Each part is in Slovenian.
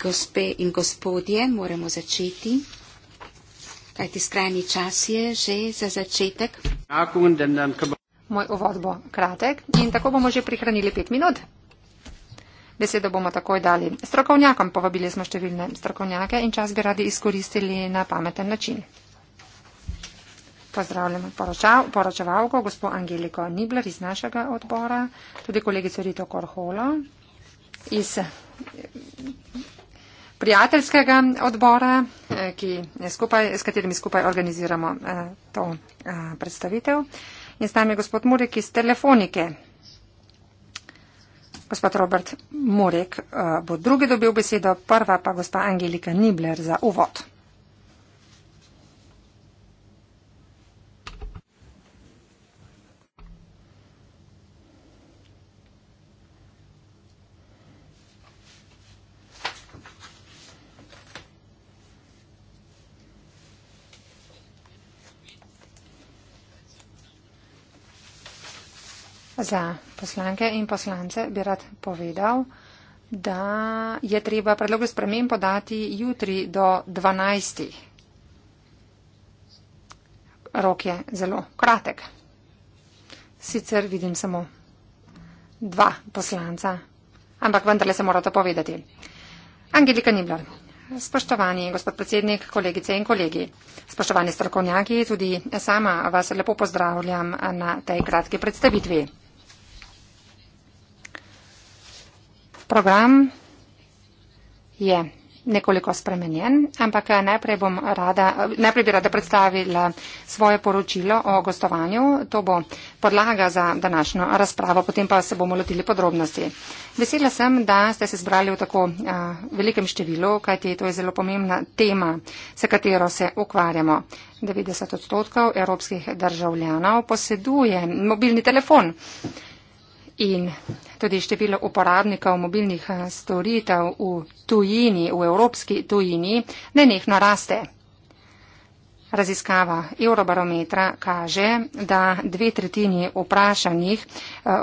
Gospe in gospodje, moramo začeti. Kajti skrajni čas je že za začetek. Moj uvod bo kratek in tako bomo že prihranili pet minut. Besedo bomo takoj dali strokovnjakom, povabili smo številne strokovnjake in čas bi radi izkoristili na pameten način. Pozdravljamo poročevalko, gospod Angeliko Nibler iz našega odbora, tudi kolegico Rito Korholo iz eh, prijateljskega odbora, eh, skupaj, s katerimi skupaj organiziramo eh, to predstavitev. In s nami je gospod Murek iz telefonike. Gospod Robert Murek bo drugi dobil besedo, prva pa gospa Angelika Nibler za uvod. Za poslanke in poslance bi rad povedal, da je treba predloge spremem podati jutri do 12. Rok je zelo kratek. Sicer vidim samo dva poslanca, ampak vendarle se morate povedati. Angelika Nibler, spoštovani gospod predsednik, kolegice in kolegi, spoštovani strokovnjaki, tudi sama vas lepo pozdravljam na tej kratki predstavitvi. Program je nekoliko spremenjen, ampak eh, najprej, rada, najprej bi rada predstavila svoje poročilo o gostovanju. To bo podlaga za današnjo razpravo, potem pa se bomo lotili podrobnosti. Vesela sem, da ste se zbrali v tako a, eh, velikem številu, kajti to je zelo pomembna tema, se katero se ukvarjamo. 90 odstotkov evropskih državljanov poseduje mobilni telefon in tudi število uporabnikov mobilnih eh, storitev v tujini, v evropski tujini, nenehno raste. Raziskava Eurobarometra kaže, da dve tretjini vprašanjih eh,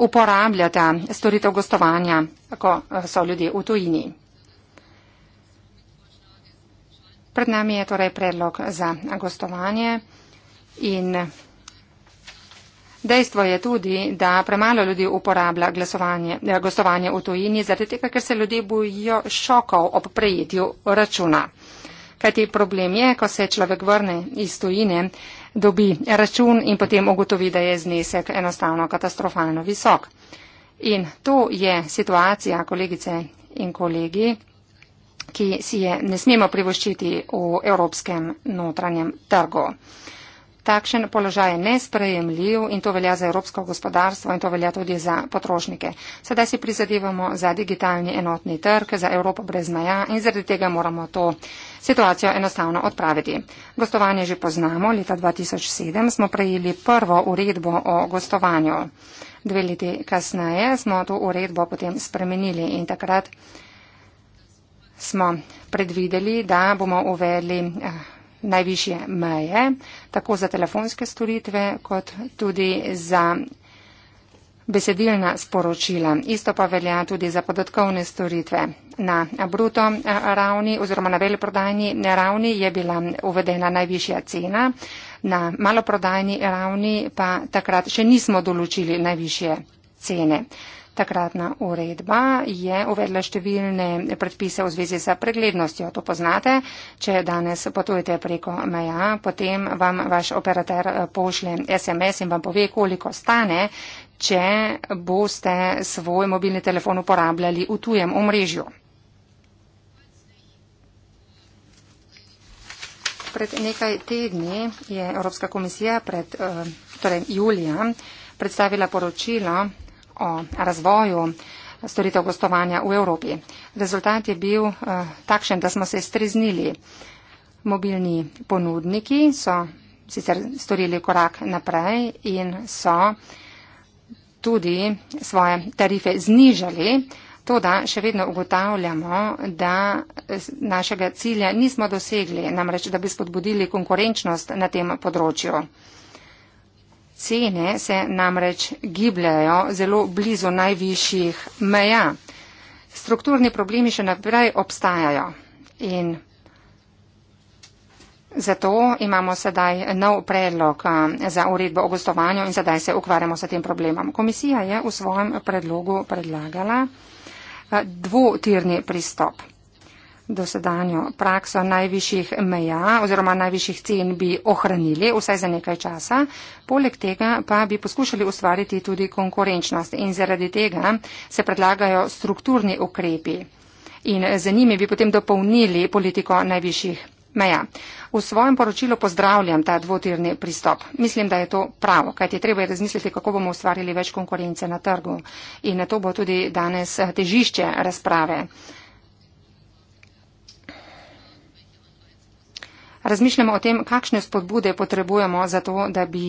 uporabljata storitev gostovanja, ko eh, so ljudje v tujini. Pred nami je torej predlog za gostovanje in. Dejstvo je tudi, da premalo ljudi uporablja glasovanje eh, v tujini, zaradi tega, ker se ljudje bojijo šokov ob prejetju računa. Kajti problem je, ko se človek vrne iz tujine, dobi račun in potem ugotovi, da je znesek enostavno katastrofalno visok. In to je situacija, kolegice in kolegi, ki si je ne smemo privoščiti v evropskem notranjem trgu. Takšen položaj je nesprejemljiv in to velja za evropsko gospodarstvo in to velja tudi za potrošnike. Sedaj si prizadevamo za digitalni enotni trg, za Evropo brez meja in zaradi tega moramo to situacijo enostavno odpraviti. Gostovanje že poznamo. Leta 2007 smo prejeli prvo uredbo o gostovanju. Dve leti kasneje smo to uredbo potem spremenili in takrat smo predvideli, da bomo uvedli eh, najvišje meje, tako za telefonske storitve, kot tudi za besedilna sporočila. Isto pa velja tudi za podatkovne storitve. Na bruto eh, ravni oziroma na veljoprodajni ravni je bila uvedena najvišja cena, na maloprodajni ravni pa takrat še nismo določili najvišje cene. Takratna uredba je uvedla številne predpise v zvezi z preglednostjo. To poznate. Če danes potujete preko meja, potem vam vaš operater pošle SMS in vam pove, koliko stane, če boste svoj mobilni telefon uporabljali v tujem omrežju. Pred nekaj tedni je Evropska komisija pred, eh, torej julija, predstavila poročilo o razvoju storitev gostovanja v Evropi. Rezultat je bil eh, takšen, da smo se streznili. Mobilni ponudniki so sicer storili korak naprej in so tudi svoje tarife znižali, to da še vedno ugotavljamo, da našega cilja nismo dosegli, namreč da bi spodbudili konkurenčnost na tem področju cene se namreč gibljajo zelo blizu najvišjih meja. Strukturni problemi še naprej obstajajo in zato imamo sedaj nov predlog za uredbo o gostovanju in sedaj se ukvarjamo s tem problemom. Komisija je v svojem predlogu predlagala dvotirni pristop dosedanjo prakso najvišjih meja oziroma najvišjih cen bi ohranili vsaj za nekaj časa, poleg tega pa bi poskušali ustvariti tudi konkurenčnost in zaradi tega se predlagajo strukturni ukrepi in z njimi bi potem dopolnili politiko najvišjih meja. V svojem poročilu pozdravljam ta dvotirni pristop. Mislim, da je to pravo, kajti treba je razmisliti, kako bomo ustvarili več konkurence na trgu in to bo tudi danes težišče razprave. Razmišljamo o tem, kakšne spodbude potrebujemo za to, da bi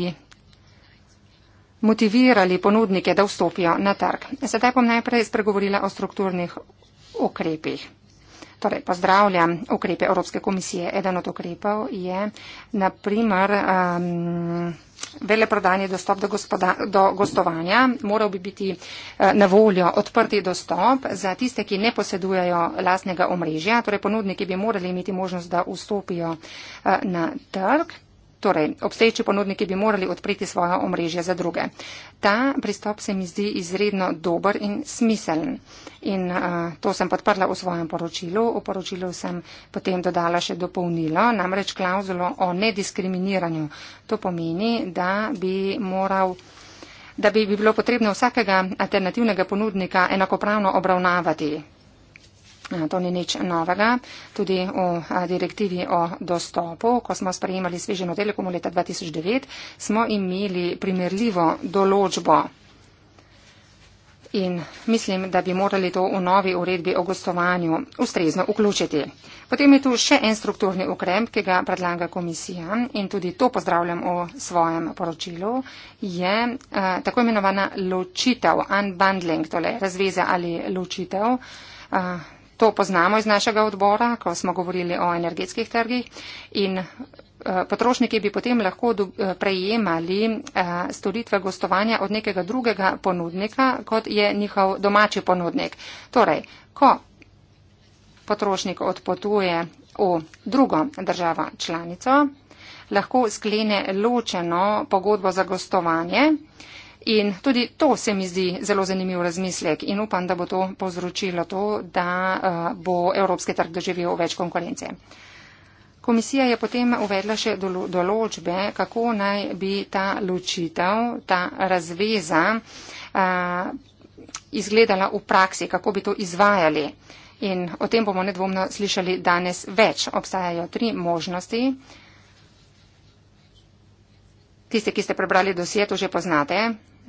motivirali ponudnike, da vstopijo na trg. Sedaj bom najprej spregovorila o strukturnih ukrepih torej pozdravljam ukrepe Evropske komisije. Eden od ukrepov je naprimer. Um, Veleprodajni dostop do, gospoda, do gostovanja moral bi biti eh, na voljo odprti dostop za tiste, ki ne posedujajo lastnega omrežja, torej ponudniki bi morali imeti možnost, da vstopijo eh, na trg. Torej, obstoječi ponudniki bi morali odpreti svoje omrežje za druge. Ta pristop se mi zdi izredno dober in smiseln. In uh, to sem podprla v svojem poročilu. V poročilu sem potem dodala še dopolnilo, namreč klauzulo o nediskriminiranju. To pomeni, da bi moral da bi bilo potrebno vsakega alternativnega ponudnika enakopravno obravnavati, No, to ni nič novega. Tudi v direktivi o dostopu, ko smo sprejemali sveže na telekomu leta 2009, smo imeli primerljivo določbo. In mislim, da bi morali to v novi uredbi o gostovanju ustrezno vključiti. Potem je tu še en strukturni ukrep, ki ga predlaga komisija in tudi to pozdravljam v svojem poročilu, je eh, tako imenovana ločitev, unbundling, tole razveza ali ločitev. Eh, to poznamo iz našega odbora, ko smo govorili o energetskih trgih. In eh, potrošniki bi potem lahko eh, prejemali eh, storitve gostovanja od nekega drugega ponudnika, kot je njihov domači ponudnik. Torej, ko potrošnik odpotuje v drugo državo članico, lahko sklene ločeno pogodbo za gostovanje. In tudi to se mi zdi zelo zanimiv razmislek in upam, da bo to povzročilo to, da eh, bo evropski trg doživel več konkurence. Komisija je potem uvedla še določbe, kako naj bi ta ločitev, ta razveza eh, izgledala v praksi, kako bi to izvajali. In o tem bomo nedvomno slišali danes več. Obstajajo tri možnosti. Tiste, ki ste prebrali dosjeto, že poznate.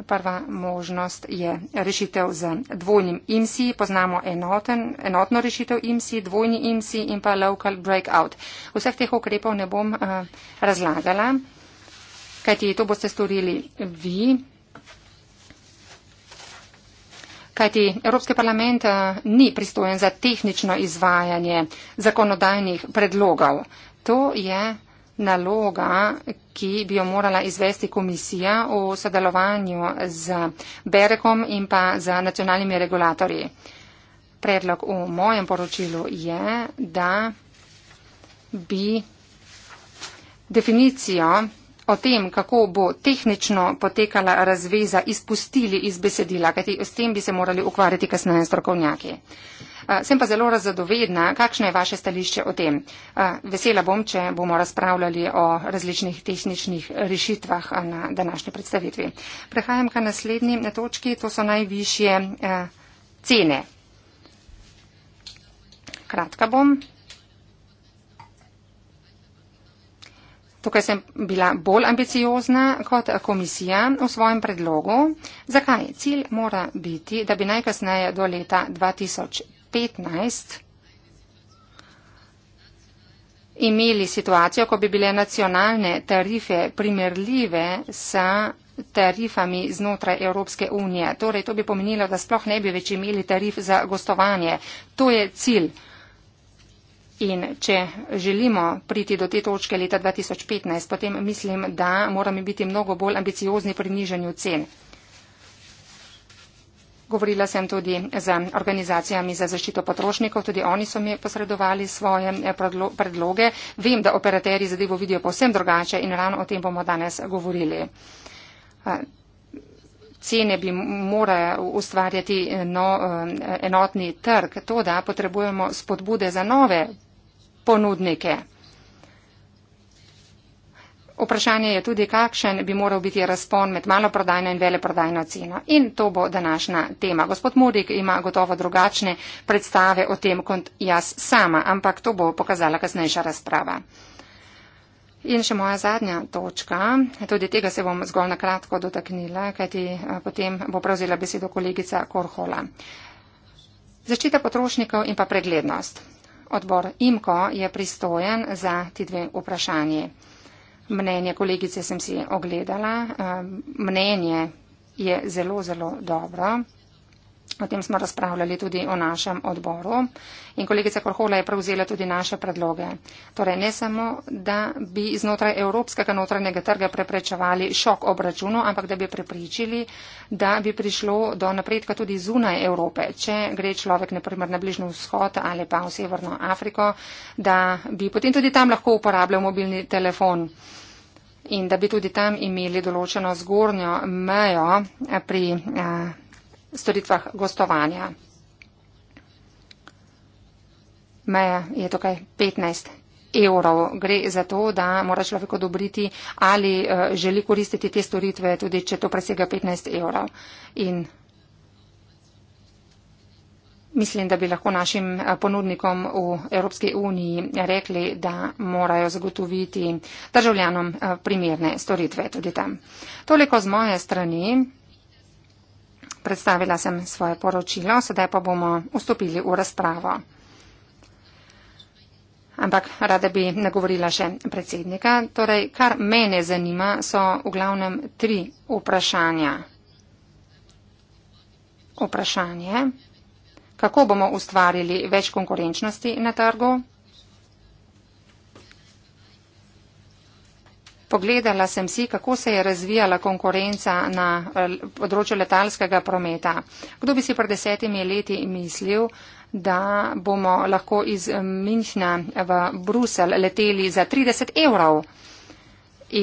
Prva možnost je rešitev z dvojnim IMSI, poznamo enoten, enotno rešitev IMSI, dvojni IMSI in pa local breakout. Vseh teh ukrepov ne bom uh, razlagala, kajti to boste storili vi. Kajti Evropski parlament uh, ni pristojen za tehnično izvajanje zakonodajnih predlogov. To je. Uh, naloga, ki bi jo morala izvesti komisija v sodelovanju z Berekom in pa z nacionalnimi regulatorji. Predlog v mojem poročilu je, da bi definicijo o tem, kako bo tehnično potekala razveza, izpustili iz besedila, kajti s tem bi se morali ukvarjati kasneje strokovnjaki. Eh, sem pa zelo razadovedna, kakšno je vaše stališče o tem. Eh, vesela bom, če bomo razpravljali o različnih tehničnih rešitvah eh, na današnji predstavitvi. Prehajam ka naslednji na točki, to so najvišje cene. Kratka bom. Tukaj sem bila bolj ambiciozna kot komisija v svojem predlogu. Zakaj? Cilj mora biti, da bi najkasneje do leta 2000. 15 imeli situacijo, ko bi bile nacionalne tarife primerljive s tarifami znotraj Evropske unije. Torej, to bi pomenilo, da sploh ne bi več imeli tarif za gostovanje. To je cilj. In če želimo priti do te točke leta 2015, potem mislim, da moramo biti mnogo bolj ambiciozni pri nižanju cen. Govorila sem tudi z organizacijami za zaščito potrošnikov, tudi oni so mi posredovali svoje eh, predloge. Vem, da operaterji zadevo vidijo povsem drugače in ravno o tem bomo danes govorili. Eh, cene bi morale ustvarjati eh, no, enotni trg, to da potrebujemo spodbude za nove ponudnike. Vprašanje je tudi, kakšen bi moral biti razpon med maloprodajno in veleprodajno ceno. In to bo današnja tema. Gospod Murik ima gotovo drugačne predstave o tem kot jaz sama, ampak to bo pokazala kasnejša razprava. In še moja zadnja točka, tudi tega se bom zgolj na kratko dotaknila, kajti eh, potem bo pravzela besedo kolegica Korhola. Zaščita potrošnikov in pa preglednost. Odbor IMKO je pristojen za ti dve vprašanje. Mnenje kolegice sem si ogledala. Eh, mnenje je zelo, zelo dobro. O tem smo razpravljali tudi o našem odboru in kolegica Korhola je prevzela tudi naše predloge. Torej ne samo, da bi znotraj evropskega notranjega trga preprečevali šok ob računu, ampak da bi prepričili, da bi prišlo do napredka tudi zunaj Evrope. Če gre človek naprimer na bližnjo vzhod ali pa v severno Afriko, da bi potem tudi tam lahko uporabljal mobilni telefon in da bi tudi tam imeli določeno zgornjo mejo pri. Eh, storitvah gostovanja. Meja je tukaj 15 evrov. Gre za to, da mora človek odobriti, ali eh, želi koristiti te storitve, tudi če to presega 15 evrov. In mislim, da bi lahko našim eh, ponudnikom v Evropski uniji rekli, da morajo zagotoviti državljanom eh, primerne storitve tudi tam. Toliko z moje strani predstavila sem svoje poročilo, sedaj pa bomo vstopili v razpravo. Ampak rada bi nagovorila še predsednika. Torej, kar mene zanima, so v glavnem tri vprašanja. Vprašanje, kako bomo ustvarili več konkurenčnosti na trgu? Pogledala sem si, kako se je razvijala konkurenca na eh, področju letalskega prometa. Kdo bi si pred desetimi leti mislil, da bomo lahko iz Minhna v Brusel leteli za 30 evrov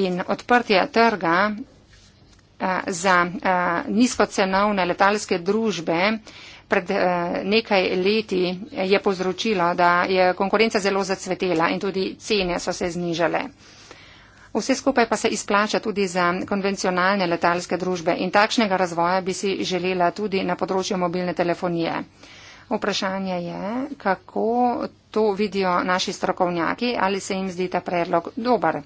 in odprtje trga eh, za eh, nizkocenovne letalske družbe pred nekaj leti je povzročilo, da je konkurenca zelo zacvetela in tudi cene so se znižale. Vse skupaj pa se izplača tudi za konvencionalne letalske družbe in takšnega razvoja bi si želela tudi na področju mobilne telefonije. Vprašanje je, kako to vidijo naši strokovnjaki, ali se jim zdi ta predlog dober.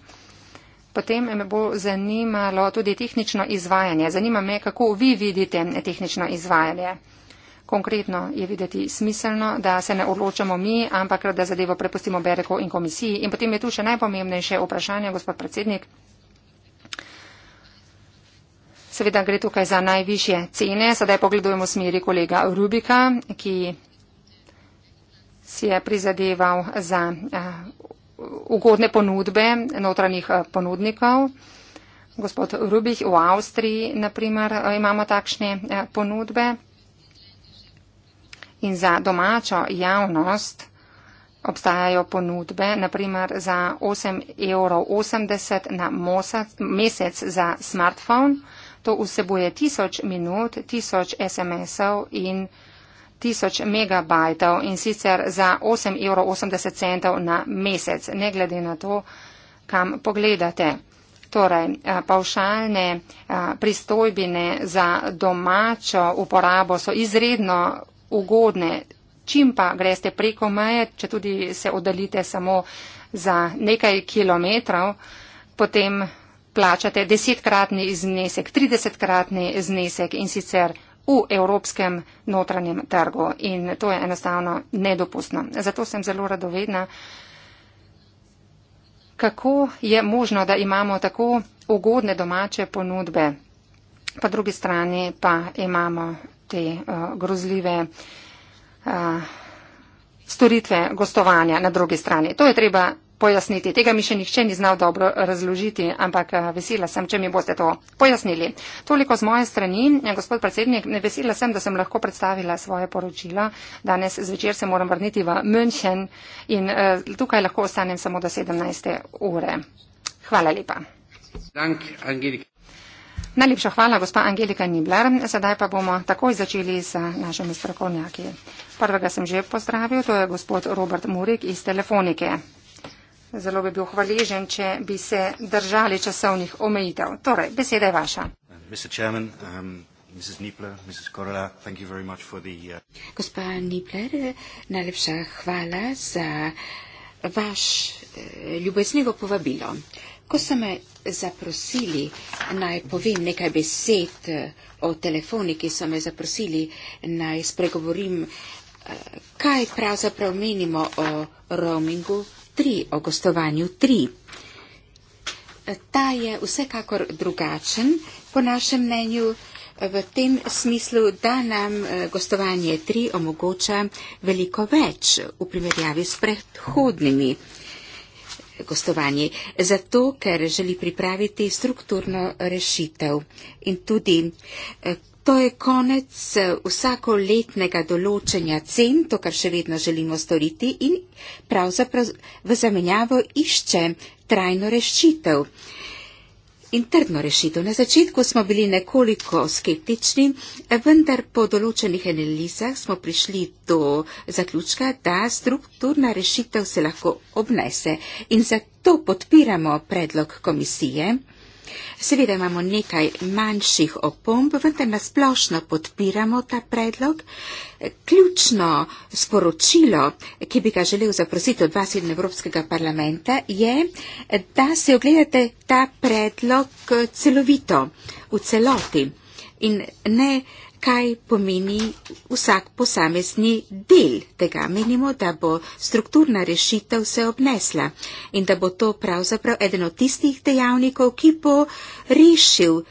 Potem me bo zanimalo tudi tehnično izvajanje. Zanima me, kako vi vidite tehnično izvajanje. Konkretno je videti smiselno, da se ne odločamo mi, ampak da zadevo prepustimo Bereku in komisiji. In potem je tu še najpomembnejše vprašanje, gospod predsednik. Seveda gre tukaj za najvišje cene. Sedaj pogledujemo v smeri kolega Rubika, ki si je prizadeval za eh, ugodne ponudbe notranjih eh, ponudnikov. Gospod Rubih, v Avstriji, naprimer, eh, imamo takšne ponudbe in za domačo javnost obstajajo ponudbe, naprimer za 8,80 evrov na mesec za smartphone. To vsebuje tisoč minut, tisoč SMS-ov in tisoč megabajtov in sicer za 8,80 evrov na mesec, ne glede na to, kam pogledate. Torej, pavšalne pristojbine za domačo uporabo so izredno ugodne. Čim pa greste preko meje, če tudi se oddalite samo za nekaj kilometrov, potem plačate desetkratni znesek, tridesetkratni znesek in sicer v evropskem notranjem trgu. In to je enostavno nedopustno. Zato sem zelo radovedna, kako je možno, da imamo tako ugodne domače ponudbe, pa drugi strani pa imamo te uh, grozljive uh, storitve gostovanja na drugi strani. To je treba pojasniti. Tega mi še nihče ni znal dobro razložiti, ampak eh, vesela sem, če mi boste to pojasnili. Toliko z moje strani, gospod predsednik, vesela sem, da sem lahko predstavila svoje poročila. Danes zvečer se moram vrniti v München in uh, tukaj lahko ostanem samo do 17. ure. Hvala lepa. Dank, Najlepša hvala, gospa Angelika Nibler. Sedaj pa bomo takoj začeli s našimi strokovnjaki. Prvega sem že pozdravil, to je gospod Robert Murik iz Telefonike. Zelo bi bil hvaležen, če bi se držali časovnih omejitev. Torej, beseda je vaša. Um, uh, gospa Nibler, najlepša hvala za vaš eh, ljubeznivo povabilo. Uh, Ko so me zaprosili, naj povem nekaj besed eh, o telefoni, ki so me zaprosili, naj spregovorim, eh, kaj pravzaprav menimo o roamingu 3, o gostovanju 3. Ta je vsekakor drugačen, po našem mnenju, v tem smislu, da nam eh, gostovanje 3 omogoča veliko več v primerjavi s predhodnimi. Hm gostovanji. Zato, ker želi pripraviti strukturno rešitev. In tudi, eh, to je konec eh, vsako letnega določenja cen, to, kar še vedno želimo storiti in pravzaprav v zamenjavo išče trajno rešitev in trdno rešitev. Na začetku smo bili nekoliko skeptični, vendar po določenih analizah smo prišli do zaključka, da strukturna rešitev se lahko obnese in zato podpiramo predlog komisije. Seveda imamo nekaj manjših opomb, vendar nasplošno podpiramo ta predlog. Ključno sporočilo, ki bi ga želel zaprositi od vas in Evropskega parlamenta, je, da se ogledate ta predlog eh, celovito, v celoti in ne kaj pomeni vsak posamezni del tega. Menimo, da bo strukturna rešitev se obnesla in da bo to pravzaprav eden od tistih dejavnikov, ki bo rešil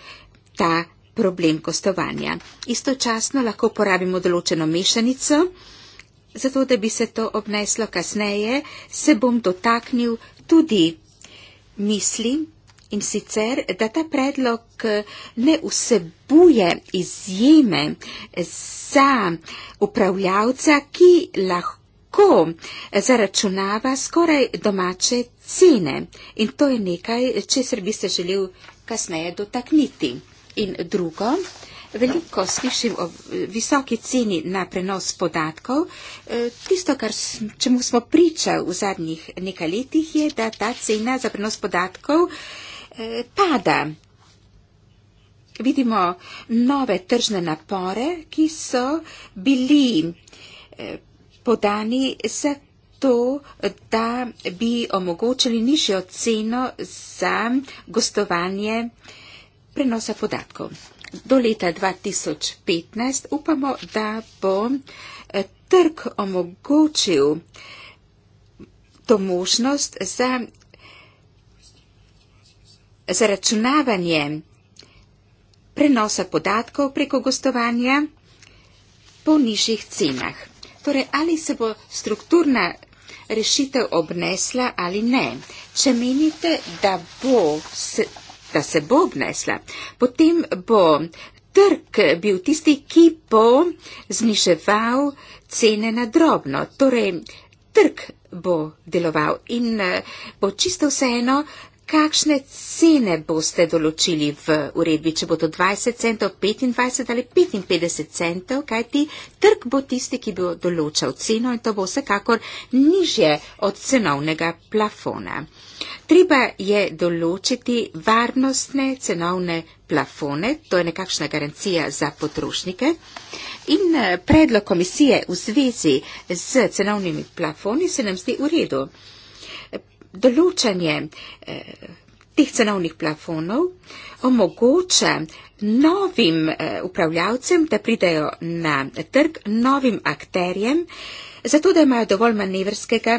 ta problem kostovanja. Istočasno lahko uporabimo določeno mešanico, zato da bi se to obneslo kasneje, se bom dotaknil tudi mislim, in sicer, da ta predlog ne vsebuje izjeme za upravljavca, ki lahko zaračunava skoraj domače cene. In to je nekaj, česar bi se želel kasneje dotakniti. In drugo, veliko slišim o visoki ceni na prenos podatkov. E, tisto, čemu smo pričali v zadnjih nekaj letih, je, da ta cena za prenos podatkov pada. Vidimo nove tržne napore, ki so bili eh, podani za to, da bi omogočili nižjo ceno za gostovanje prenosa podatkov. Do leta 2015 upamo, da bo eh, trg omogočil to možnost za zaračunavanje prenosa podatkov preko gostovanja po nižjih cenah. Torej, ali se bo strukturna rešitev obnesla ali ne. Če menite, da, bo se, da se bo obnesla, potem bo trg bil tisti, ki bo zniževal cene na drobno. Torej, trg bo deloval in eh, bo čisto vseeno, kakšne cene boste določili v uredbi, če bo to 20 centov, 25 ali 55 centov, kajti trg bo tisti, ki bo določal ceno in to bo vsekakor niže od cenovnega plafona. Treba je določiti varnostne cenovne plafone, to je nekakšna garancija za potrošnike. In eh, predlog komisije v zvezi z cenovnimi plafoni se nam zdi v redu določanje eh, teh cenovnih plafonov omogoča novim eh, upravljavcem, da pridajo na trg novim akterjem, zato da imajo dovolj manevrskega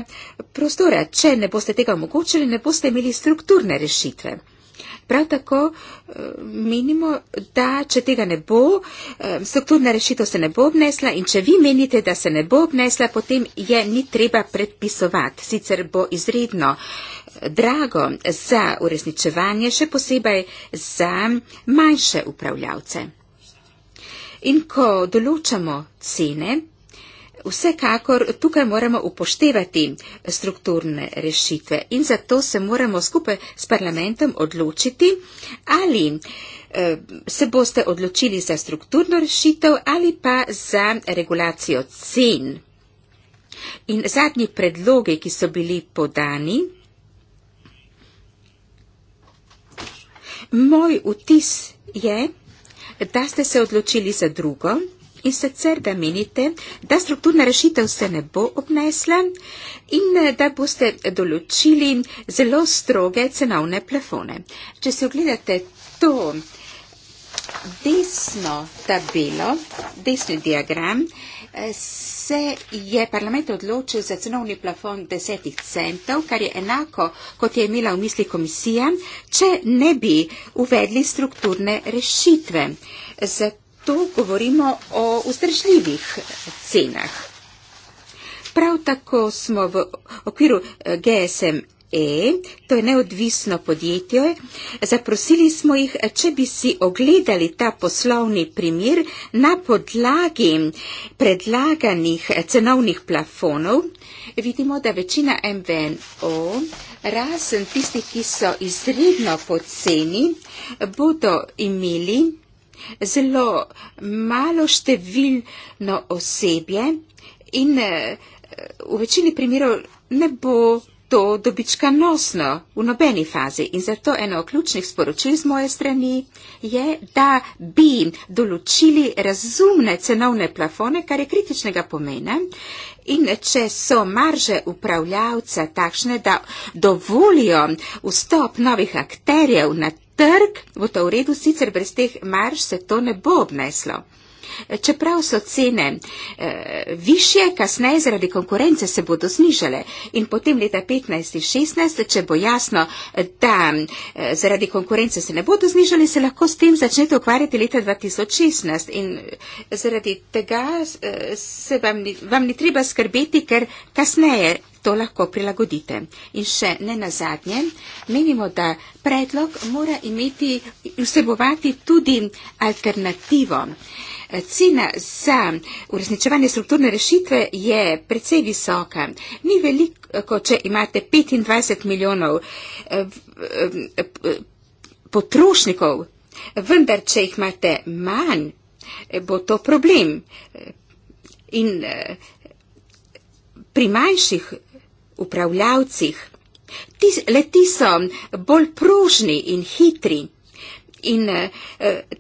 prostora. Če ne boste tega omogočili, ne boste imeli strukturne rešitve. Prav tako eh, menimo, da če tega ne bo, eh, strukturna rešitev se ne bo obnesla in če vi menite, da se ne bo obnesla, potem je ni treba predpisovati. Sicer bo izredno eh, drago za uresničevanje, še posebej za manjše upravljavce. In ko določamo cene, Vsekakor tukaj moramo upoštevati strukturne rešitve in zato se moramo skupaj s parlamentom odločiti, ali eh, se boste odločili za strukturno rešitev ali pa za regulacijo cen. In zadnji predlogi, ki so bili podani, moj vtis je, da ste se odločili za drugo in sicer, da menite, da strukturna rešitev se ne bo obnesla in eh, da boste določili zelo stroge cenovne plafone. Če se ogledate to desno tabelo, desni diagram, eh, se je parlament odločil za cenovni plafon desetih centov, kar je enako, kot je imela v misli komisija, če ne bi uvedli strukturne rešitve. Zato tu govorimo o ustrežljivih cenah. Prav tako smo v okviru eh, GSM. E, to je neodvisno podjetje. Zaprosili smo jih, eh, če bi si ogledali ta poslovni primer na podlagi predlaganih eh, cenovnih plafonov. Vidimo, da večina MVNO, razen tistih, ki so izredno poceni, bodo imeli zelo malo številno osebje in eh, v večini primerov ne bo to dobička nosno v nobeni fazi. In zato eno od ključnih sporočil z moje strani je, da bi določili razumne cenovne plafone, kar je kritičnega pomena In če so marže upravljavca takšne, da dovolijo vstop novih akterjev na trg, bo to v redu, sicer brez teh marž se to ne bo obneslo čeprav so cene e, eh, više, kasneje zaradi konkurence se bodo znižale. In potem leta 15 in 16, če bo jasno, da e, zaradi konkurence se ne bodo znižale, se lahko s tem začnete ukvarjati leta 2016. In eh, zaradi tega se vam ni, vam ni treba skrbeti, ker kasneje to lahko prilagodite. In še ne na zadnje, menimo, da predlog mora imeti, vsebovati tudi alternativo. Uh, cena za uresničevanje strukturne rešitve je precej visoka. Ni veliko, če imate 25 milijonov eh, eh, potrošnikov, vendar, če jih imate manj, eh, bo to problem. In pri manjših upravljavcih, ti, le ti so bolj prožni in hitri in eh,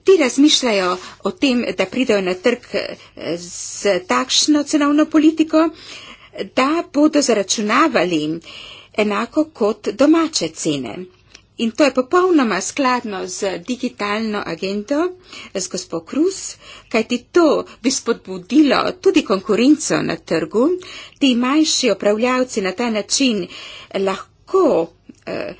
ti razmišljajo o tem, da pridejo na trg eh, z takšno cenovno politiko, da bodo zaračunavali enako kot domače cene. In to je popolnoma skladno z digitalno agendo, z gospod Kruz, kajti to bi spodbudilo tudi konkurenco na trgu. Ti manjši opravljavci na ta način lahko eh,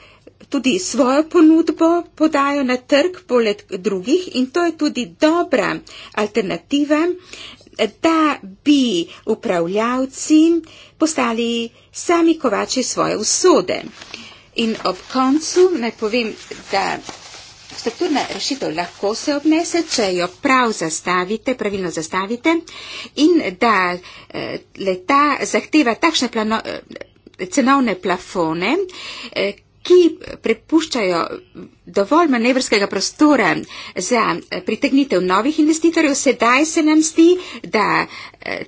tudi svojo ponudbo podajo na trg poleg drugih in to je tudi dobra alternativa, da bi upravljavci postali sami kovači svoje usode. In ob koncu naj povem, da strukturna rešitev lahko se obnese, če jo prav zastavite, pravilno zastavite in da eh, le ta zahteva takšne plano, eh, cenovne plafone, eh, ki prepuščajo dovolj manevrskega prostora za eh, pritegnitev novih investitorjev, sedaj se nam zdi, da eh,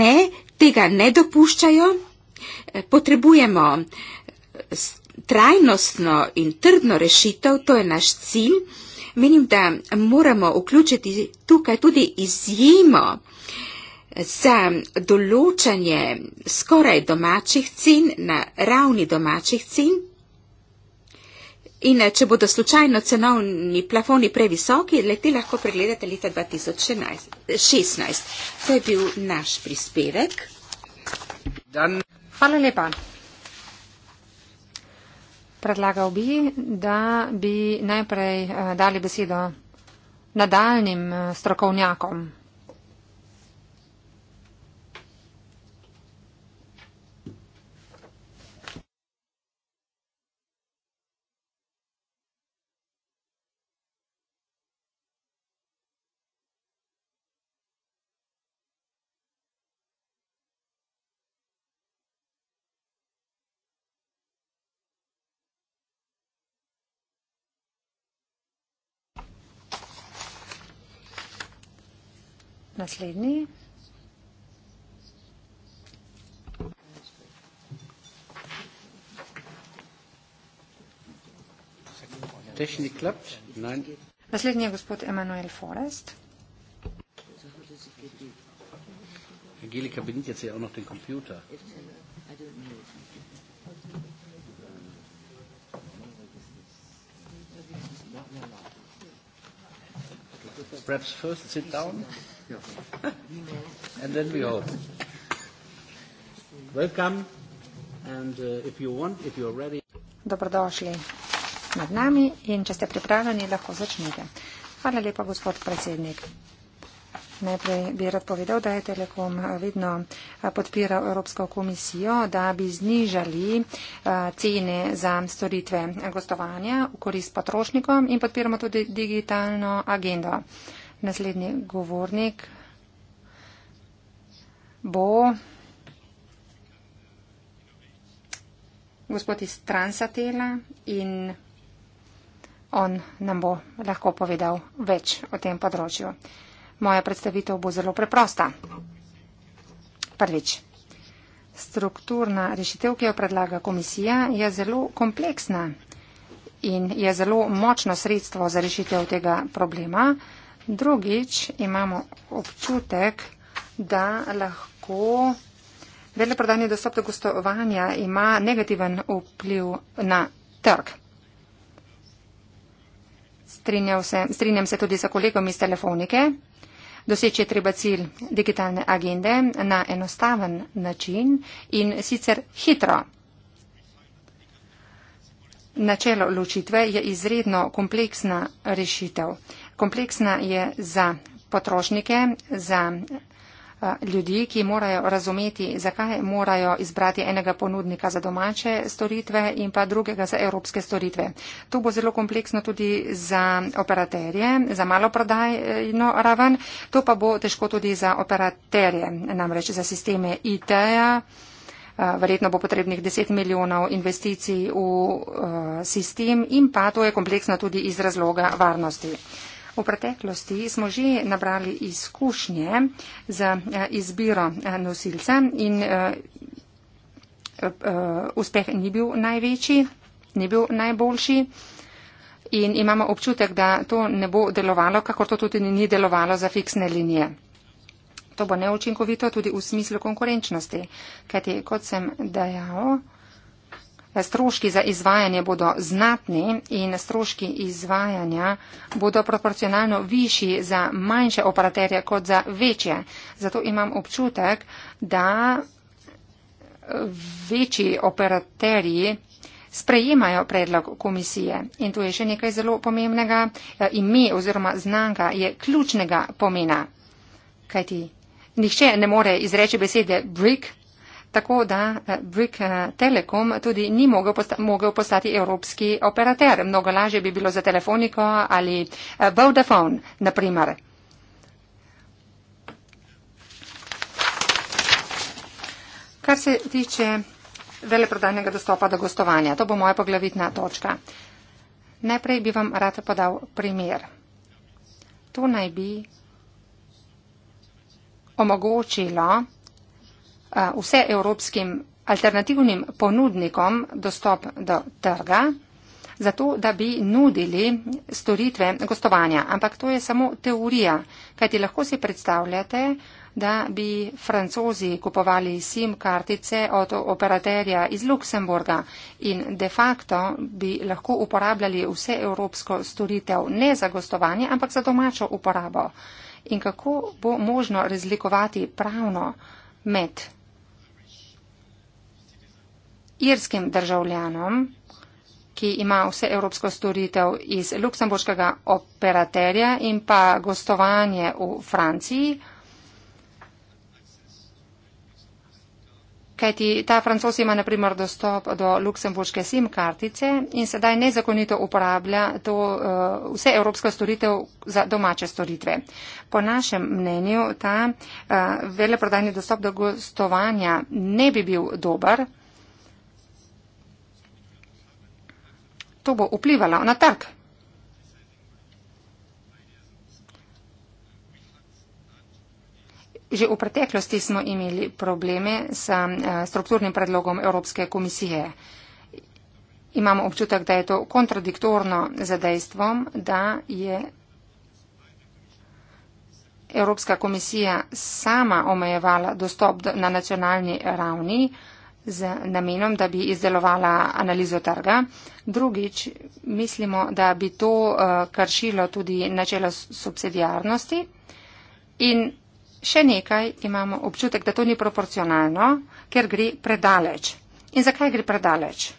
ne, tega ne dopuščajo. Eh, potrebujemo trajnostno in trdno rešitev, to je naš cilj. Menim, da moramo vključiti tukaj tudi izjemo za določanje skoraj domačih cen na ravni domačih cen. In eh, če bodo slučajno cenovni plafoni previsoki, leti lahko pregledate leta 2016. To je bil naš prispevek. Dan. Hvala lepa. Predlagal bi, da bi najprej eh, dali besedo nadaljnim eh, strokovnjakom. Naslednji. Naslednji je gospod Emanuel Forest. Angelika, bedite se, ja on ima komputer. Perhaps first sit down and then we all welcome and uh, if you want if you're ready dobrodošli med nami in če ste pripravljeni lahko začnete hvala lepa gospod predsednik Najprej bi rad povedal, da je Telekom vedno eh, podpiral Evropsko komisijo, da bi znižali eh, cene za storitve gostovanja v korist potrošnikom in podpiramo tudi digitalno agendo. Naslednji govornik bo gospod iz Transatela in on nam bo lahko povedal več o tem področju. Moja predstavitev bo zelo preprosta. Prvič. Strukturna rešitev, ki jo predlaga komisija, je zelo kompleksna in je zelo močno sredstvo za rešitev tega problema. Drugič imamo občutek, da lahko veleprodajni dostop do gostovanja ima negativen vpliv na trg. Se, strinjam se tudi za kolegom iz telefonike. Doseči je treba cilj digitalne agende na enostaven način in sicer hitro. Načelo ločitve je izredno kompleksna rešitev kompleksna je za potrošnike, za eh, ljudi, ki morajo razumeti, zakaj morajo izbrati enega ponudnika za domače storitve in pa drugega za evropske storitve. To bo zelo kompleksno tudi za operaterje, za maloprodajno raven, to pa bo težko tudi za operaterje, namreč za sisteme IT-ja. Eh, verjetno bo potrebnih 10 milijonov investicij v eh, sistem in pa to je kompleksno tudi iz razloga varnosti. V preteklosti smo že nabrali izkušnje z eh, izbiro eh, nosilca in eh, uspeh ni bil največji, ni bil najboljši. In imamo občutek, da to ne bo delovalo, kakor to tudi ni delovalo za fiksne linije. To bo neučinkovito tudi v smislu konkurenčnosti, kajti kot sem dejal, Stroški za izvajanje bodo znatni in stroški izvajanja bodo proporcionalno višji za manjše operaterje kot za večje. Zato imam občutek, da večji operaterji sprejemajo predlog komisije. In tu je še nekaj zelo pomembnega. Ja, ime oziroma znanka je ključnega pomena. Kajti nihče ne more izreči besede brick tako da eh, Brick eh, Telekom tudi ni mogel, posta, mogel postati evropski operater. Mnogo lažje bi bilo za Telefoniko ali eh, Vodafone, na primer. Kar se tiče veleprodajnega dostopa do gostovanja, to bo moja poglavitna točka. Najprej bi vam rad podal primer. To naj bi omogočilo vse evropskim alternativnim ponudnikom dostop do trga, zato da bi nudili storitve gostovanja. Ampak to je samo teorija, kajti lahko si predstavljate, da bi francozi kupovali SIM kartice od operaterja iz Luksemburga in de facto bi lahko uporabljali vse evropsko storitev ne za gostovanje, ampak za domačo uporabo. In kako bo možno razlikovati pravno med irskim državljanom, ki ima vse evropsko storitev iz luksemburškega operaterja in pa gostovanje v Franciji. Kajti ta francos ima naprimer dostop do luksemburške SIM kartice in sedaj nezakonito uporablja to uh, vse evropsko storitev za domače storitve. Po našem mnenju ta uh, eh, veleprodajni dostop do gostovanja ne bi bil dober. to bo vplivalo na trg. Že v preteklosti smo imeli probleme s eh, strukturnim predlogom Evropske komisije. Imamo občutek, da je to kontradiktorno za dejstvom, da je Evropska komisija sama omejevala dostop na nacionalni ravni, z namenom, da bi izdelovala analizo trga. Drugič, mislimo, da bi to eh, kršilo tudi načelo subsidijarnosti. In še nekaj, imamo občutek, da to ni proporcionalno, ker gre predaleč. In zakaj gre predaleč?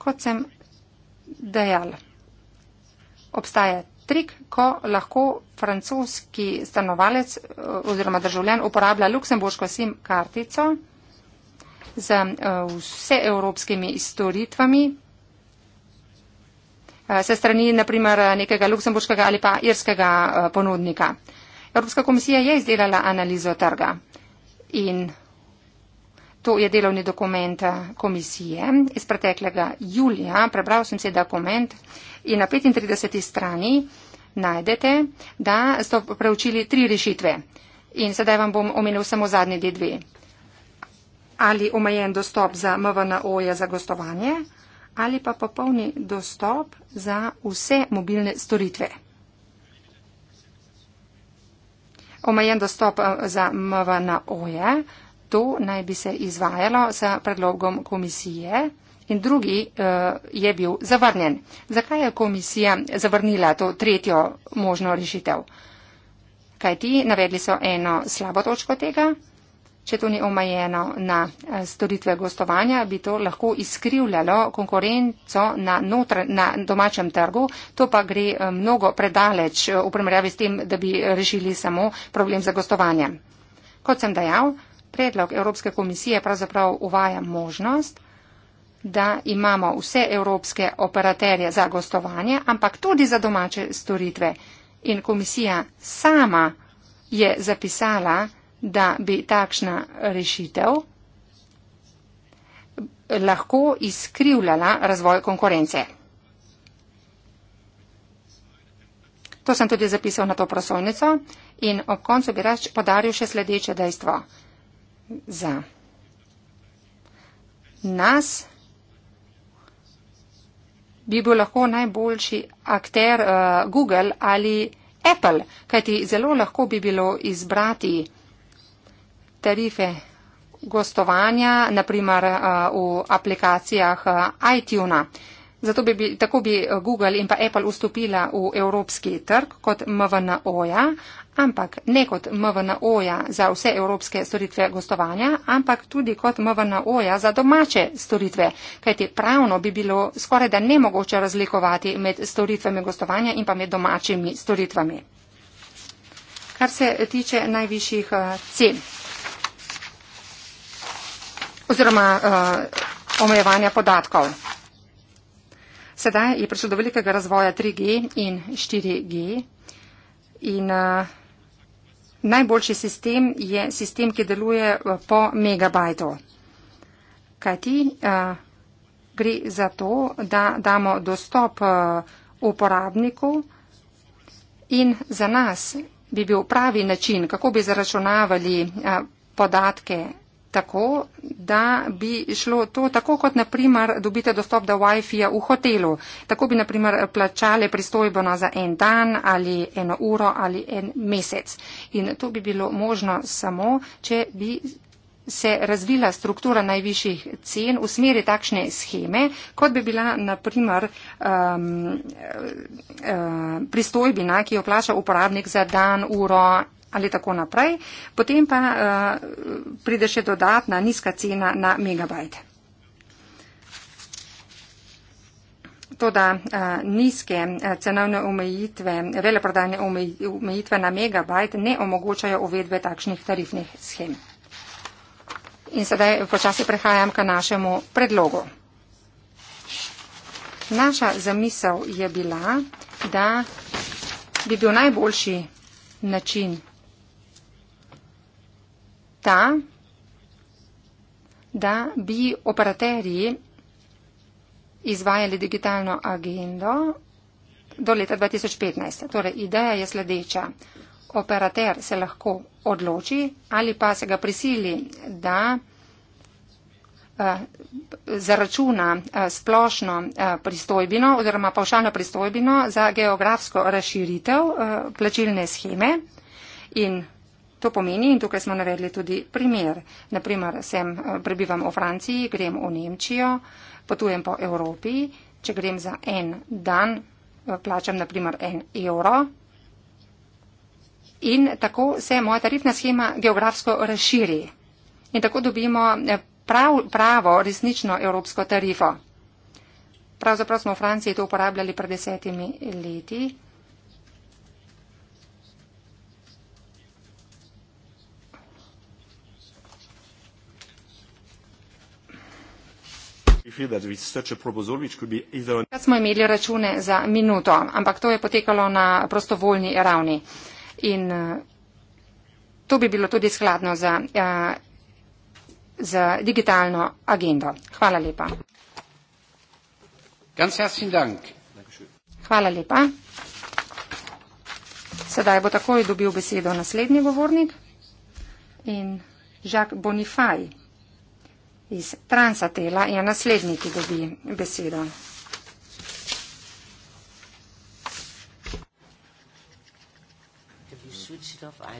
Kot sem dejal, obstaja trik, ko lahko francoski stanovalec eh, oziroma državljan uporablja luksemburško SIM kartico z eh, vse evropskimi storitvami, eh, se strani naprimer nekega luksemburškega ali pa irskega eh, ponudnika. Evropska komisija je izdelala analizo trga in to je delovni dokument komisije iz preteklega julija. Prebral sem se dokument in na 35. strani najdete, da so preučili tri rešitve. In sedaj vam bom omenil samo zadnje dve ali omejen dostop za MVNO-je za gostovanje ali pa popolni dostop za vse mobilne storitve. Omejen dostop eh, za MVNO-je, to naj bi se izvajalo s predlogom komisije in drugi uh, je bil zavrnjen. Zakaj je komisija zavrnila to tretjo možno rešitev? Kaj ti navedli so eno slabo točko tega? če to ni omajeno na eh, storitve gostovanja, bi to lahko izkrivljalo konkurenco na, notr, na domačem trgu. To pa gre eh, mnogo predaleč eh, v primerjavi s tem, da bi rešili samo problem za gostovanje. Kot sem dejal, predlog Evropske komisije pravzaprav uvaja možnost, da imamo vse evropske operaterje za gostovanje, ampak tudi za domače storitve. In komisija sama je zapisala, da bi takšna rešitev lahko izkrivljala razvoj konkurence. To sem tudi zapisal na to prosojnico in ob koncu bi rač podaril še sledeče dejstvo. Za nas bi bil lahko najboljši akter uh, Google ali Apple, kajti zelo lahko bi bilo izbrati tarife gostovanja, naprimer eh, v aplikacijah eh, iTunes. Zato bi tako bi eh, Google in pa Apple vstopila v evropski trg kot MVNO-ja, ampak ne kot MVNO-ja za vse evropske storitve gostovanja, ampak tudi kot MVNO-ja za domače storitve, kajti pravno bi bilo skoraj da nemogoče razlikovati med storitvami gostovanja in pa med domačimi storitvami. Kar se tiče najvišjih cen oziroma uh, omejevanja podatkov. Sedaj je prišlo do velikega razvoja 3G in 4G in uh, najboljši sistem je sistem, ki deluje eh, po megabajtu. Kaj ti? Uh, gre za to, da damo dostop uh, uporabniku in za nas bi bil pravi način, kako bi zaračunavali uh, podatke tako, da bi šlo to tako, kot naprimer dobite dostop do Wi-Fi-ja v hotelu. Tako bi naprimer plačali pristojbeno za en dan ali eno uro ali en mesec. In to bi bilo možno samo, če bi se razvila struktura najvišjih cen v smeri takšne scheme, kot bi bila naprimer um, uh, pristojbina, ki jo plača uporabnik za dan, uro ali tako naprej. Potem pa eh, pride še dodatna nizka cena na megabajt. Toda eh, nizke eh, cenovne omejitve, veleprodajne omejitve na megabajt ne omogočajo uvedbe takšnih tarifnih schem. In sedaj počasi prehajam k našemu predlogu. Naša zamisel je bila, da bi bil najboljši način ta, da bi operaterji izvajali digitalno agendo do leta 2015. Torej, ideja je sledeča. Operater se lahko odloči ali pa se ga prisili, da eh, zaračuna eh, splošno eh, pristojbino oziroma pavšalno pristojbino za geografsko razširitev plačilne scheme in To pomeni, in tukaj smo navedli tudi primer, naprimer, sem eh, prebivam v Franciji, grem v Nemčijo, potujem po Evropi, če grem za en dan, eh, plačam naprimer en evro. In tako se moja tarifna schema geografsko razširi. In tako dobimo eh, prav, pravo, resnično evropsko tarifo. Pravzaprav smo v Franciji to uporabljali pred desetimi leti. Takrat smo imeli račune za minuto, ampak to je potekalo na prostovoljni ravni. In eh, to bi bilo tudi skladno za, eh, za digitalno agendo. Hvala lepa. Hvala lepa. Sedaj bo takoj dobil besedo naslednji govornik in Jacques Bonifaj iz transatela je naslednji, ki dobi besedo. Hvala.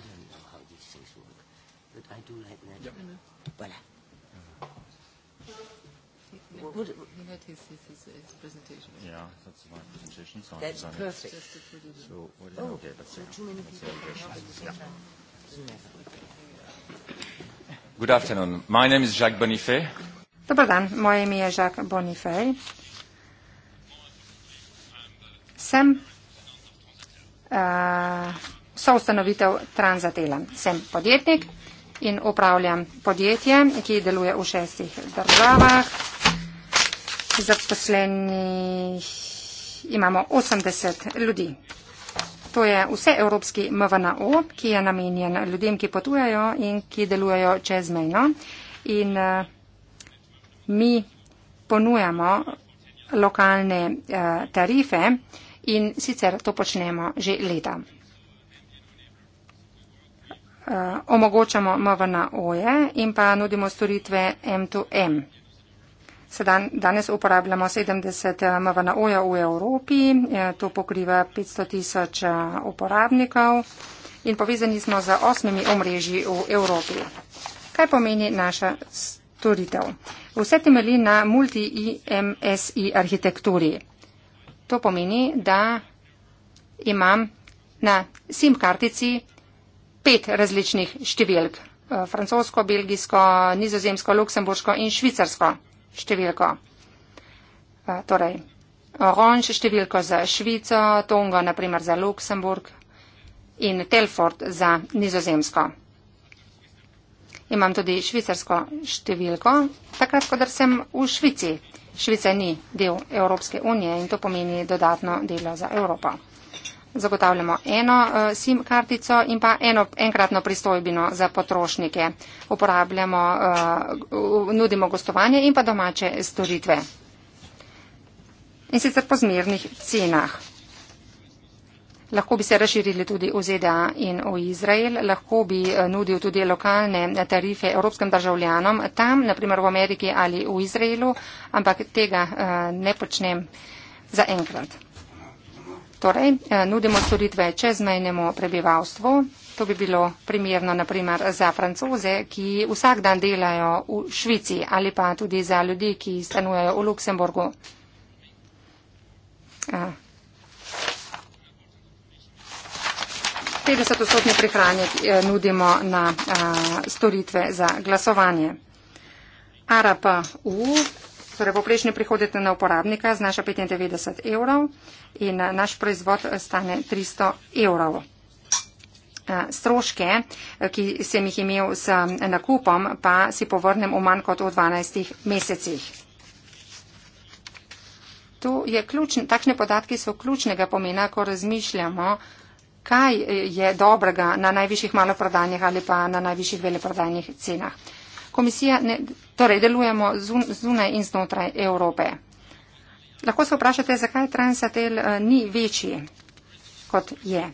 Good afternoon. My name is Jacques Bonnefay. Dobar dan, moje ime je Jacques Bonnefay. Sem uh, soustanovitelj Transatela. Sem podjetnik in upravljam podjetje, ki deluje v šestih državah. Zaposlenih imamo 80 ljudi. To je vse evropski MVNO, ki je namenjen ljudem, ki potujajo in ki delujejo čezmejno. In eh, mi ponujamo lokalne eh, tarife in sicer to počnemo že leta. Eh, omogočamo MVNO-je in pa nudimo storitve M2M. Sedan, danes uporabljamo 70 eh, MVNO-ja v Evropi, eh, to pokriva 500 tisoč eh, uporabnikov in povezani smo z osmimi omrežji v Evropi. Kaj pomeni naša storitev? Vse temelji na multi-IMSI arhitekturi. To pomeni, da imam na SIM kartici pet različnih številk. Francosko, belgijsko, nizozemsko, luksemburško in švicarsko številko. Eh, torej, oranž številko za Švico, Tongo naprimer za Luksemburg in Telford za Nizozemsko. Imam tudi švicarsko številko, takrat, ko sem v Švici. Švica ni del Evropske unije in to pomeni dodatno delo za Evropo zagotavljamo eno uh, SIM kartico in pa eno enkratno pristojbino za potrošnike. Uporabljamo, uh, nudimo gostovanje in pa domače storitve. In sicer po zmernih cenah. Lahko bi se razširili tudi v ZDA in v Izrael, lahko bi eh, nudil tudi lokalne tarife evropskim državljanom tam, naprimer v Ameriki ali v Izraelu, ampak tega ne počnem zaenkrat. Torej, eh, nudimo storitve čezmejnemu prebivalstvu. To bi bilo primerno naprimer za francoze, ki vsak dan delajo v Švici ali pa tudi za ljudi, ki stanujejo v Luksemburgu. A. Eh, 50 odstotni prihranek eh, nudimo na a, storitve za glasovanje. ARAPU torej poprečni prihodek na uporabnika znaša 95 evrov in eh, naš proizvod eh, stane 300 evrov. Eh, stroške, ki sem jih imel s nakupom, pa si povrnem v manj kot v 12 mesecih. Ključn, takšne podatke so ključnega pomena, ko razmišljamo, kaj je dobrega na najvišjih maloprodanjih ali pa na najvišjih veleprodajnih cenah komisija ne, torej delujemo zun, zunaj in znotraj Evrope. Lahko se vprašate, zakaj Transatel uh, ni večji, kot je.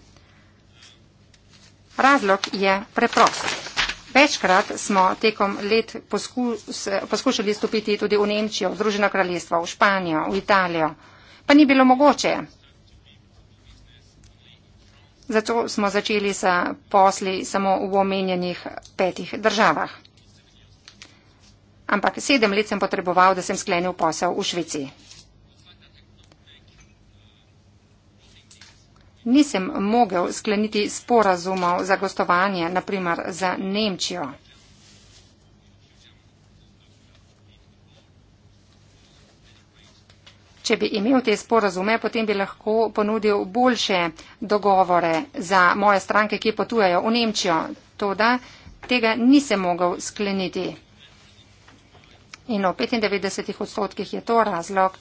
Razlog je preprost. Večkrat smo tekom let poskus, poskušali stopiti tudi v Nemčijo, v Združeno kraljestvo, v Španijo, v Italijo, pa ni bilo mogoče. Zato smo začeli sa posli samo v omenjenih petih državah ampak sedem let sem potreboval, da sem sklenil posel v Švici. Nisem mogel skleniti sporazumov za gostovanje, naprimer za Nemčijo. Če bi imel te sporazume, potem bi lahko ponudil boljše dogovore za moje stranke, ki potujajo v Nemčijo. Toda tega nisem mogel skleniti. In o 95 odstotkih je to razlog,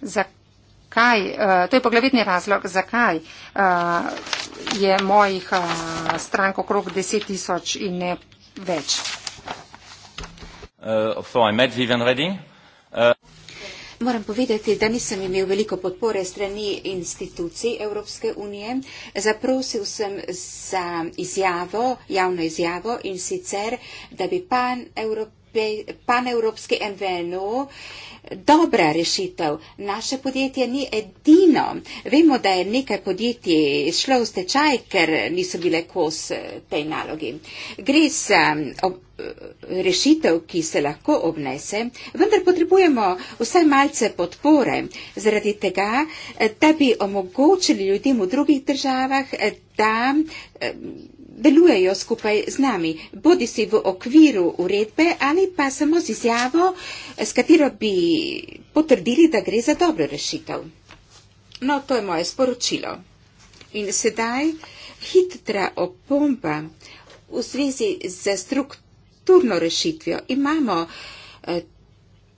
zakaj, uh, to je poglavitni razlog, zakaj uh, je mojih uh, strank okrog 10 tisoč in ne več. Uh, uh, Moram povedati, da nisem imel veliko podpore strani institucij Evropske unije. Zaprosil sem za izjavo, javno izjavo in sicer, da bi pan Evropa paneuropski MVNO dobra rešitev. Naše podjetje ni edino. Vemo, da je nekaj podjetij šlo v stečaj, ker niso bile kos eh, tej nalogi. Gre za eh, rešitev, ki se lahko obnese, vendar potrebujemo vsaj malce podpore zaradi tega, eh, da bi omogočili ljudem v drugih državah, da delujejo skupaj z nami, bodi si v okviru uredbe ali pa samo z izjavo, s katero bi potrdili, da gre za dobro rešitev. No, to je moje sporočilo. In sedaj hitra opomba v zvezi z strukturno rešitvijo. Imamo eh,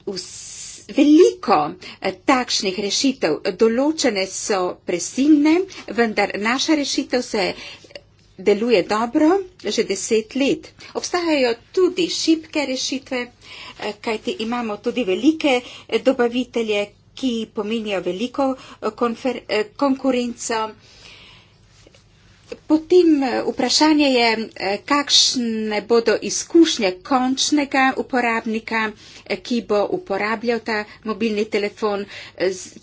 vs, veliko eh, takšnih rešitev, določene so presilne, vendar naša rešitev se deluje dobro že deset let. Obstajajo tudi šibke rešitve, eh, kajti imamo tudi velike eh, dobavitelje, ki pomenijo veliko eh, konkurenco. Potem eh, vprašanje je, eh, kakšne bodo izkušnje končnega uporabnika, eh, ki bo uporabljal ta mobilni telefon,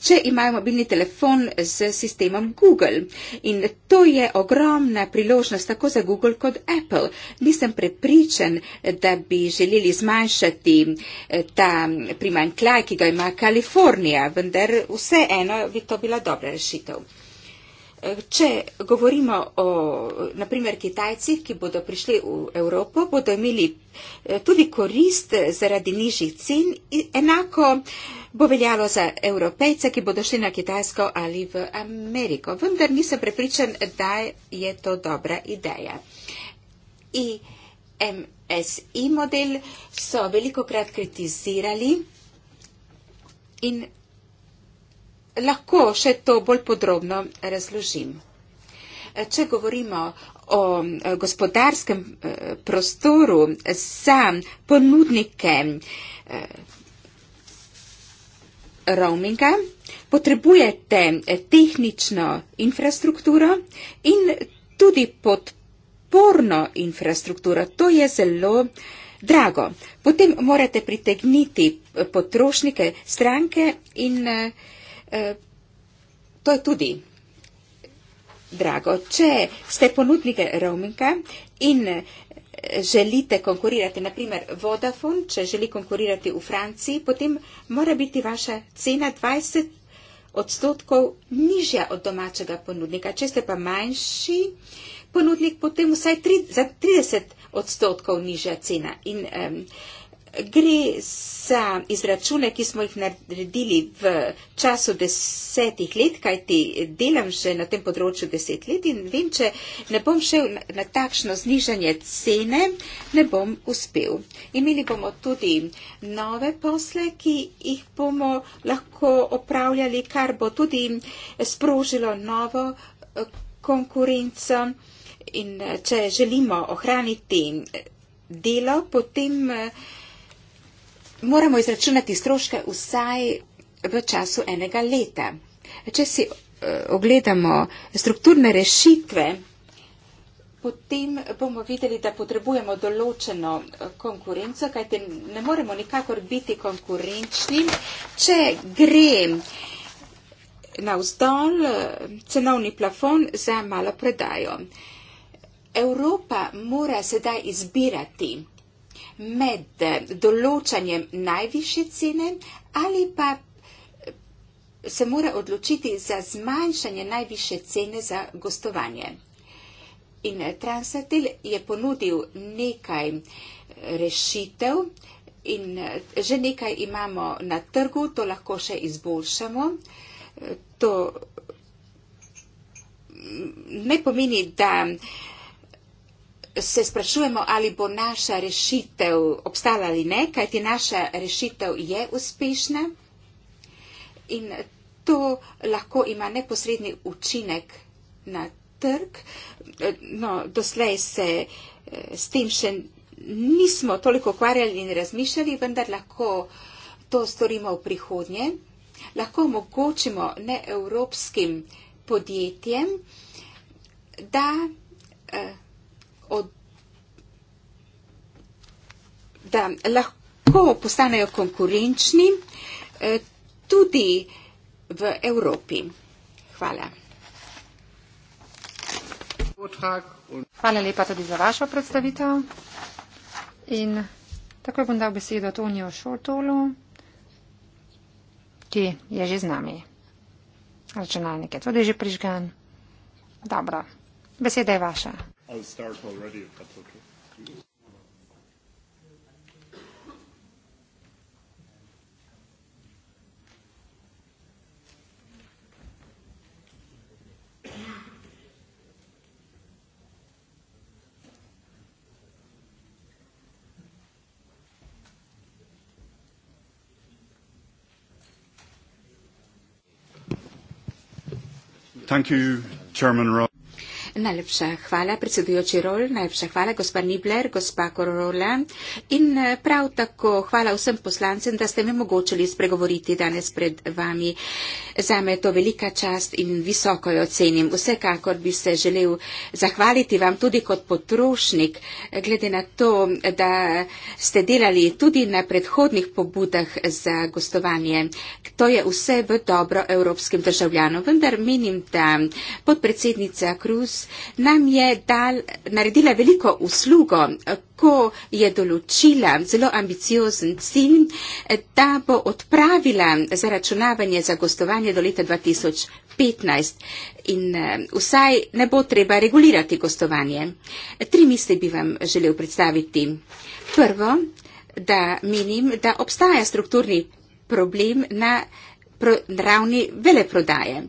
če imajo mobilni telefon z sistemom Google. In to je ogromna priložnost tako za Google kot Apple. Nisem prepričan, da bi želeli zmanjšati ta primanjkljaj, ki ga ima Kalifornija, vendar vseeno bi to bila dobra rešitev. Eh, če govorimo o, naprimer, Kitajcih, ki bodo prišli v Evropo, bodo imeli eh, tudi korist zaradi nižjih cen. Enako bo veljalo za evropejce, ki bodo šli na Kitajsko ali v Ameriko. Vendar nisem prepričan, da je to dobra ideja. I MSI model so veliko krat kritizirali in lahko še to bolj podrobno razložim. E, če govorimo o e, gospodarskem e, prostoru za ponudnike roaminga, potrebujete tehnično infrastrukturo in tudi podporno infrastrukturo. To je zelo drago. Potem morate pritegniti potrošnike, stranke in E, to je tudi drago. Če ste ponudnike roaminga in e, želite konkurirati, na primer Vodafone, če želi konkurirati v Franciji, potem mora biti vaša cena 20 odstotkov nižja od domačega ponudnika. Če ste pa manjši ponudnik, potem vsaj tri, za 30 odstotkov nižja cena. In, um, gre za izračune, ki smo jih naredili v času desetih let, kajti delam že na tem področju deset let in vem, če ne bom šel na takšno znižanje cene, ne bom uspel. Imeli bomo tudi nove posle, ki jih bomo lahko opravljali, kar bo tudi sprožilo novo eh, konkurenco in eh, če želimo ohraniti eh, delo, potem moramo izračunati stroške vsaj v času enega leta. Če si eh, ogledamo strukturne rešitve, potem bomo videli, da potrebujemo določeno eh, konkurenco, kajte ne moremo nikakor biti konkurenčni. Če gre na vzdolj eh, cenovni plafon za malo predajo. Evropa mora sedaj izbirati med določanjem najviše cene ali pa se mora odločiti za zmanjšanje najviše cene za gostovanje. In Transatel je ponudil nekaj eh, rešitev in eh, že nekaj imamo na trgu, to lahko še izboljšamo. Eh, to mm, ne pomeni, da se sprašujemo, ali bo naša rešitev obstala ali ne, kajti naša rešitev je uspešna in to lahko ima neposredni učinek na trg. No, doslej se eh, s tem še nismo toliko ukvarjali in razmišljali, vendar lahko to storimo v prihodnje. Lahko omogočimo neevropskim podjetjem, da eh, od, da lahko postanejo konkurenčni eh, tudi v Evropi. Hvala. Hvala lepa tudi za vašo predstavitev. In takoj bom dal besedo Tonijo Šortolu, ki je že z nami. Računalnik je tudi že prižgan. Dobro, beseda je vaša. I'll start already if that's okay. Thank you, Chairman Rod. Najlepša hvala, predsedujoči Rol, najlepša hvala, gospa Nibler, gospa Korola in eh, prav tako hvala vsem poslancem, da ste me mogočili spregovoriti danes pred vami. Za me je to velika čast in visoko jo ocenim. Vsekakor bi se želel zahvaliti vam tudi kot potrošnik, glede na to, da ste delali tudi na predhodnih pobudah za gostovanje. To je vse v dobro evropskim državljanom. Vendar menim, da podpredsednica Krus nam je dal, naredila veliko uslugo, ko je določila zelo ambiciozen cilj, da bo odpravila zaračunavanje za gostovanje do leta 2015 in eh, vsaj ne bo treba regulirati gostovanje. Tri misli bi vam želel predstaviti. Prvo, da menim, da obstaja strukturni problem na ravni veleprodaje.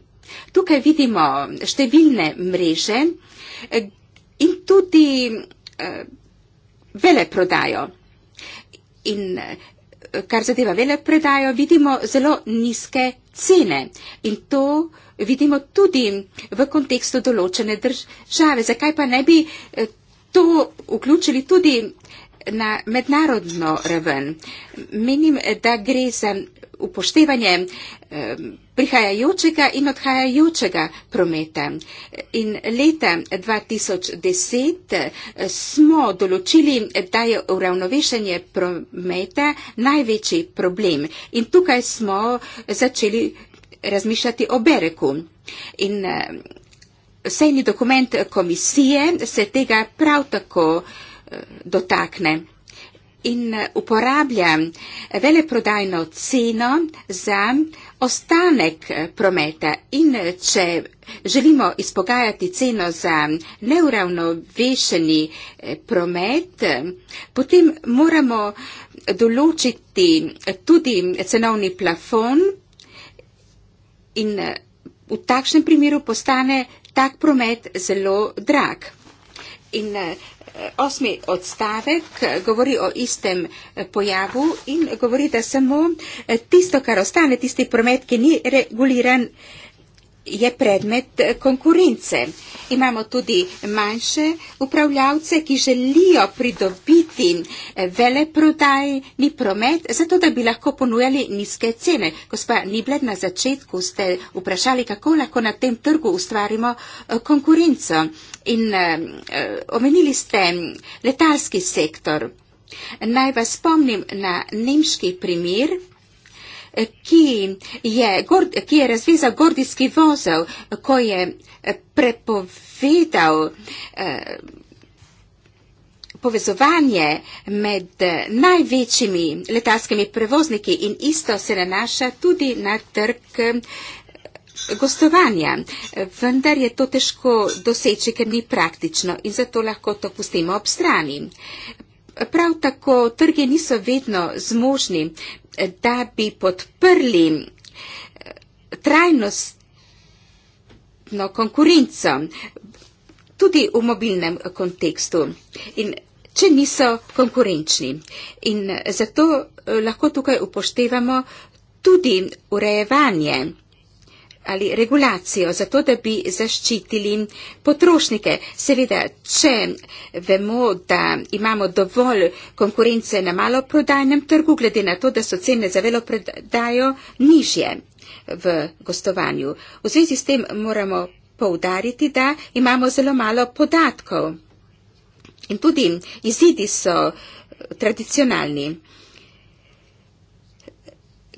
Tukaj vidimo številne mreže eh, in tudi eh, veleprodajo. In eh, kar zadeva veleprodajo, vidimo zelo nizke cene. In to vidimo tudi v kontekstu določene države. Zakaj pa ne bi to vključili tudi na mednarodno raven? Menim, da gre za upoštevanje prihajajočega in odhajajočega prometa. In leta 2010 eh, smo določili, da je uravnovešanje prometa največji problem. In tukaj smo začeli razmišljati o bereku. In eh, sejni dokument komisije se tega prav tako eh, dotakne in uporablja veleprodajno ceno za ostanek eh, prometa. In eh, če želimo izpogajati ceno za neuravnovešeni eh, promet, potem moramo določiti tudi cenovni plafon in v takšnem primeru postane tak promet zelo drag. In osmi odstavek govori o istem eh, pojavu in govori, da samo eh, tisto, kar ostane, tisti promet, ki ni reguliran, je predmet eh, konkurence. Imamo tudi manjše upravljavce, ki želijo pridobiti eh, veleprodajni promet, zato da bi lahko ponujali nizke cene. Gospa Nibled, na začetku ste vprašali, kako lahko na tem trgu ustvarimo eh, konkurenco. In uh, omenili ste letalski sektor. Naj vas spomnim na nemški primer. Eh, ki je, ki je razvezal gordijski vozel, ko je eh, prepovedal eh, povezovanje med največjimi letalskimi prevozniki in isto se nanaša tudi na trg gostovanja. Vendar je to težko doseči, ker ni praktično in zato lahko to pustimo ob strani. Prav tako trge niso vedno zmožni da bi podprli eh, trajnostno konkurenco tudi v mobilnem kontekstu, in če niso konkurenčni. In eh, zato eh, lahko tukaj upoštevamo tudi urejevanje ali regulacijo, zato da bi zaščitili potrošnike. Seveda, če vemo, da imamo dovolj konkurence na maloprodajnem trgu, glede na to, da so cene za veloprodajo nižje v gostovanju. V zvezi s tem moramo poudariti, da imamo zelo malo podatkov. In tudi izidi so tradicionalni.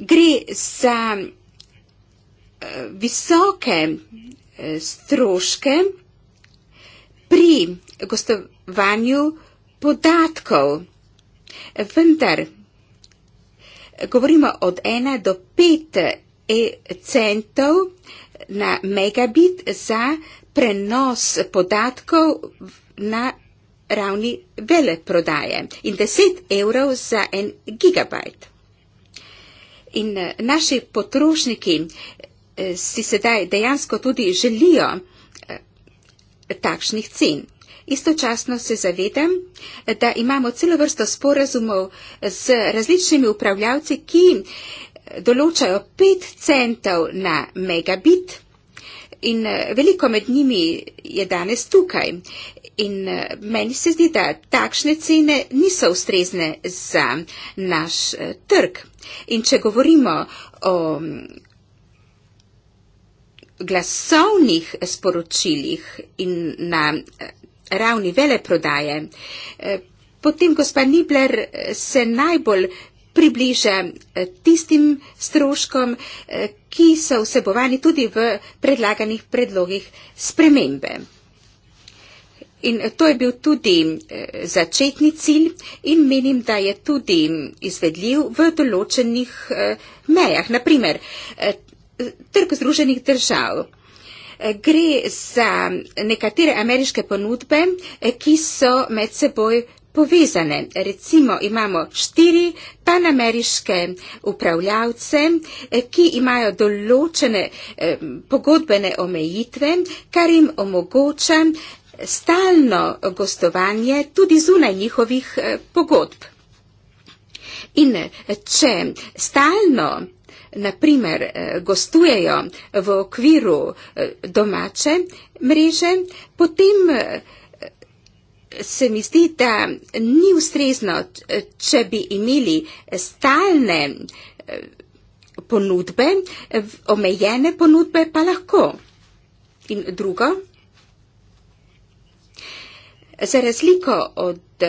Gre za visoke eh, stroške pri gostovanju podatkov. Vendar govorimo od 1 do 5 centov na megabit za prenos podatkov na ravni veleprodaje in 10 evrov za en gigabajt. In eh, naši potrošniki si sedaj dejansko tudi želijo eh, takšnih cen. Istočasno se zavedam, da imamo celo vrsto sporazumov z različnimi upravljavci, ki eh, določajo 5 centov na megabit in eh, veliko med njimi je danes tukaj. In meni se zdi, da takšne cene niso ustrezne za naš trg. In če govorimo o glasovnih sporočilih in na eh, ravni veleprodaje. Eh, potem gospa Nibler eh, se najbolj približa tistim stroškom, ki so vsebovani tudi v predlaganih predlogih spremembe. In to je bil tudi začetni cilj in menim, da je tudi izvedljiv v določenih mejah. Naprimer, trg Združenih držav. Gre za nekatere ameriške ponudbe, ki so med seboj povezane. Recimo imamo štiri panameriške upravljavce, ki imajo določene pogodbene omejitve, kar jim omogoča stalno gostovanje tudi zunaj njihovih eh, pogodb. In eh, če stalno naprimer eh, gostujejo v okviru eh, domače mreže, potem eh, se mi zdi, da ni ustrezno, če bi imeli stalne ponudbe, omejene ponudbe pa lahko. In drugo, za razliko od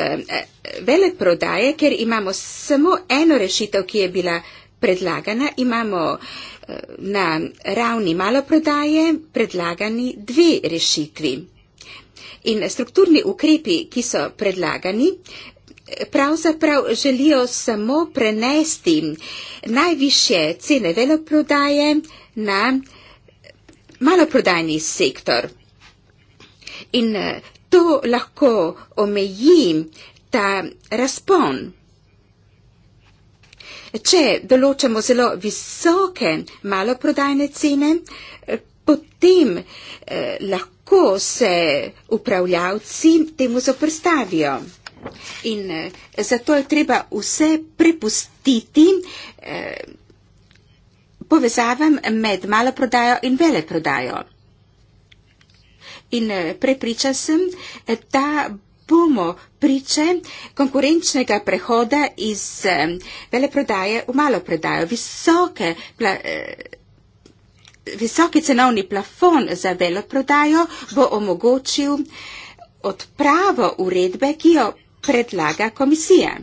veleprodaje, ker imamo samo eno rešitev, ki je bila predlagana, imamo eh, na ravni maloprodaje predlagani dve rešitvi. In strukturni ukrepi, ki so predlagani, eh, pravzaprav želijo samo prenesti najviše cene veloprodaje na eh, maloprodajni sektor. In to lahko omeji ta razpon. Če določamo zelo visoke maloprodajne cene, eh, potem eh, lahko se upravljavci temu zaprstavijo. In eh, zato je treba vse prepustiti povezavam med maloprodajo in veleprodajo. In prepriča sem, da bomo priče konkurenčnega prehoda iz veleprodaje v maloprodajo. Visoke, pla, eh, visoki cenovni plafon za veleprodajo bo omogočil odpravo uredbe, ki jo predlaga komisija.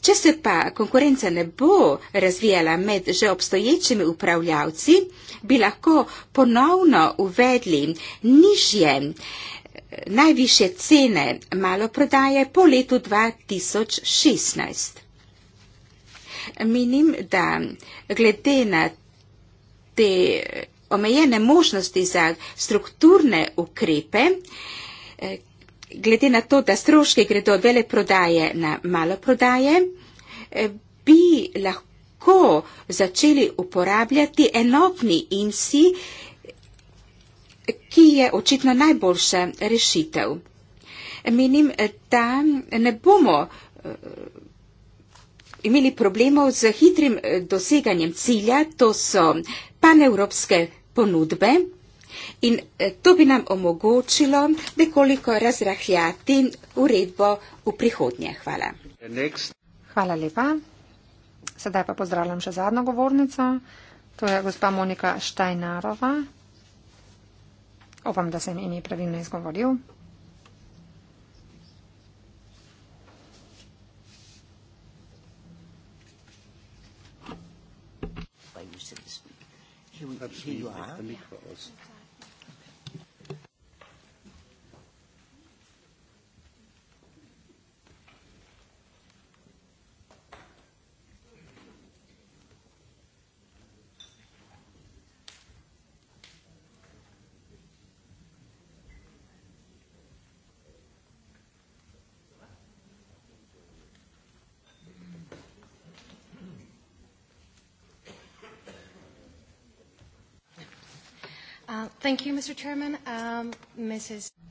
Če se pa konkurenca ne bo razvijala med že obstoječimi upravljavci, bi lahko ponovno uvedli nižje eh, najviše cene maloprodaje po letu 2016. Menim, da glede na te omejene možnosti za strukturne ukrepe, glede na to, da stroške gredo vele prodaje na maloprodaje, bi lahko začeli uporabljati enotni insi, ki je očitno najboljša rešitev. Menim, da ne bomo eh, imeli problemov z hitrim eh, doseganjem cilja, to so panevropske ponudbe in eh, to bi nam omogočilo nekoliko razrahljati uredbo v prihodnje. Hvala. Hvala lepa. Sedaj pa pozdravljam še zadnjo govornico. To je gospa Monika Štajnarova, Upam, da sem ime pravilno izgovoril. Here we, here you are. The microphone. Yeah. Um,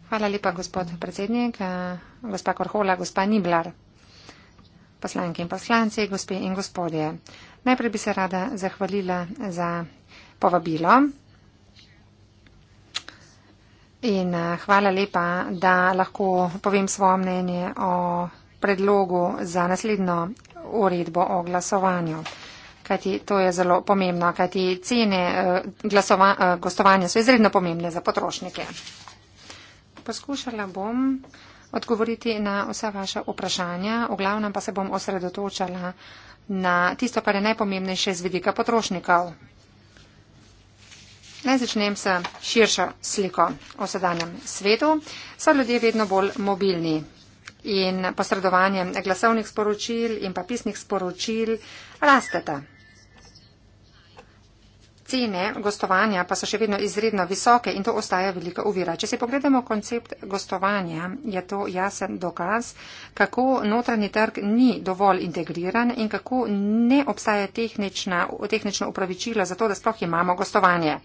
hvala lepa, gospod predsednik, eh, gospa Korhola, gospa Niblar, poslanke in poslanci, gospe in gospodje. Najprej bi se rada zahvalila za povabilo. In eh, hvala lepa, da lahko povem svoje mnenje o predlogu za naslednjo uredbo o glasovanju kajti to je zelo pomembno, kajti cene eh, glasova, eh, gostovanja so izredno pomembne za potrošnike. Poskušala bom odgovoriti na vsa vaša vprašanja, v glavnem pa se bom osredotočala na tisto, kar je najpomembnejše z vidika potrošnikov. Naj začnem s širšo sliko o sedanjem svetu. So ljudje vedno bolj mobilni in posredovanje glasovnih sporočil in pa pisnih sporočil rasteta. Cene gostovanja pa so še vedno izredno visoke in to ostaja velika uvira. Če si pogledamo koncept gostovanja, je to jasen dokaz, kako notranji trg ni dovolj integriran in kako ne obstaja tehnična, tehnično upravičilo za to, da sploh imamo gostovanje.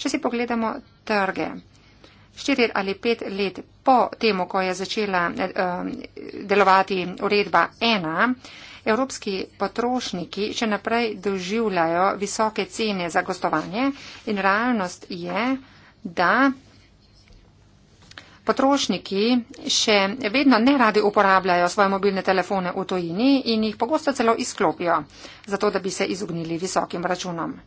Če si pogledamo trge. Štiri ali pet let po temu, ko je začela um, delovati uredba ena, Evropski potrošniki še naprej doživljajo visoke cene za gostovanje in realnost je, da potrošniki še vedno ne radi uporabljajo svoje mobilne telefone v tojini in jih pogosto celo izklopijo, zato da bi se izognili visokim računom.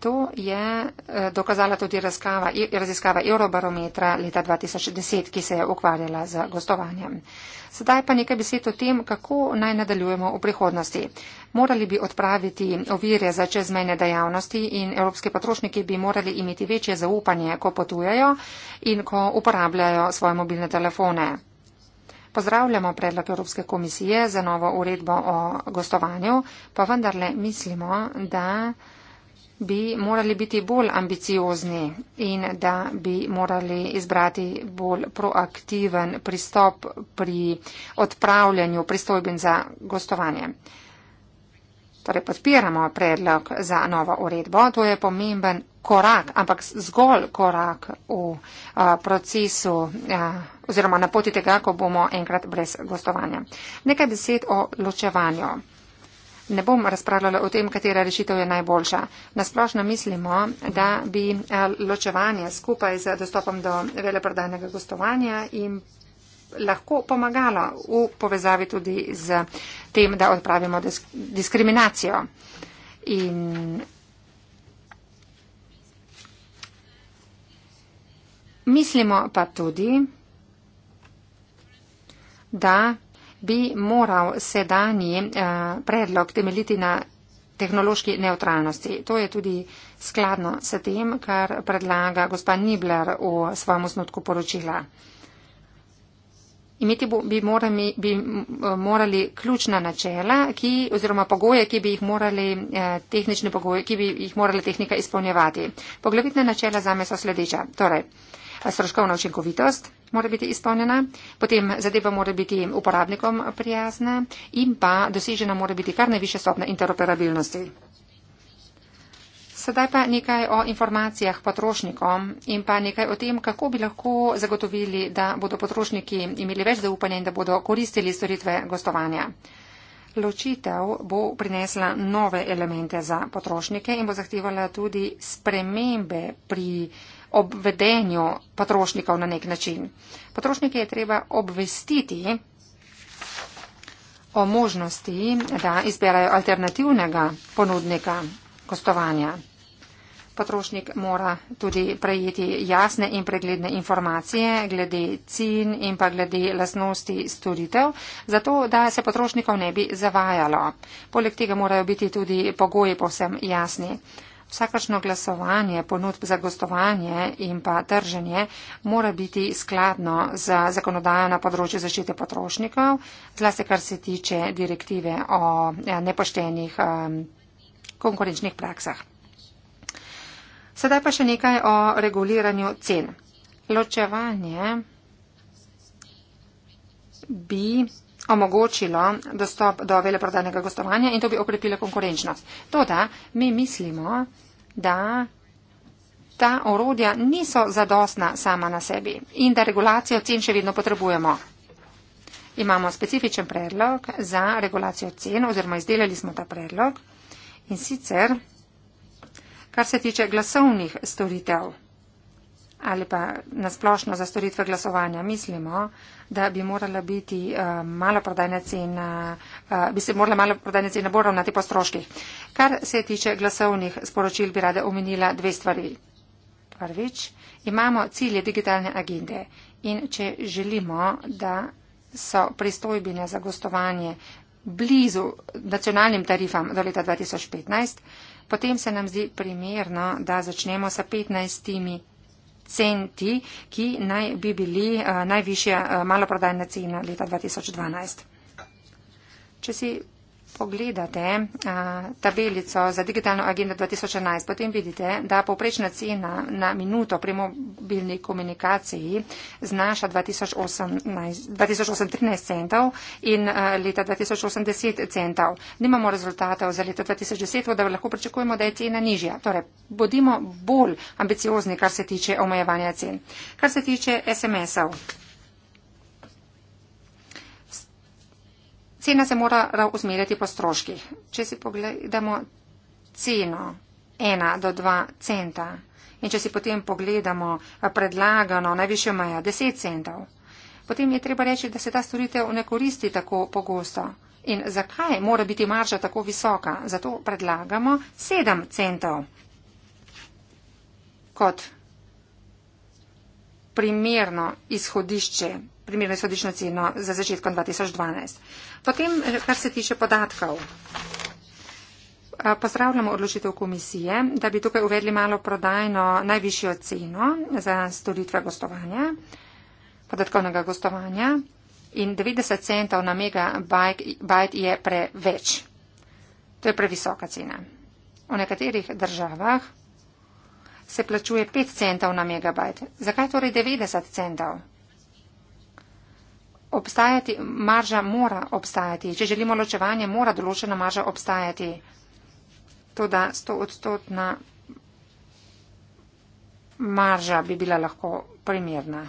To je eh, dokazala tudi razkava, e, raziskava Eurobarometra leta 2010, ki se je ukvarjala z gostovanjem. Sedaj pa nekaj besed o tem, kako naj nadaljujemo v prihodnosti. Morali bi odpraviti ovire za čezmejne dejavnosti in evropski potrošniki bi morali imeti večje zaupanje, ko potujejo in ko uporabljajo svoje mobilne telefone. Pozdravljamo predlog Evropske komisije za novo uredbo o gostovanju, pa vendarle mislimo, da bi morali biti bolj ambiciozni in da bi morali izbrati bolj proaktiven pristop pri odpravljanju pristojben za gostovanje. Torej, podpiramo predlog za novo uredbo. To je pomemben korak, ampak zgolj korak v a, procesu a, oziroma na poti tega, ko bomo enkrat brez gostovanja. Nekaj besed o ločevanju. Ne bom razpravljala o tem, katera rešitev je najboljša. Nasplošno mislimo, da bi eh, ločevanje skupaj z dostopom do veleprodajnega gostovanja in lahko pomagalo v povezavi tudi z tem, da odpravimo diskriminacijo. In mislimo pa tudi, da bi moral sedanji eh, predlog temeljiti na tehnološki neutralnosti. To je tudi skladno s tem, kar predlaga gospa Nibler v svojem osnutku poročila. Imeti bi morali, bi morali ključna načela, ki, oziroma pogoje, ki bi jih morali, eh, tehnične pogoje, ki bi jih morala tehnika izpolnjevati. Poglavitna načela za me so sledeča. Torej, stroškovna učinkovitost, mora biti izpolnjena, potem zadeva mora biti uporabnikom prijazna in pa dosežena mora biti kar najviše stopna interoperabilnosti. Sedaj pa nekaj o informacijah potrošnikom in pa nekaj o tem, kako bi lahko zagotovili, da bodo potrošniki imeli več zaupanja in da bodo koristili storitve gostovanja. Ločitev bo prinesla nove elemente za potrošnike in bo zahtevala tudi spremembe pri potrošnikih obvedenju potrošnikov na nek način. Potrošnike je treba obvestiti o možnosti, da izberajo alternativnega ponudnika gostovanja. Potrošnik mora tudi prejeti jasne in pregledne informacije glede cen in pa glede lasnosti storitev, zato da se potrošnikov ne bi zavajalo. Poleg tega morajo biti tudi pogoji povsem jasni. Vsakašno glasovanje, ponudb za gostovanje in pa trženje mora biti skladno z zakonodajo na področju zaščite potrošnikov, zlasti kar se tiče direktive o ja, nepoštenih konkurenčnih praksah. Sedaj pa še nekaj o reguliranju cen. Ločevanje bi omogočilo dostop do veleprodajnega gostovanja in to bi okrepilo konkurenčnost. Toda mi mislimo, da ta orodja niso zadostna sama na sebi in da regulacijo cen še vedno potrebujemo. Imamo specifičen predlog za regulacijo cen oziroma izdelali smo ta predlog in sicer, kar se tiče glasovnih storitev ali pa nasplošno za storitve glasovanja. Mislimo, da bi morala biti uh, eh, malo prodajna cena, uh, bi se morala malo prodajna cena bolj ravnati po stroških. Kar se tiče glasovnih sporočil, bi rada omenila dve stvari. Prvič, imamo cilje digitalne agende in če želimo, da so pristojbine za gostovanje blizu nacionalnim tarifam do leta 2015, potem se nam zdi primerno, da začnemo sa 15 centi, ki naj bi bili eh, najvišja eh, maloprodajna cena leta 2012. Če si pogledate a, tabelico za digitalno agendo 2011, potem vidite, da povprečna cena na minuto pri mobilni komunikaciji znaša 2013 centov in a, leta 2080 centov. Nimamo rezultatov za leto 2010, da lahko pričakujemo, da je cena nižja. Torej, bodimo bolj ambiciozni, kar se tiče omejevanja cen. Kar se tiče SMS-ov. Cena se mora usmerjati po stroških. Če si pogledamo ceno 1 do 2 centa in če si potem pogledamo predlagano najvišjo mejo 10 centov, potem je treba reči, da se ta storitev ne koristi tako pogosto. In zakaj mora biti marža tako visoka? Zato predlagamo 7 centov. Kot primerno izhodišče primerno izhodišno ceno za začetkom 2012. Potem, eh, kar se tiče podatkov. Eh, pozdravljamo odločitev komisije, da bi tukaj uvedli malo prodajno najvišjo ceno za storitve gostovanja, podatkovnega gostovanja in 90 centov na megabajt je preveč. To je previsoka cena. V nekaterih državah se plačuje 5 centov na megabajt. Zakaj torej 90 centov? obstajati, marža mora obstajati. Če želimo ločevanje, mora določena marža obstajati. Tudi stoodstotna marža bi bila lahko primerna.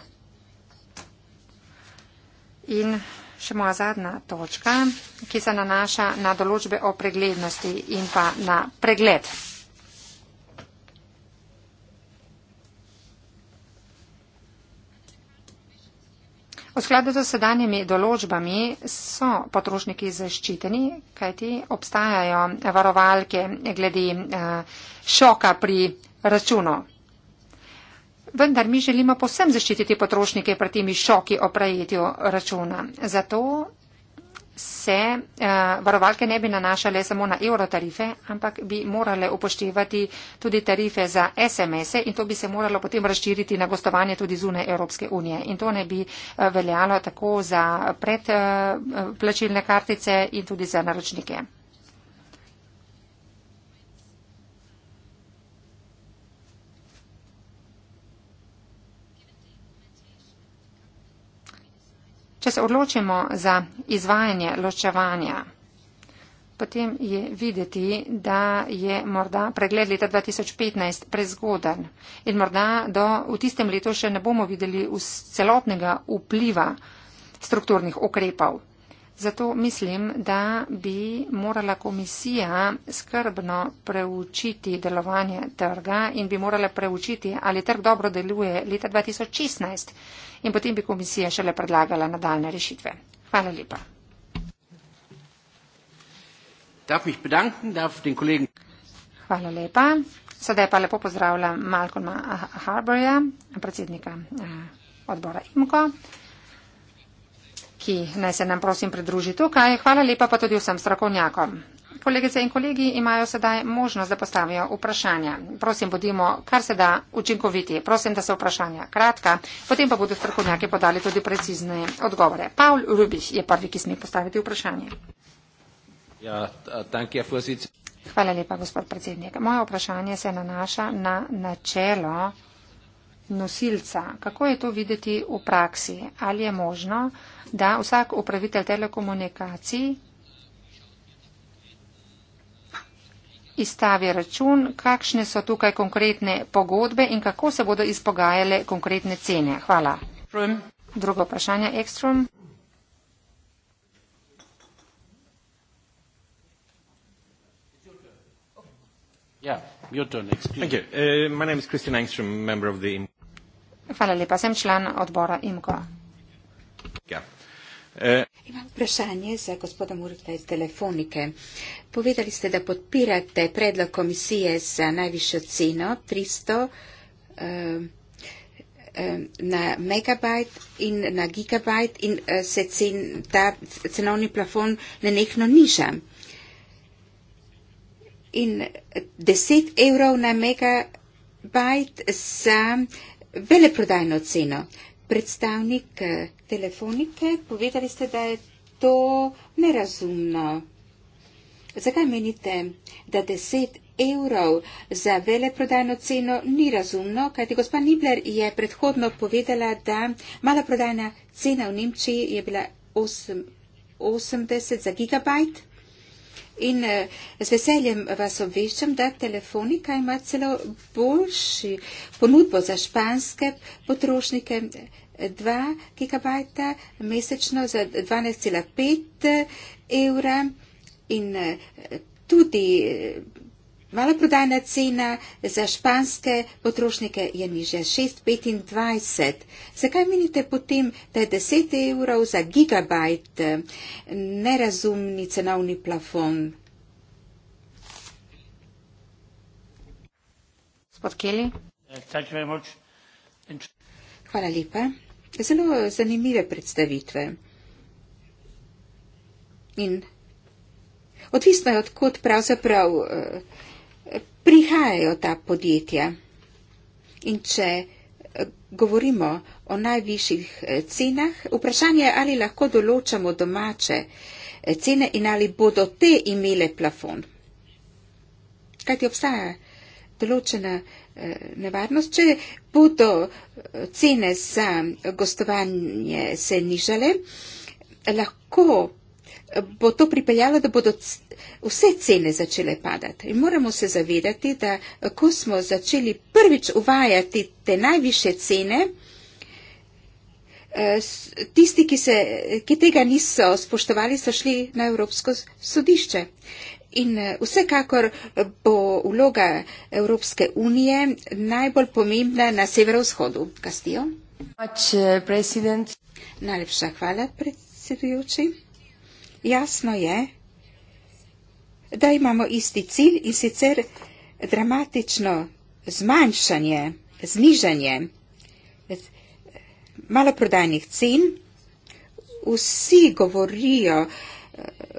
In še moja zadnja točka, ki se nanaša na določbe o preglednosti in pa na pregled. V skladu z sedanjimi določbami so potrošniki zaščiteni, kajti obstajajo varovalke glede eh, šoka pri računu. Vendar mi želimo posem zaščititi potrošnike pred temi šoki o prejetju računa. Zato se uh, varovalke ne bi nanašale samo na evro tarife, ampak bi morale upoštevati tudi tarife za SMS-e in to bi se moralo potem razširiti na gostovanje tudi zune Evropske unije. In to ne bi uh, veljalo tako za predplačilne uh, kartice in tudi za naročnike. Če se odločimo za izvajanje ločevanja, potem je videti, da je morda pregled leta 2015 prezgodan in morda do v tistem letu še ne bomo videli celotnega vpliva strukturnih ukrepov. Zato mislim, da bi morala komisija skrbno preučiti delovanje trga in bi morala preučiti, ali trg dobro deluje leta 2016 in potem bi komisija šele predlagala nadaljne rešitve. Hvala lepa. Hvala lepa. Sedaj pa lepo pozdravljam Malcolma Harborja, predsednika eh, odbora IMCO ki naj se nam prosim pridruži tukaj. Hvala lepa pa tudi vsem strokovnjakom. Kolegice in kolegi imajo sedaj možnost, da postavijo vprašanja. Prosim, bodimo kar se da učinkoviti. Prosim, da so vprašanja kratka, potem pa bodo strokovnjaki podali tudi precizne odgovore. Paul Rubih je prvi, ki sme postaviti vprašanje. Ja, thank you, Hvala lepa, gospod predsednik. Moje vprašanje se nanaša na načelo nosilca. Kako je to videti v praksi? Ali je možno? da vsak upravitelj telekomunikacij izstavi račun, kakšne so tukaj konkretne pogodbe in kako se bodo izpogajale konkretne cene. Hvala. Prim. Drugo vprašanje, Ekstrom. Ja, uh, Hvala lepa, sem član odbora IMKO. Eh. Imam vprašanje za gospoda Murta iz telefonike. Povedali ste, da podpirate predlog komisije za najvišjo ceno 300 eh, eh, na megabajt in na gigabajt in se cen, ta cenovni plafon nenehno niža. In 10 evrov na megabajt za veleprodajno ceno predstavnik eh, telefonike, povedali ste, da je to nerazumno. Zakaj menite, da 10 evrov za veleprodajno ceno ni razumno? Kajti gospa Nibler je predhodno povedala, da mala prodajna cena v Nemčiji je bila 8, 80 za gigabajt. In eh, z veseljem vas obveščam, da telefonika ima celo boljši ponudbo za španske potrošnike, 2 gigabajta mesečno za 12,5 evra in eh, tudi eh, maloprodajna cena za španske potrošnike je nižja 6,25. Zakaj menite potem, da je 10 evrov za gigabajt eh, nerazumni cenovni plafon? Gospod Kelly. Hvala lepa zelo zanimive predstavitve. In odvisno je, odkot pravzaprav eh, prihajajo ta podjetja. In če eh, govorimo o najvišjih eh, cenah, vprašanje je, ali lahko določamo domače cene in ali bodo te imele plafon. Kaj ti obstaja določena nevarnost. Če bodo eh, cene za gostovanje se nižale, lahko eh, bo to pripeljalo, da bodo vse cene začele padati. In moramo se zavedati, da eh, ko smo začeli prvič uvajati te najviše cene, tisti, ki, se, ki tega niso spoštovali, so šli na Evropsko sodišče. In eh, vsekakor bo vloga Evropske unije najbolj pomembna na severovzhodu. Kastijo. Eh, Najlepša hvala, predsedujoči. Jasno je, da imamo isti cilj in sicer dramatično zmanjšanje, znižanje maloprodajnih cen. Vsi govorijo,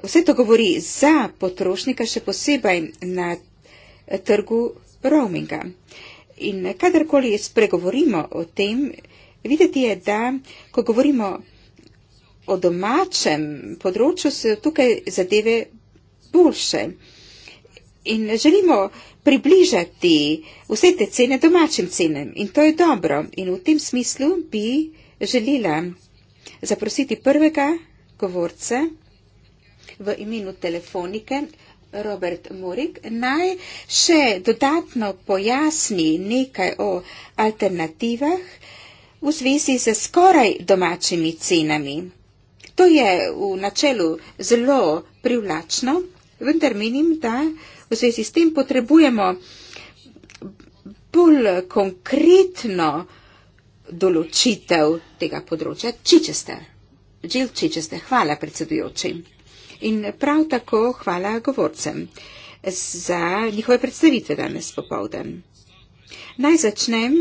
vse to govori za potrošnika, še posebej na trgu roaminga. In kadarkoli spregovorimo o tem, videti je, da ko govorimo o domačem področju, so tukaj zadeve boljše. In želimo približati vse te cene domačim cenem. In to je dobro. In v tem smislu bi želela zaprositi prvega govorca v imenu telefonike Robert Morik naj še dodatno pojasni nekaj o alternativah v zvezi z skoraj domačimi cenami. To je v načelu zelo privlačno, vendar menim, da v zvezi s tem potrebujemo bolj konkretno določitev tega področja. Čičester. Jill Čičester. Hvala predsedujočim in prav tako hvala govorcem za njihove predstavitve danes popovdan. Naj začnem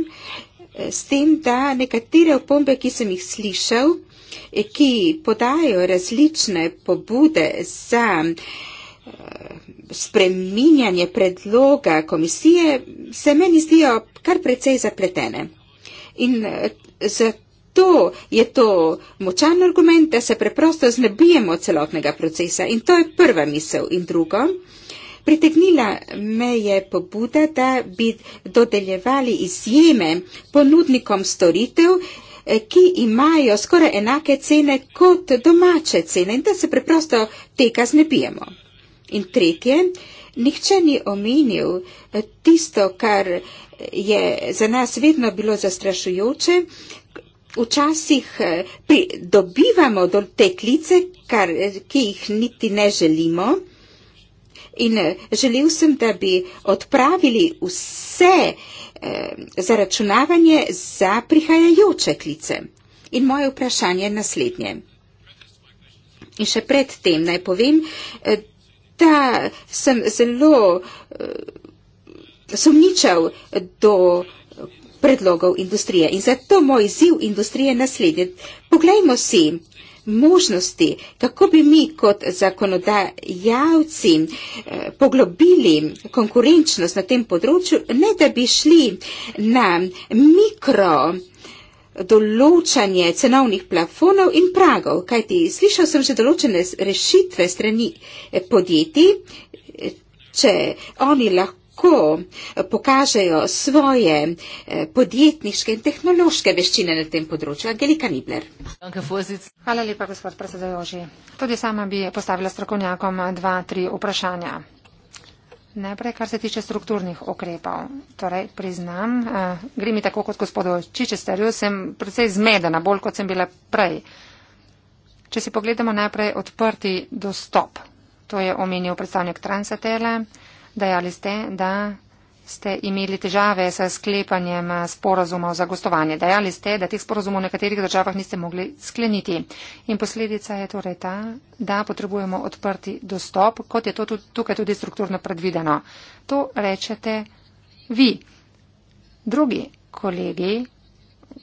eh, s tem, da nekatere opombe, ki sem jih slišal, eh, ki podajo različne pobude za eh, spreminjanje predloga komisije, se meni zdijo kar precej zapletene. In zato To je to močan argument, da se preprosto znebijemo celotnega procesa in to je prva misel. In drugo, pritegnila me je pobuda, da bi dodeljevali izjeme ponudnikom storitev, eh, ki imajo skoraj enake cene kot domače cene in da se preprosto tega znebijemo. In tretje, nihče ni omenil eh, tisto, kar je za nas vedno bilo zastrašujoče, včasih eh, pri, dobivamo do te klice, kar, eh, ki jih niti ne želimo. In eh, želel sem, da bi odpravili vse eh, zaračunavanje za prihajajoče klice. In moje vprašanje je naslednje. In še predtem naj povem, da sem zelo eh, sumničal do. Eh, predlogov industrije. In zato moj ziv industrije naslednji. Poglejmo si možnosti, kako bi mi kot zakonodajalci eh, poglobili konkurenčnost na tem področju, ne da bi šli na mikro določanje cenovnih plafonov in pragov, kajti slišal sem že določene rešitve strani eh, podjetij, eh, če oni lahko lahko eh, pokažejo svoje eh, podjetniške in tehnološke veščine na tem področju. Angelika Nibler. Hvala lepa, gospod predsedojoči. Tudi sama bi postavila strokovnjakom dva, tri vprašanja. Najprej, kar se tiče strukturnih okrepov. Torej, priznam, eh, gre mi tako kot gospodu Čičesterju, sem precej zmedena, bolj kot sem bila prej. Če si pogledamo najprej odprti dostop, to je omenil predstavnik Transatele, eh, Dejali ste, da ste imeli težave s sklepanjem sporazumov za gostovanje. Dejali ste, da teh sporazumov v nekaterih državah niste mogli skleniti. In posledica je torej ta, da potrebujemo odprti dostop, kot je to tukaj tudi strukturno predvideno. To rečete vi. Drugi kolegi,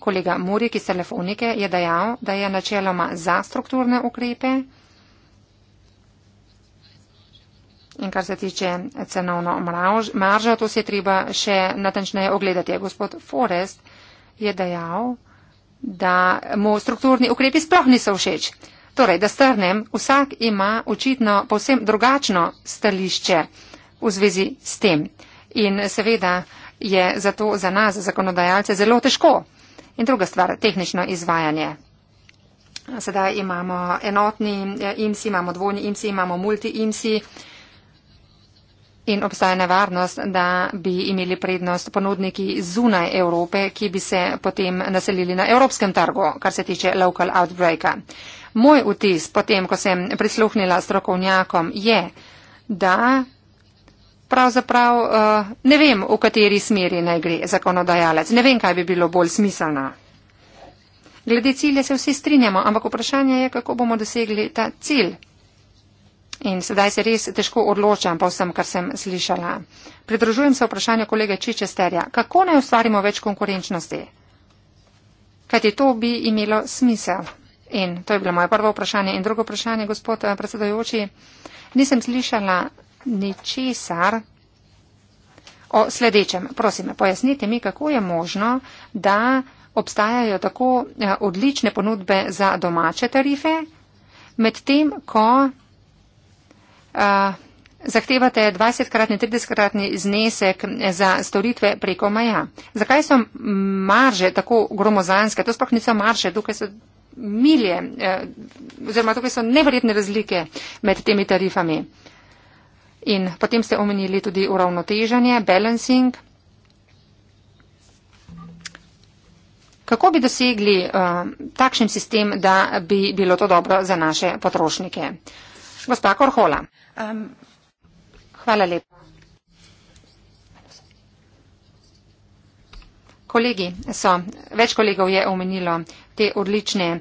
kolega Muri, ki s telefonike, je dejal, da je načeloma za strukturne ukrepe. In kar se tiče cenovno maržo, to se je treba še natančneje ogledati. Gospod Forest je dejal, da mu strukturni ukrepi sploh niso všeč. Torej, da strnem, vsak ima očitno povsem drugačno stališče v zvezi s tem. In seveda je zato za nas, zakonodajalce, zelo težko. In druga stvar, tehnično izvajanje. Sedaj imamo enotni eh, IMSI, imamo dvojni IMSI, imamo multi IMSI in obstaja nevarnost, da bi imeli prednost ponudniki zunaj Evrope, ki bi se potem naselili na evropskem trgu, kar se tiče local outbreaka. Moj vtis potem, ko sem prisluhnila strokovnjakom, je, da pravzaprav eh, ne vem, v kateri smeri naj gre zakonodajalec. Ne vem, kaj bi bilo bolj smiselno. Glede cilja se vsi strinjamo, ampak vprašanje je, kako bomo dosegli ta cilj. In sedaj se res težko odločam po vsem, kar sem slišala. Pridružujem se vprašanju kolege Čičesterja. Kako naj ustvarimo več konkurenčnosti? Kajti to bi imelo smisel. In to je bilo moje prvo vprašanje. In drugo vprašanje, gospod eh, predsedojoči, nisem slišala ničesar o sledečem. Prosim, pojasnite mi, kako je možno, da obstajajo tako eh, odlične ponudbe za domače tarife, medtem ko zahtevate 20-kratni, 30-kratni znesek za storitve preko maja. Zakaj so marže tako gromozanske? To sploh niso marže, tukaj so milje, e, oziroma tukaj so neverjetne razlike med temi tarifami. In potem ste omenili tudi uravnoteženje, balancing. Kako bi dosegli uh, takšen sistem, da bi bilo to dobro za naše potrošnike? Uh, Kolegi so, več kolegov je omenilo te odlične a,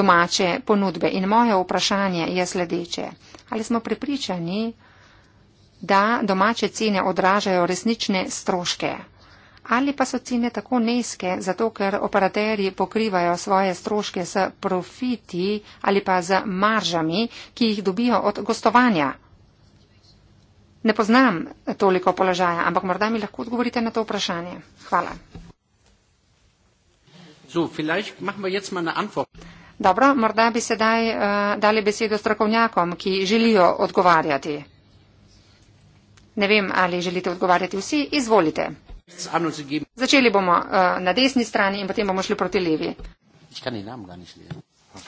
domače ponudbe in moje vprašanje je sledeče. Ali smo pripričani, da domače cene odražajo resnične stroške? ali pa so cene tako neske, zato ker operaterji pokrivajo svoje stroške s profiti ali pa z maržami, ki jih dobijo od gostovanja. Ne poznam toliko položaja, ampak morda mi lahko odgovorite na to vprašanje. Hvala. Dobro, morda bi sedaj uh, dali besedo strokovnjakom, ki želijo odgovarjati. Ne vem, ali želite odgovarjati vsi. Izvolite. Začeli bomo uh, na desni strani in potem bomo šli proti levi. Uh,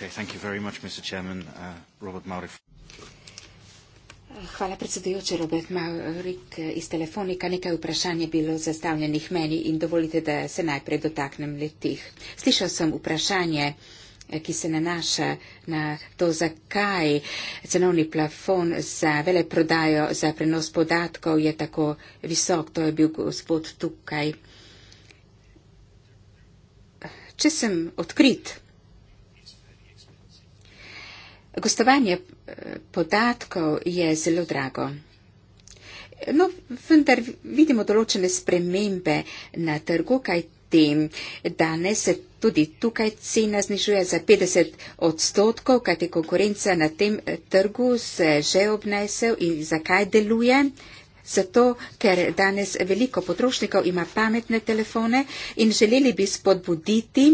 Hvala predsedujoče Robert Maurik eh, iz telefonika. Nekaj vprašanj je bilo zastavljenih meni in dovolite, da se najprej dotaknem letih. Slišal sem vprašanje. Eh, ki se nanaša na to, zakaj cenovni plafon za vele prodajo za prenos podatkov je tako visok. To je bil gospod tukaj. Če sem odkrit, gostovanje eh, podatkov je zelo drago. No, vendar vidimo določene spremembe na trgu, kaj tem danes Tudi tukaj cena znižuje za 50 odstotkov, kajti konkurenca na tem eh, trgu se že obnesel in zakaj deluje. Zato, ker danes veliko potrošnikov ima pametne telefone in želeli bi spodbuditi,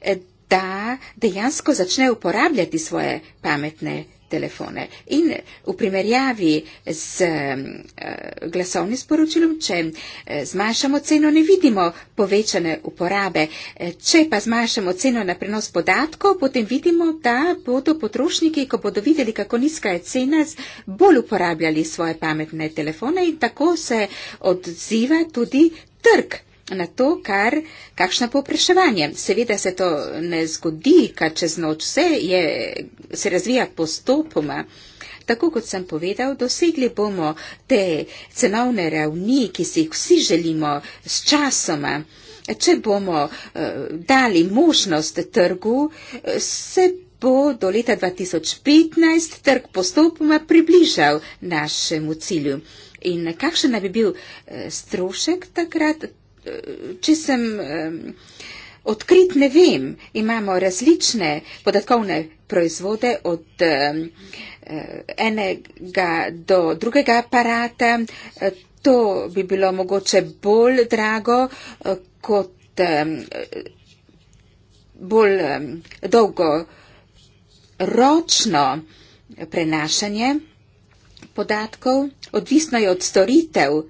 eh, da dejansko začne uporabljati svoje pametne telefone telefone. In v primerjavi z eh, glasovnim sporočilom, če eh, zmanjšamo ceno, ne vidimo povečane uporabe. Eh, če pa zmanjšamo ceno na prenos podatkov, potem vidimo, da bodo potrošniki, ko bodo videli, kako nizka je cena, bolj uporabljali svoje pametne telefone in tako se odziva tudi trg na to, kar, kakšno povpraševanje. Seveda se to ne zgodi, kar čez noč vse je, se razvija postopoma. Tako kot sem povedal, dosegli bomo te cenovne ravni, ki si jih vsi želimo s časoma. Če bomo uh, dali možnost trgu, eh, se bo do leta 2015 trg postopoma približal našemu cilju. In kakšen naj bi bil eh, strošek takrat, če sem odkrit, ne vem, imamo različne podatkovne proizvode od eh, enega do drugega aparata. To bi bilo mogoče bolj drago eh, kot bolj dolgo ročno prenašanje podatkov, odvisno je od storitev,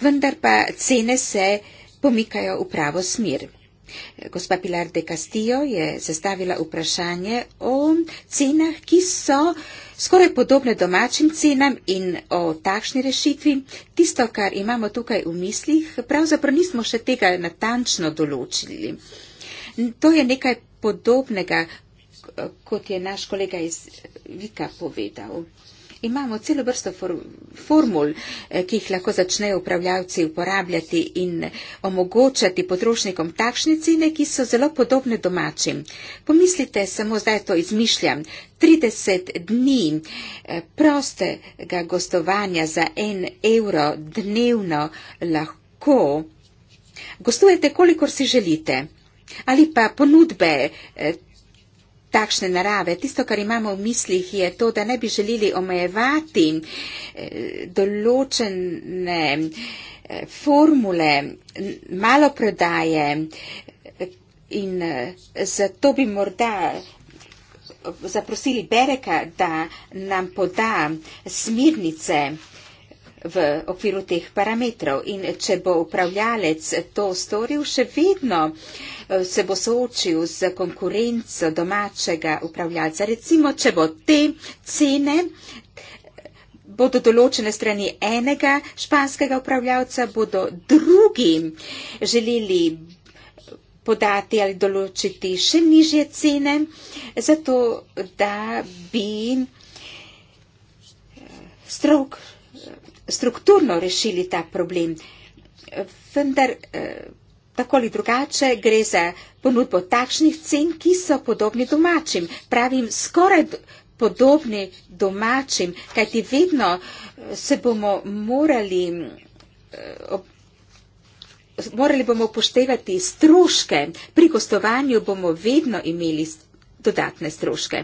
vendar pa cene se pomikajo v pravo smer. Gospa Pilar de Castillo je zastavila vprašanje o cenah, ki so skoraj podobne domačim cenam in o takšni rešitvi. Tisto, kar imamo tukaj v mislih, pravzaprav nismo še tega natančno določili. To je nekaj podobnega, kot je naš kolega iz Vika povedal imamo celo vrsto for, formul, eh, ki jih lahko začnejo upravljavci uporabljati in omogočati potrošnikom takšne cene, ki so zelo podobne domačim. Pomislite, samo zdaj to izmišljam, 30 dni eh, prostega gostovanja za en evro dnevno lahko gostujete, kolikor si želite. Ali pa ponudbe. Eh, takšne narave. Tisto, kar imamo v mislih, je to, da ne bi želeli omejevati eh, določene eh, formule maloprodaje eh, in zato bi morda zaprosili Bereka, da nam poda smirnice v okviru teh parametrov. In če bo upravljalec to storil, še vedno eh, se bo soočil z konkurenco domačega upravljalca. Recimo, če bo te cene eh, bodo določene strani enega španskega upravljalca, bodo drugi želeli podati ali določiti še nižje cene, zato da bi eh, strok strukturno rešili ta problem. Vendar eh, tako ali drugače gre za ponudbo takšnih cen, ki so podobni domačim. Pravim, skoraj podobni domačim, kajti vedno eh, se bomo morali. Eh, morali bomo upoštevati stroške. Pri gostovanju bomo vedno imeli dodatne stroške.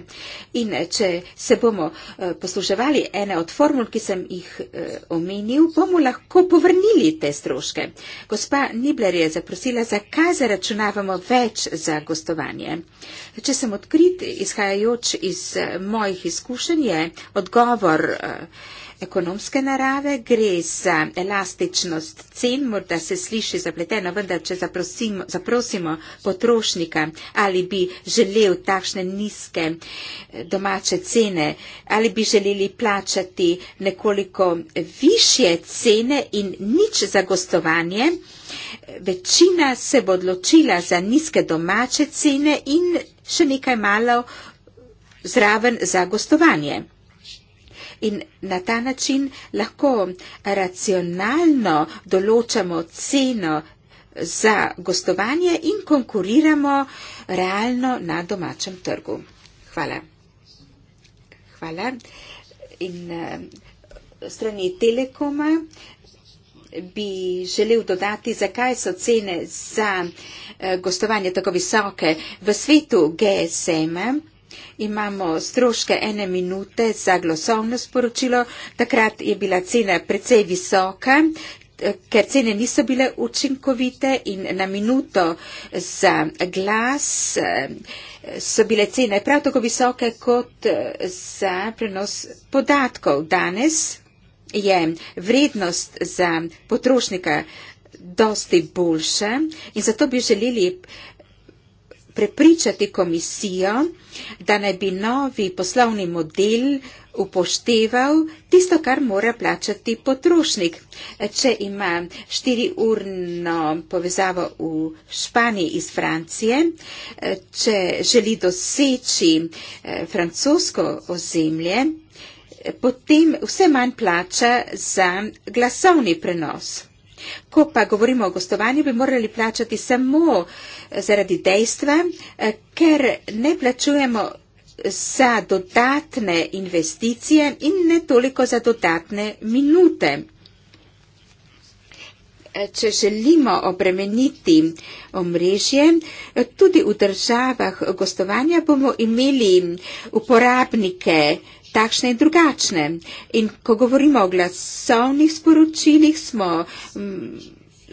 In eh, če se bomo eh, posluževali ene od formul, ki sem jih eh, omenil, bomo lahko povrnili te stroške. Gospa Nibler je zaprosila, zakaj zaračunavamo več za gostovanje. Če sem odkrit, izhajajoč iz mojih izkušenj, je odgovor. Uh, ekonomske narave, gre za elastičnost cen, morda se sliši zapleteno, vendar če zaprosimo, zaprosimo potrošnika, ali bi želel takšne nizke eh, domače cene, ali bi želeli plačati nekoliko više cene in nič za gostovanje, eh, večina se bo odločila za nizke domače cene in še nekaj malo zraven za gostovanje in na ta način lahko racionalno določamo ceno za gostovanje in konkuriramo realno na domačem trgu. Hvala. Hvala. In eh, strani Telekoma bi želel dodati, zakaj so cene za eh, gostovanje tako visoke v svetu GSM-a. Imamo stroške ene minute za glasovno sporočilo. Takrat je bila cena precej visoka, eh, ker cene niso bile učinkovite in na minuto za glas eh, so bile cene prav tako visoke kot eh, za prenos podatkov. Danes je vrednost za potrošnika dosti boljša in zato bi želeli prepričati komisijo, da naj bi novi poslovni model upošteval tisto, kar mora plačati potrošnik. Če ima štiriurno povezavo v Španiji iz Francije, če želi doseči eh, francosko ozemlje, eh, potem vse manj plača za glasovni prenos. Ko pa govorimo o gostovanju, bi morali plačati samo eh, zaradi dejstva, eh, ker ne plačujemo za dodatne investicije in ne toliko za dodatne minute. Eh, če želimo obremeniti omrežje, tudi v državah gostovanja bomo imeli uporabnike takšne in drugačne. In ko govorimo o glasovnih sporočilih, smo m, mm,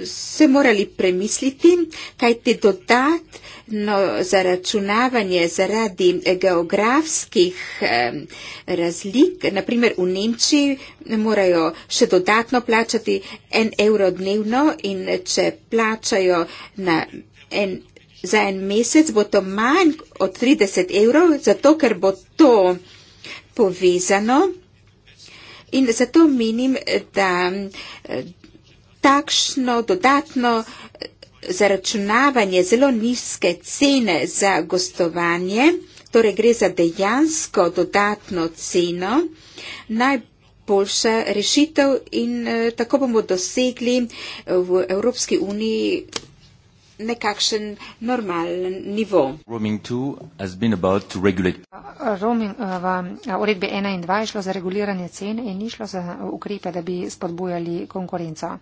se morali premisliti, kaj te dodat no, zaračunavanje zaradi geografskih eh, razlik. Naprimer, v Nemčiji morajo še dodatno plačati en evro dnevno in če plačajo na en. Za en mesec bo to manj od 30 evrov, zato ker bo to povezano in zato menim, da eh, takšno dodatno eh, zaračunavanje zelo nizke cene za gostovanje, torej gre za dejansko dodatno ceno, najboljša rešitev in eh, tako bomo dosegli v Evropski uniji nekakšen normalen nivo. Roaming 2 je bil o regulaciji. Roaming eh, v eh, uredbi 1 in 2 je šlo za reguliranje cen in ni šlo za eh, ukrepe, da bi spodbujali konkurenco.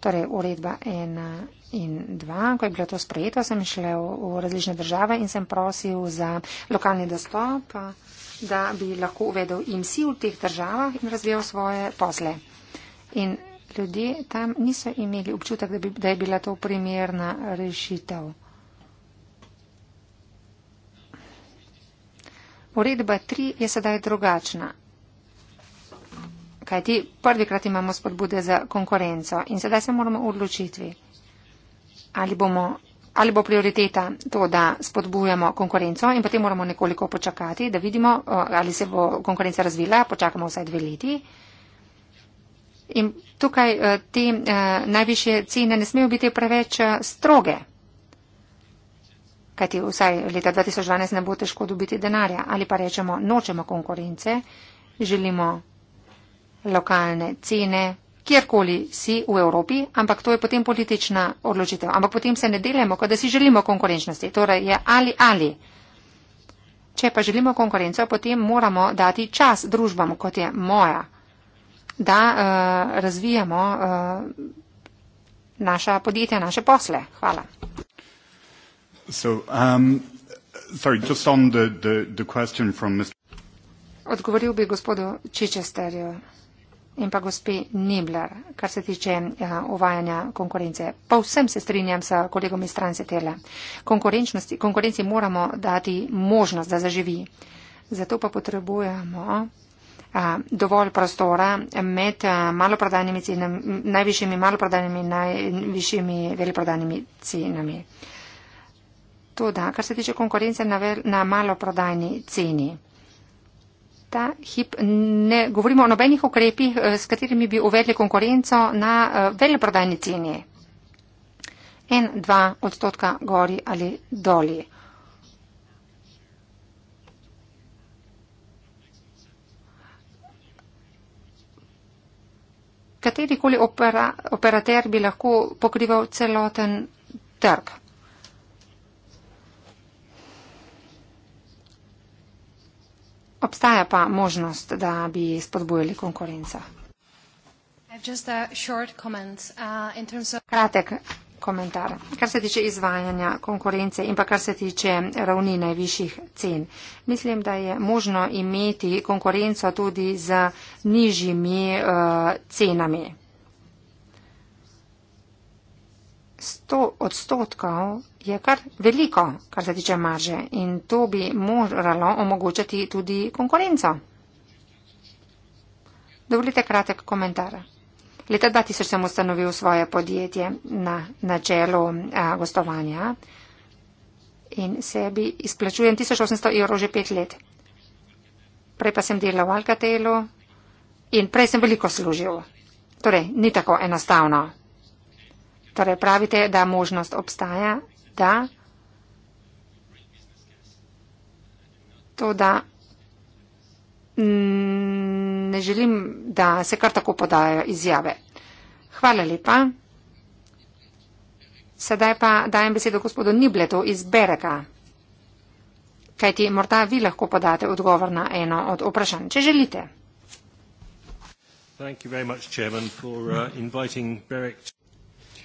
Torej, uredba 1 in 2, ko je bilo to sprejeto, sem šla v, v različne države in sem prosil za lokalni dostop, da bi lahko uvedel IMSI v teh državah in razvijal svoje posle. In ljudje tam niso imeli občutek, da, bi, da je bila to primerna rešitev. Uredba 3 je sedaj drugačna. Kajti prvikrat imamo spodbude za konkurenco in sedaj se moramo odločiti, ali, bomo, ali bo prioriteta to, da spodbujamo konkurenco in potem moramo nekoliko počakati, da vidimo, ali se bo konkurenca razvila, počakamo vsaj dve leti. In tukaj eh, te eh, najviše cene ne smejo biti preveč eh, stroge. Kaj ti vsaj leta 2012 ne bo težko dobiti denarja. Ali pa rečemo, nočemo konkurence, želimo lokalne cene, kjerkoli si v Evropi, ampak to je potem politična odločitev. Ampak potem se ne delemo, kot da si želimo konkurenčnosti. Torej je ali ali. Če pa želimo konkurenco, potem moramo dati čas družbam, kot je moja da uh, razvijamo uh, naša podjetja, naše posle. Hvala. So, um, sorry, the, the, the Mr... Odgovoril bi gospodu Čičesterju in pa gospe Nibler, kar se tiče uh, uvajanja konkurence. Pa vsem se strinjam s kolegom iz stranice Tele. Konkurenci moramo dati možnost, da zaživi. Zato pa potrebujemo dovolj prostora med maloprodajnimi cenami, najvišjimi maloprodajnimi in najvišjimi veliprodajnimi cenami. To da, kar se tiče konkurence na, vel, na maloprodajni ceni. Ta hip ne govorimo o nobenih ukrepih, e, s katerimi bi uvedli konkurenco na e, veliprodajni ceni. En, dva odstotka gori ali doli. katerikoli opera, operater bi lahko pokrival celoten trg. Obstaja pa možnost, da bi spodbujali konkurenca. Uh, Kratek komentar. Kar se tiče izvajanja konkurence in pa kar se tiče ravni najvišjih cen. Mislim, da je možno imeti konkurenco tudi z nižjimi uh, cenami. 100 odstotkov je kar veliko, kar se tiče marže in to bi moralo omogočati tudi konkurenco. Dovolite kratek komentar. Leta 2000 sem ustanovil svoje podjetje na načelu gostovanja in sebi izplačujem 1800 evrov že pet let. Prej pa sem delal v Alcatelu in prej sem veliko služil. Torej, ni tako enostavno. Torej, pravite, da možnost obstaja, da. To, da mm, ne želim, da se kar tako podajo izjave. Hvala lepa. Sedaj pa dajem besedo gospodu Nibletu iz Bereka. Kaj ti morda vi lahko podate odgovor na eno od vprašanj, če želite? Much, Chairman, for, uh, to...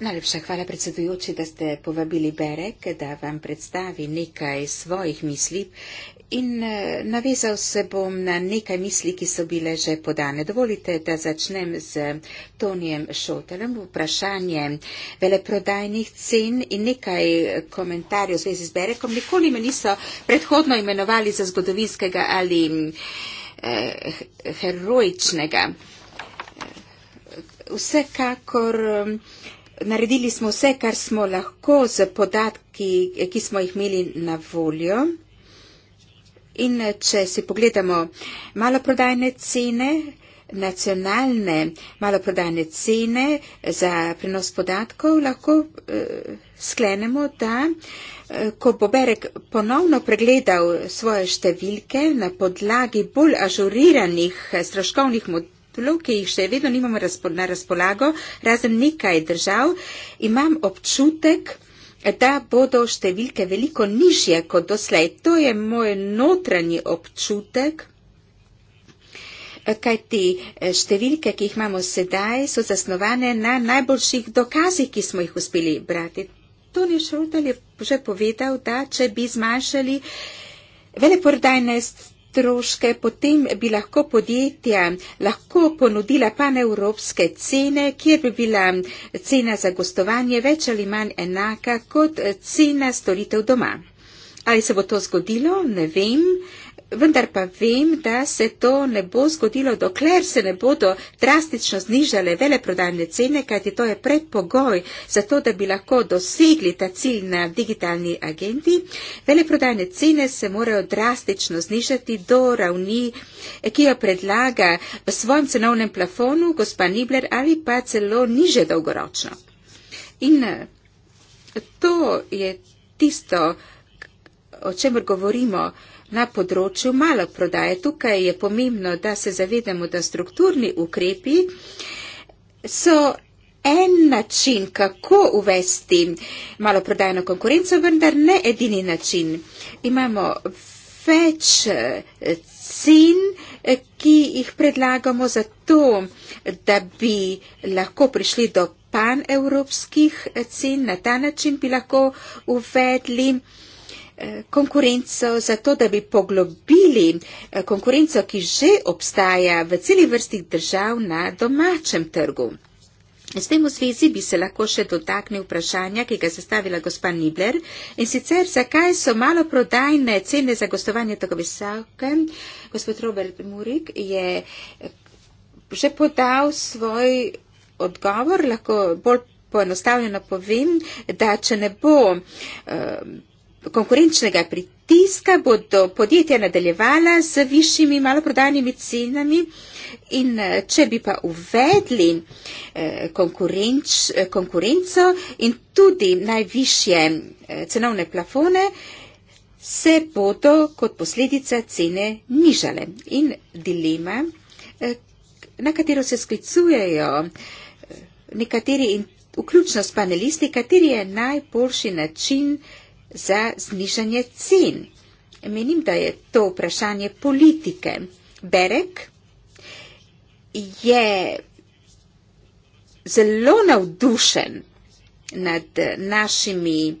Najlepša hvala predsedujoči, da ste povabili Berek, da vam predstavi nekaj svojih misli In eh, navezal se bom na nekaj misli, ki so bile že podane. Dovolite, da začnem z Tonijem Šotelem vprašanje veleprodajnih cen in nekaj komentarjev v zvezi z Berekom. Nikoli me niso predhodno imenovali za zgodovinskega ali eh, heroičnega. Vsekakor. Eh, naredili smo vse, kar smo lahko z podatki, eh, ki smo jih imeli na voljo. In eh, če si pogledamo maloprodajne cene, nacionalne maloprodajne cene eh, za prenos podatkov, lahko eh, sklenemo, da eh, ko bo Berek ponovno pregledal svoje številke na podlagi bolj ažuriranih eh, stroškovnih modelov, Tolo, ki jih še vedno nimamo na razpolago, razen nekaj držav, imam občutek, da bodo številke veliko nižje kot doslej. To je moj notranji občutek, kajti eh, številke, ki jih imamo sedaj, so zasnovane na najboljših dokazih, ki smo jih uspeli brati. Tony Šrotel je že povedal, da če bi zmanjšali veleprodajne stroške, potem bi lahko podjetja lahko ponudila paneuropske cene, kjer bi bila cena za gostovanje več ali manj enaka kot cena storitev doma. Ali se bo to zgodilo, ne vem vendar pa vem, da se to ne bo zgodilo, dokler se ne bodo drastično znižale veleprodajne cene, kajti to je predpogoj za to, da bi lahko dosegli ta cilj na digitalni agendi. Veleprodajne cene se morajo drastično znižati do ravni, ki jo predlaga v svojem cenovnem plafonu gospa Nibler ali pa celo niže dolgoročno. In eh, to je tisto, o čemer govorimo na področju malo prodaje. Tukaj je pomembno, da se zavedamo, da strukturni ukrepi so en način, kako uvesti malo prodajno konkurenco, vendar ne edini način. Imamo več eh, cen, eh, ki jih predlagamo za to, da bi lahko prišli do pan-evropskih eh, cen. Na ta način bi lahko uvedli. Eh, konkurenco, zato da bi poglobili eh, konkurenco, ki že obstaja v celi vrstih držav na domačem trgu. S tem v zvezi bi se lahko še dotaknil vprašanja, ki ga je zastavila gospa Nibler in sicer, zakaj so maloprodajne cene za gostovanje tako visoke. Gospod Robert Murik je eh, že podal svoj odgovor, lahko bolj poenostavljeno povem, da če ne bo. Uh, konkurenčnega pritiska bodo podjetja nadaljevala z višjimi maloprodajnimi cenami in eh, če bi pa uvedli eh, konkurenč, konkurenco in tudi najvišje eh, cenovne plafone, se bodo kot posledica cene nižale. In dilema, na katero se sklicujejo nekateri in vključno s panelisti, kateri je najboljši način, za znižanje cen. Menim, da je to vprašanje politike. Berek je zelo navdušen nad našimi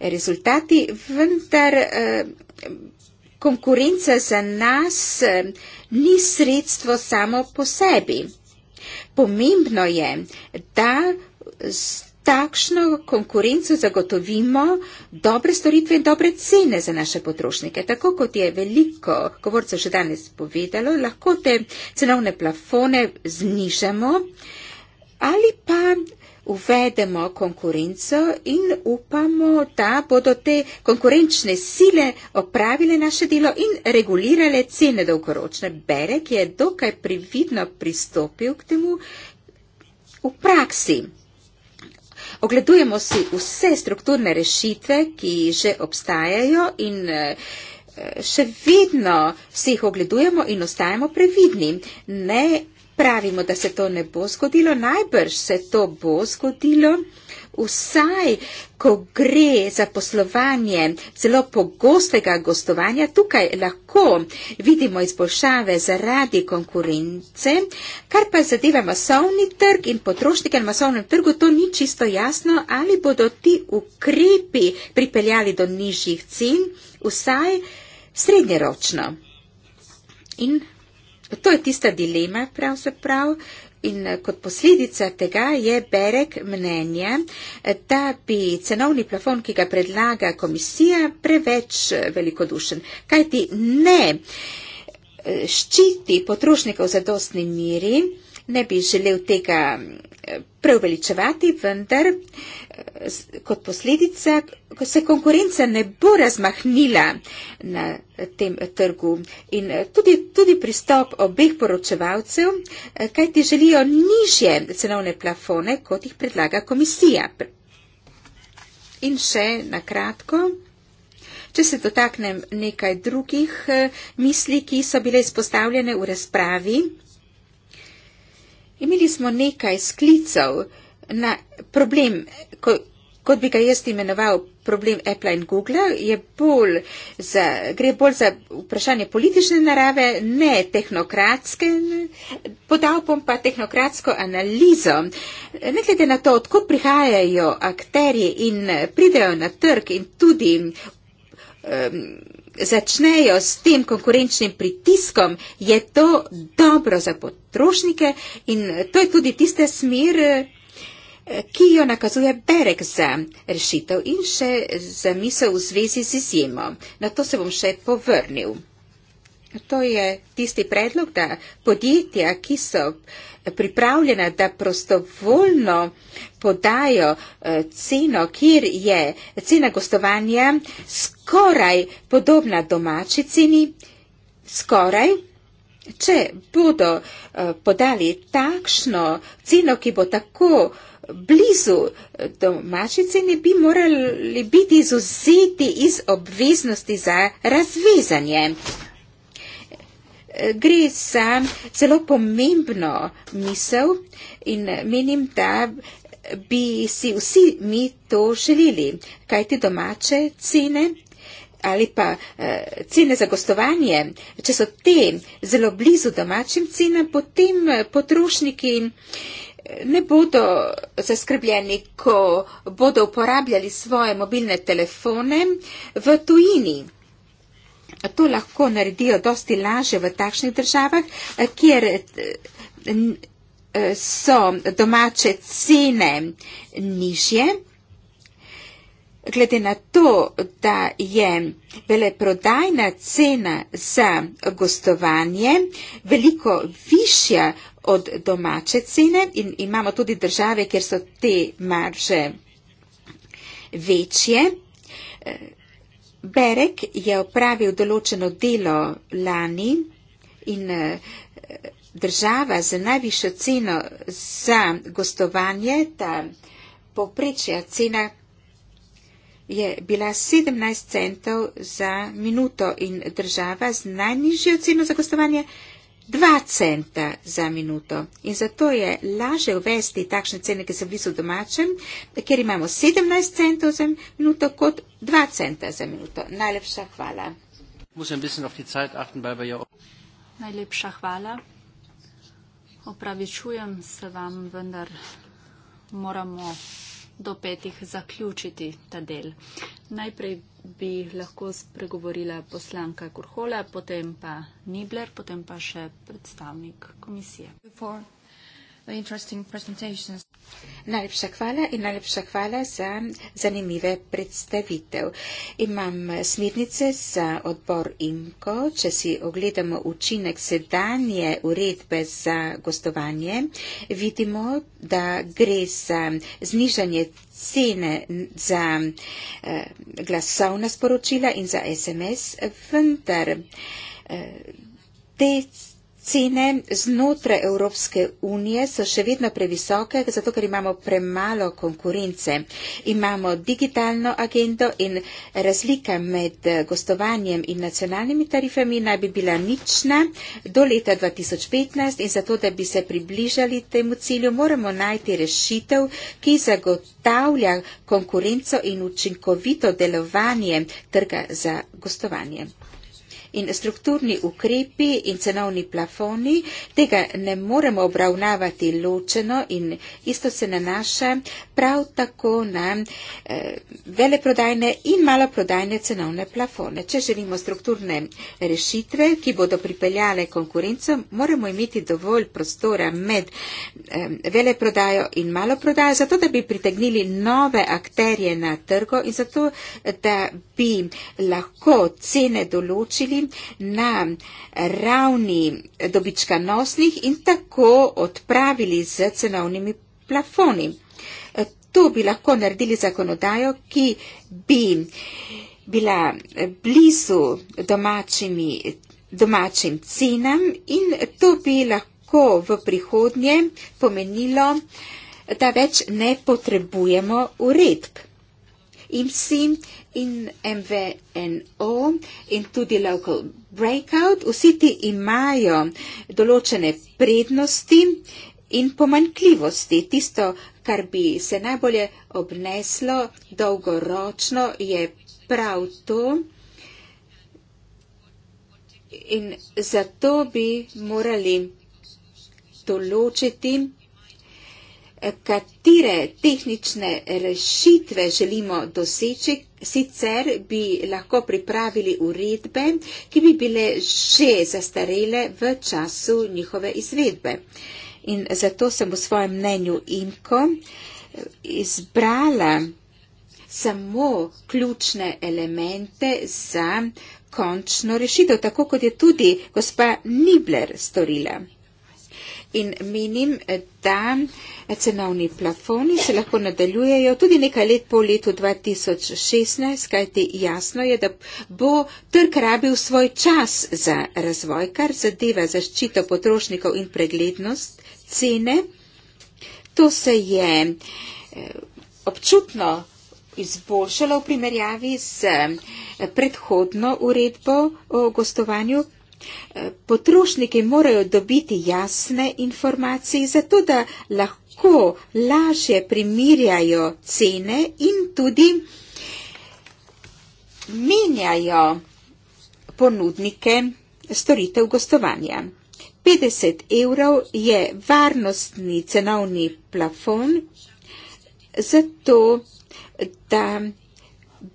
rezultati, vendar eh, konkurenca za nas eh, ni sredstvo samo po sebi. Pomembno je, da takšno konkurenco zagotovimo dobre storitve in dobre cene za naše potrošnike. Tako kot je veliko govorcev še danes povedalo, lahko te cenovne plafone znižamo ali pa uvedemo konkurenco in upamo, da bodo te konkurenčne sile opravile naše delo in regulirale cene dolgoročne. Berek je dokaj prividno pristopil k temu v praksi. Ogledujemo si vse strukturne rešitve, ki že obstajajo in eh, še vedno si jih ogledujemo in ostajamo previdni. Ne pravimo, da se to ne bo zgodilo, najbrž se to bo zgodilo vsaj, ko gre za poslovanje zelo pogostega gostovanja, tukaj lahko vidimo izboljšave zaradi konkurence, kar pa zadeva masovni trg in potrošnike na masovnem trgu, to ni čisto jasno, ali bodo ti ukrepi pripeljali do nižjih cen, vsaj srednjeročno. In To je tista dilema pravzaprav, In eh, kot posledica tega je Berek mnenje, eh, da bi cenovni plafon, ki ga predlaga komisija, preveč eh, velikodušen. Kaj ti ne ščiti potrošnikov za dostni miri, ne bi želel tega preuveličevati, vendar. Eh, kot posledica, se konkurenca ne bo razmahnila na tem trgu. In eh, tudi, tudi pristop obeh poročevalcev, eh, kaj ti želijo nižje cenovne plafone, kot jih predlaga komisija. In še na kratko. Če se dotaknem nekaj drugih eh, misli, ki so bile izpostavljene v razpravi, imeli smo nekaj sklicov na problem, kot bi ga jaz imenoval problem Apple in Google, je bolj za, gre bolj za vprašanje politične narave, ne tehnokratske. Podal bom pa tehnokratsko analizo. Ne glede na to, odkud prihajajo akterji in pridejo na trg in tudi um, začnejo s tem konkurenčnim pritiskom, je to dobro za potrošnike in to je tudi tiste smer, ki jo nakazuje Berek za rešitev in še za misel v zvezi z izjemo. Na to se bom še povrnil. To je tisti predlog, da podjetja, ki so eh, pripravljena, da prostovoljno podajo eh, ceno, kjer je cena gostovanja skoraj podobna domači ceni, skoraj, če bodo eh, podali takšno ceno, ki bo tako uh, blizu domačice ne bi morali biti izuzeti iz obveznosti za razvezanje. Gre za zelo pomembno misel in menim, da bi si vsi mi to želeli, kajti domače cene ali pa eh, cene za gostovanje, če so te zelo blizu domačim cenam, potem eh, potrošniki ne bodo zaskrbljeni, ko bodo uporabljali svoje mobilne telefone v tujini. To lahko naredijo dosti laže v takšnih državah, kjer eh, so domače cene nižje. Glede na to, da je veleprodajna cena za gostovanje veliko višja od domače cene in imamo tudi države, kjer so te marže večje. Berek je opravil določeno delo lani in država z najvišjo ceno za gostovanje, ta poprečja cena je bila 17 centov za minuto in država z najnižjo ceno za gostovanje 2 centa za minuto. In zato je laže uvesti takšne cene, ki so blizu domačem, ker imamo 17 centov za minuto kot 2 centa za minuto. Najlepša hvala. Ja Najlepša hvala. Opravičujem se vam, vendar moramo do petih zaključiti ta del. Najprej bi lahko spregovorila poslanka Kurhola, potem pa Nibler, potem pa še predstavnik komisije. Before the interesting presentations. Najlepša hvala in najlepša hvala za zanimive predstavitev. Imam smirnice za odbor IMKO, če si ogledamo učinek sedanje uredbe za gostovanje, vidimo, da gre za znižanje cene za eh, glasovna sporočila in za SMS, vendar eh, te Cene znotraj Evropske unije so še vedno previsoke, zato ker imamo premalo konkurence. Imamo digitalno agendo in razlika med eh, gostovanjem in nacionalnimi tarifami naj bi bila nična do leta 2015 in zato, da bi se približali temu cilju, moramo najti rešitev, ki zagotavlja konkurenco in učinkovito delovanje trga za gostovanje in strukturni ukrepi in cenovni plafoni, tega ne moremo obravnavati ločeno in isto se nanaša prav tako na eh, veleprodajne in maloprodajne cenovne plafone. Če želimo strukturne rešitve, ki bodo pripeljale konkurenco, moramo imeti dovolj prostora med eh, veleprodajo in maloprodajo, zato da bi pritegnili nove akterje na trgo in zato, eh, da bi lahko cene določili na ravni dobička nosnih in tako odpravili z cenovnimi plafoni. E, to bi lahko naredili zakonodajo, ki bi bila blizu domačimi, domačim cenam in to bi lahko v prihodnje pomenilo, da več ne potrebujemo uredb in si in MVNO in tudi local breakout. Vsi ti imajo določene prednosti in pomankljivosti. Tisto, kar bi se najbolje obneslo dolgoročno, je prav to. In zato bi morali določiti, katere tehnične rešitve želimo doseči, Sicer bi lahko pripravili uredbe, ki bi bile že zastarele v času njihove izvedbe. In zato sem v svojem mnenju Inko izbrala samo ključne elemente za končno rešitev, tako kot je tudi gospa Nibler storila in menim, da cenovni plafoni se lahko nadaljujejo tudi nekaj let po letu 2016, kajti jasno je, da bo trg rabil svoj čas za razvoj, kar zadeva zaščito potrošnikov in preglednost cene. To se je eh, občutno izboljšalo v primerjavi s eh, predhodno uredbo o gostovanju Eh, potrošniki morajo dobiti jasne informacije, zato da lahko lažje primirjajo cene in tudi menjajo ponudnike storitev gostovanja. 50 evrov je varnostni cenovni plafon, zato da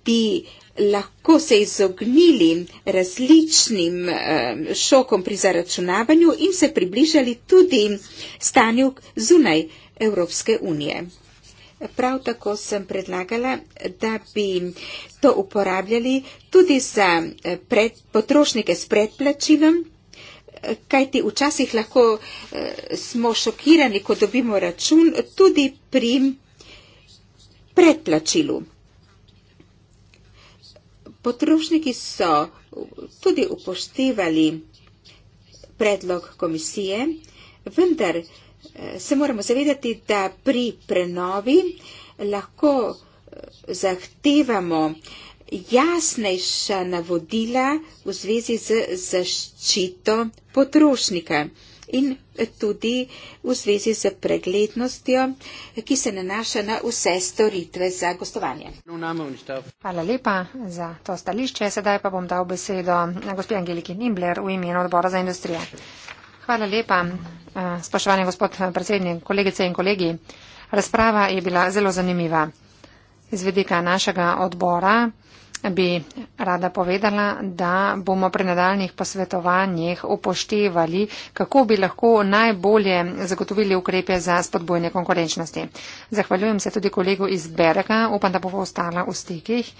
bi lahko se izognili različnim eh, šokom pri zaračunavanju in se približali tudi stanju zunaj Evropske unije. Prav tako sem predlagala, da bi to uporabljali tudi za eh, pred, potrošnike s predplačilom, kajti včasih lahko eh, smo šokirani, ko dobimo račun tudi pri predplačilu. Potrošniki so tudi upoštevali predlog komisije, vendar eh, se moramo zavedati, da pri prenovi lahko eh, zahtevamo jasnejša navodila v zvezi z zaščito potrošnika in tudi v zvezi z preglednostjo, ki se nanaša na vse storitve za gostovanje. Hvala lepa za to stališče. Sedaj pa bom dal besedo eh, gospod Angeliki Nimbler v imenu odbora za industrijo. Hvala lepa, eh, spoštovani gospod eh, predsednik, kolegice in kolegi. Razprava je bila zelo zanimiva. Izvedika našega odbora bi rada povedala, da bomo pri nadaljnih posvetovanjih upoštevali, kako bi lahko najbolje zagotovili ukrepe za spodbojne konkurenčnosti. Zahvaljujem se tudi kolegu iz Berga, upam, da bo ostala v stikih.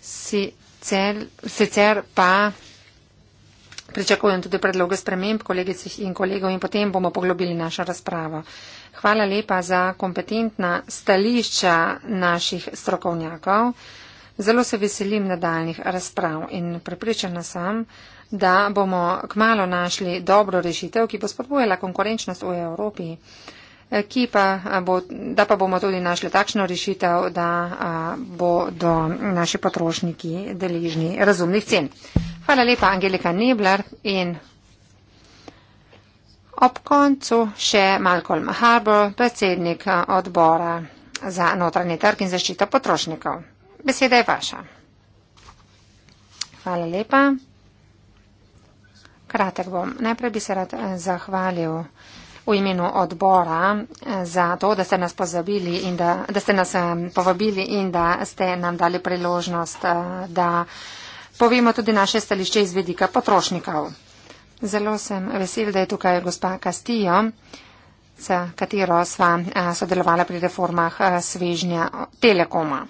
Sicer, sicer pa pričakujem tudi predloge sprememb kolegic in kolegov in potem bomo poglobili našo razpravo. Hvala lepa za kompetentna stališča naših strokovnjakov. Zelo se veselim nadaljnih razprav in prepričana sem, da bomo kmalo našli dobro rešitev, ki bo spodbojala konkurenčnost v Evropi, pa bo, da pa bomo tudi našli takšno rešitev, da bodo naši potrošniki deležni razumnih cen. Hvala lepa, Angelika Nebler in. Ob koncu še Malcolm Harbour, predsednik odbora za notranje trg in zaščito potrošnikov. Beseda je vaša. Hvala lepa. Kratek bom. Najprej bi se rad eh, zahvalil v imenu odbora eh, za to, da ste nas pozabili in da, da ste nas eh, povabili in da ste nam dali priložnost, da povemo tudi naše stališče iz vedika potrošnikov. Zelo sem vesel, da je tukaj gospa Castillo, s katero sva sodelovala pri reformah svežnja Telekoma.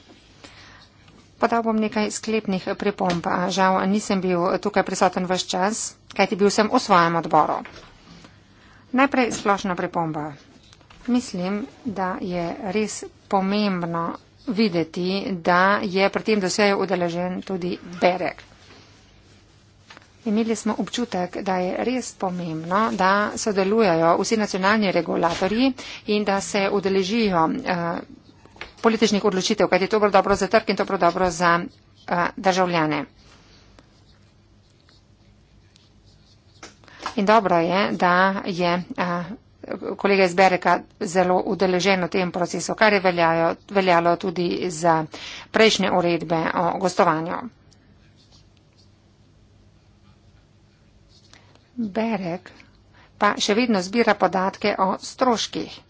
Podal bom nekaj sklepnih pripomb. Žal nisem bil tukaj prisoten vaš čas, kajti bil sem v svojem odboru. Najprej splošna pripomba. Mislim, da je res pomembno videti, da je pri tem dosejo udeležen tudi Berek. Imeli smo občutek, da je res pomembno, da sodelujejo vsi nacionalni regulatorji in da se udeležijo. Uh, političnih odločitev, kajti to bo dobro za trg in to bo dobro za eh, državljane. In dobro je, da je eh, kolega iz Bereka zelo udeležen v tem procesu, kar je veljajo, veljalo tudi za prejšnje uredbe o gostovanju. Berek pa še vedno zbira podatke o stroških.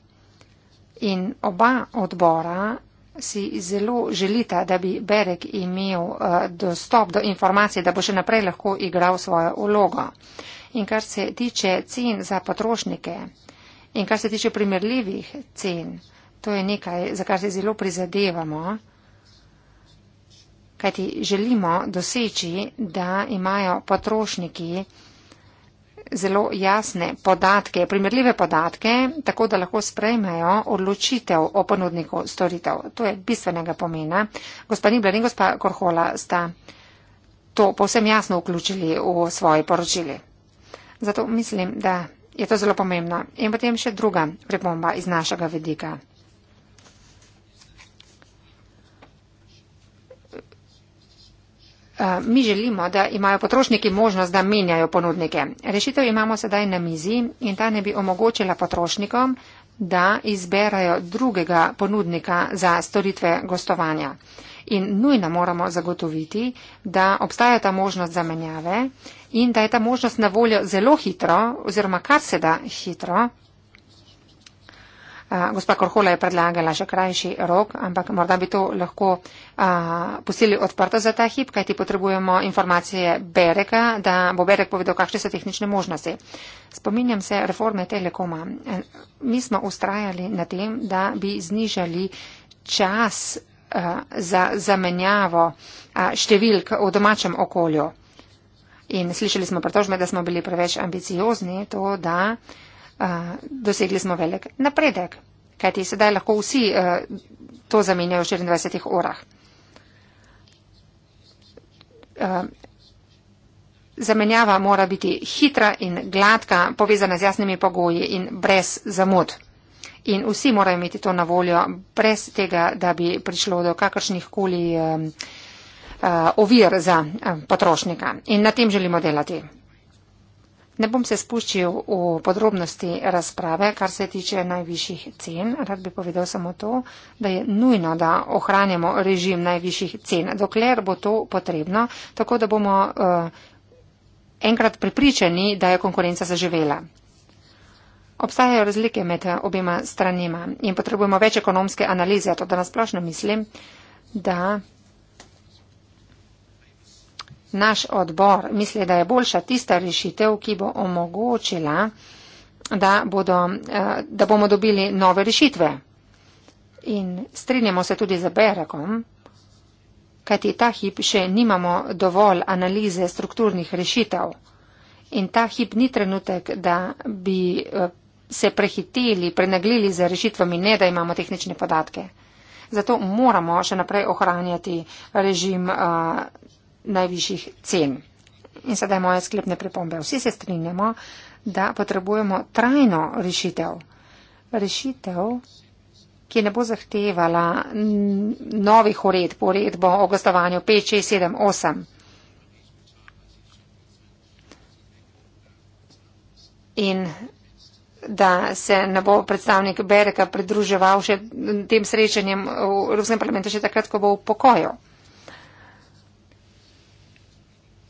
In oba odbora si zelo želita, da bi Berek imel uh, dostop do informacij, da bo še naprej lahko igral svojo vlogo. In kar se tiče cen za potrošnike in kar se tiče primerljivih cen, to je nekaj, za kar se zelo prizadevamo, kajti želimo doseči, da imajo potrošniki zelo jasne podatke, primerljive podatke, tako da lahko sprejmejo odločitev o ponudniku storitev. To je bistvenega pomena. Gospa Nibler in gospa Korhola sta to povsem jasno vključili v svoje poročili. Zato mislim, da je to zelo pomembno. In potem še druga pripomba iz našega vedika. Eh, mi želimo, da imajo potrošniki možnost, da menjajo ponudnike. Rešitev imamo sedaj na mizi in ta ne bi omogočila potrošnikom, da izberajo drugega ponudnika za storitve gostovanja. In nujno moramo zagotoviti, da obstaja ta možnost zamenjave in da je ta možnost na voljo zelo hitro oziroma kar se da hitro Eh, gospa Korhola je predlagala še krajši rok, ampak morda bi to lahko a, eh, pustili odprto za ta hip, kajti potrebujemo informacije Bereka, da bo Berek povedal, kakšne so tehnične možnosti. Spominjam se reforme telekoma. Eh, mi smo ustrajali na tem, da bi znižali čas a, za zamenjavo a, številk v domačem okolju. In slišali smo pritožbe, da smo bili preveč ambiciozni, to da dosegli smo velik napredek, kajti sedaj lahko vsi e, to zamenjajo v 24 urah. E, zamenjava mora biti hitra in gladka, povezana z jasnimi pogoji in brez zamud. In vsi morajo imeti to na voljo, brez tega, da bi prišlo do kakršnih koli e, ovir za potrošnika. In na tem želimo delati. Ne bom se spuščil v podrobnosti razprave, kar se tiče najvišjih cen. Rad bi povedal samo to, da je nujno, da ohranjamo režim najvišjih cen, dokler bo to potrebno, tako da bomo uh, enkrat pripričani, da je konkurenca zaživela. Obstajajo razlike med obima stranima in potrebujemo več ekonomske analize, to da nasplošno mislim, da. Naš odbor misli, da je boljša tista rešitev, ki bo omogočila, da, bodo, eh, da bomo dobili nove rešitve. In strinjamo se tudi za Berekom, kajti ta hip še nimamo dovolj analize strukturnih rešitev. In ta hip ni trenutek, da bi eh, se prehiteli, prenaglili za rešitvami, ne da imamo tehnične podatke. Zato moramo še naprej ohranjati režim. Uh, najvišjih cen. In sedaj moje sklepne pripombe. Vsi se strinjamo, da potrebujemo trajno rešitev. Rešitev, ki ne bo zahtevala novih uredb, uredbo o gostovanju 5, 6, 7, 8. In da se ne bo predstavnik Bereka pridruževal še tem srečanjem v Evropskem parlamentu, še takrat, ko bo v pokoju.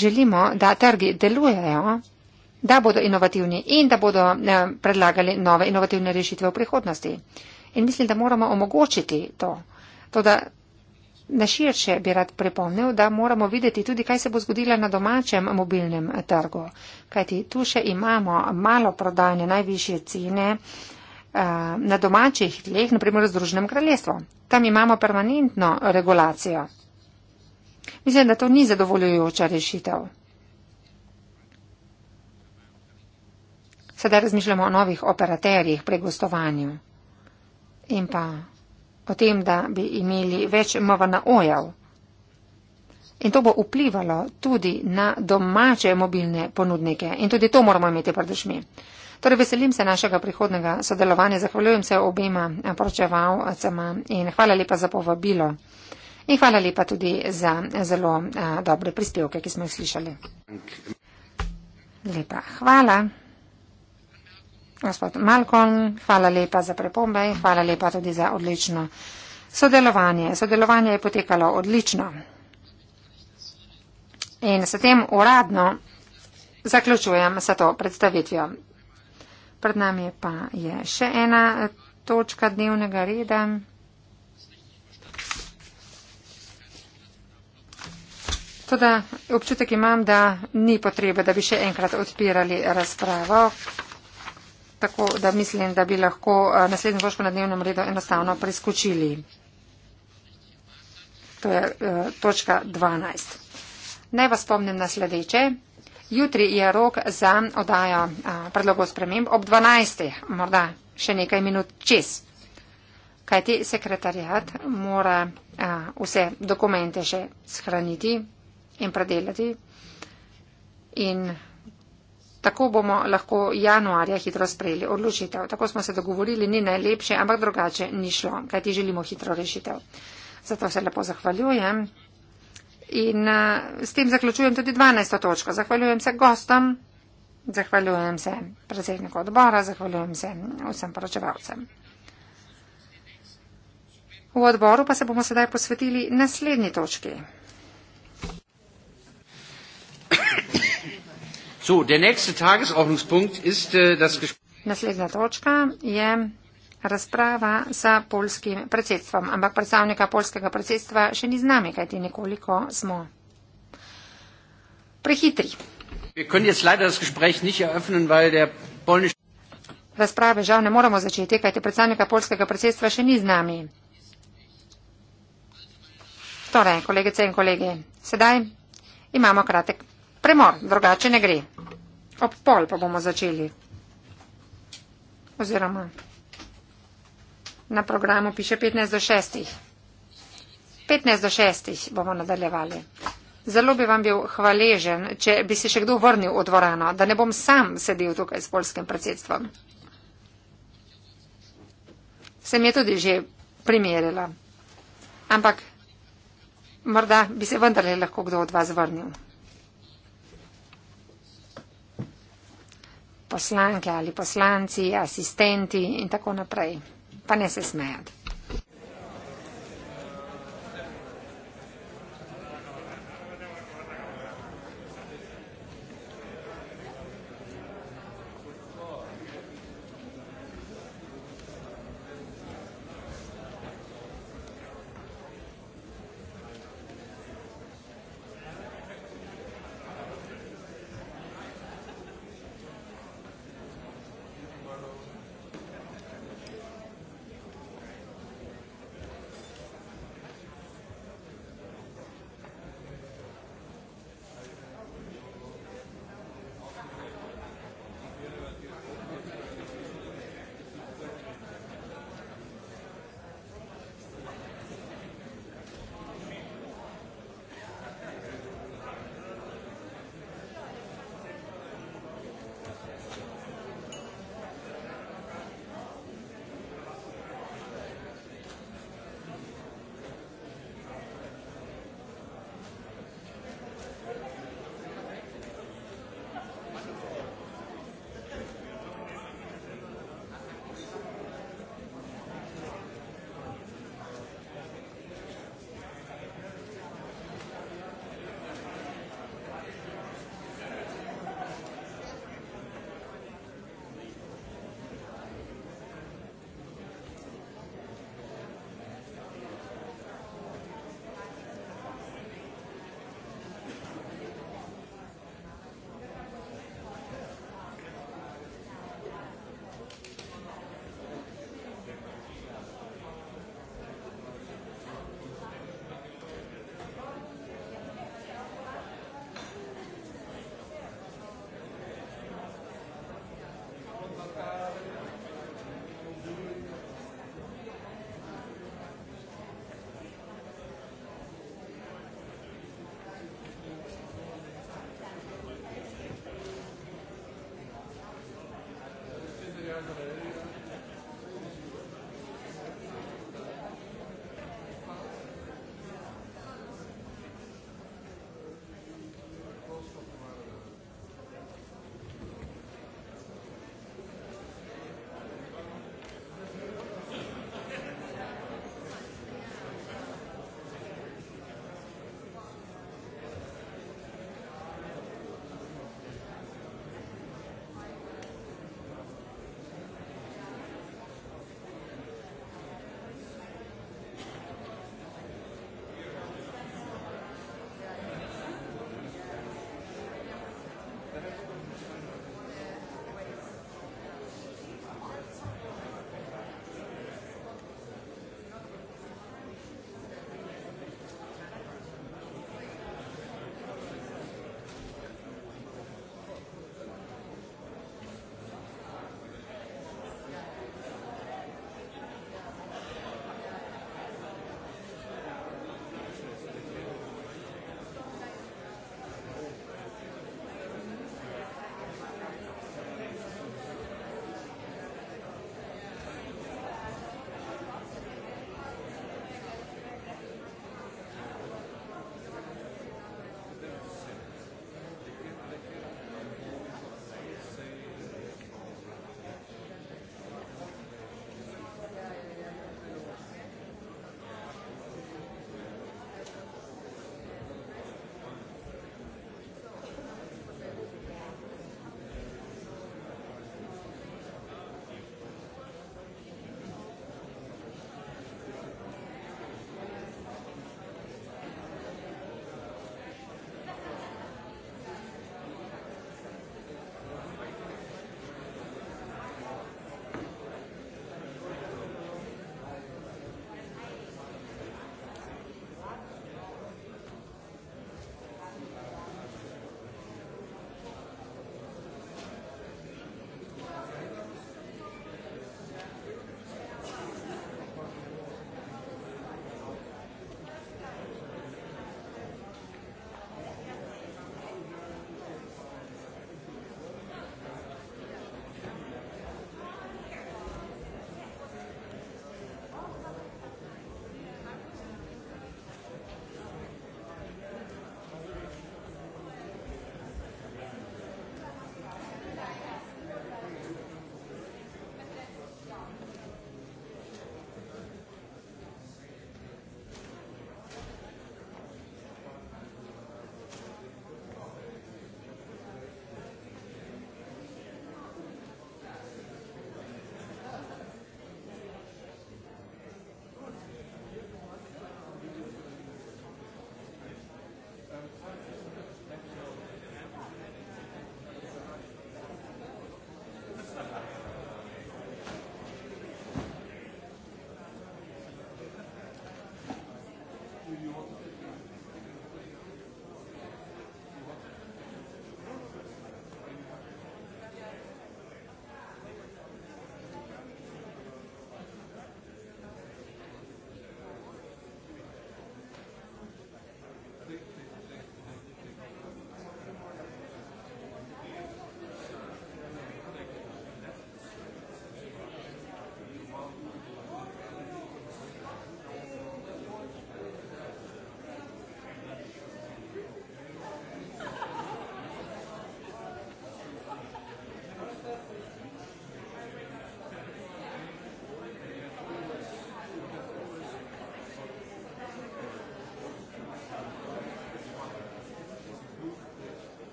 želimo, da trgi delujejo, da bodo inovativni in da bodo eh, predlagali nove inovativne rešitve v prihodnosti. In mislim, da moramo omogočiti to. To, da na širše bi rad pripomnil, da moramo videti tudi, kaj se bo zgodilo na domačem mobilnem trgu. Kajti tu še imamo malo prodajne najvišje cene eh, na domačih tleh, naprimer v Združenem kraljestvu. Tam imamo permanentno regulacijo. Mislim, da to ni zadovoljujoča rešitev. Sedaj razmišljamo o novih operaterjih pri gostovanju in pa o tem, da bi imeli več MVNO-jev. In to bo vplivalo tudi na domače mobilne ponudnike in tudi to moramo imeti pred očmi. Torej veselim se našega prihodnega sodelovanja, zahvaljujem se obima poročevalcema in hvala lepa za povabilo. In hvala lepa tudi za zelo a, eh, dobre prispevke, ki smo jih slišali. Lepa hvala. Gospod Malkon, hvala lepa za prepombe in hvala lepa tudi za odlično sodelovanje. Sodelovanje je potekalo odlično. In s tem uradno zaključujem se to predstavitvijo. Pred nami pa je še ena točka dnevnega reda. Toda občutek imam, da ni potrebe, da bi še enkrat odpirali razpravo. Tako da mislim, da bi lahko eh, naslednjo točko na dnevnem redu enostavno preskočili. To je uh, točka 12. Naj vas spomnim na sledeče. Jutri je rok za odajo uh, eh, predlogov sprememb ob 12. morda še nekaj minut čez. Kajti sekretarjat mora uh, vse dokumente še shraniti, in predelati. In tako bomo lahko januarja hitro sprejeli odločitev. Tako smo se dogovorili, ni najlepše, ampak drugače ni šlo, kajti želimo hitro rešitev. Zato se lepo zahvaljujem. In uh, s tem zaključujem tudi 12. točko. Zahvaljujem se gostom, zahvaljujem se predsedniku odbora, zahvaljujem se vsem poročevalcem. V odboru pa se bomo sedaj posvetili naslednji točki. So, der nächste Tagesordnungspunkt ist äh, das Gespräch. Razprava s polskim predsedstvom, ampak predstavnika polskega predsedstva še ni z nami, kajti nekoliko smo prehitri. Razprave žal ne moremo začeti, kajti predstavnika polskega predsedstva še ni z nami. Torej, kolegice in kolege, sedaj imamo kratek premor, drugače ne gre. Ob pol pa bomo začeli. Oziroma, na programu piše 15 do 6. 15 do 6 bomo nadaljevali. Zelo bi vam bil hvaležen, če bi se še kdo vrnil v dvorano, da ne bom sam sedel tukaj s polskim predsedstvom. Sem je tudi že primerila. Ampak morda bi se vendarle lahko kdo od vas vrnil. poslanke ali poslanci, asistenti in tako naprej. Pa ne se smejati.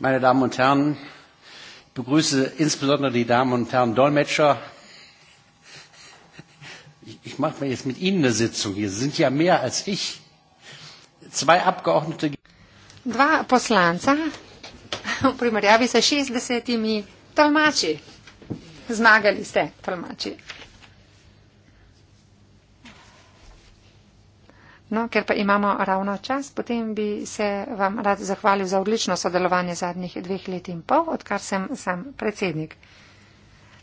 meine Damen und Herren, ich begrüße insbesondere die Damen und Herren Dolmetscher. Ich, ich mache mir jetzt mit Ihnen eine Sitzung hier. Sie sind ja mehr als ich. Zwei Abgeordnete. Dva poslanca v primerjavi sa 60 tolmači. Zmagali ste, tolmači. No, ker pa imamo ravno čas, potem bi se vam rad zahvalil za odlično sodelovanje zadnjih dveh let in pol, odkar sem sam predsednik.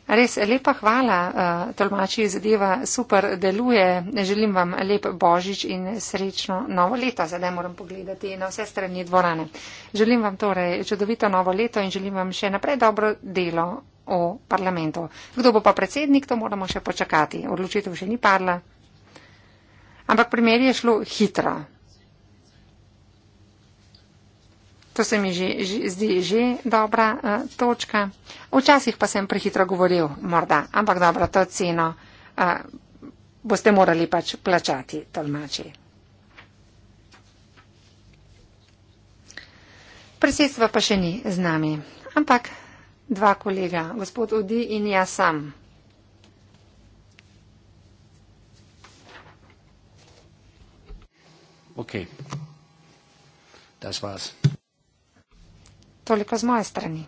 Res lepa hvala, eh, tolmači zadeva super deluje. Želim vam lep božič in srečno novo leto, zdaj moram pogledati na vse strani dvorane. Želim vam torej čudovito novo leto in želim vam še naprej dobro delo v parlamentu. Kdo bo pa predsednik, to moramo še počakati. Odločitev še ni padla. Ampak pri meni je šlo hitro. To se mi že, že, zdi že dobra uh, točka. Včasih pa sem prehitro govoril, morda, ampak dobro, to ceno uh, boste morali pač plačati, tolmači. Predsedstva pa še ni z nami, ampak dva kolega, gospod Udi in jaz sam. Okay. Das war's. Toliko z moje strani.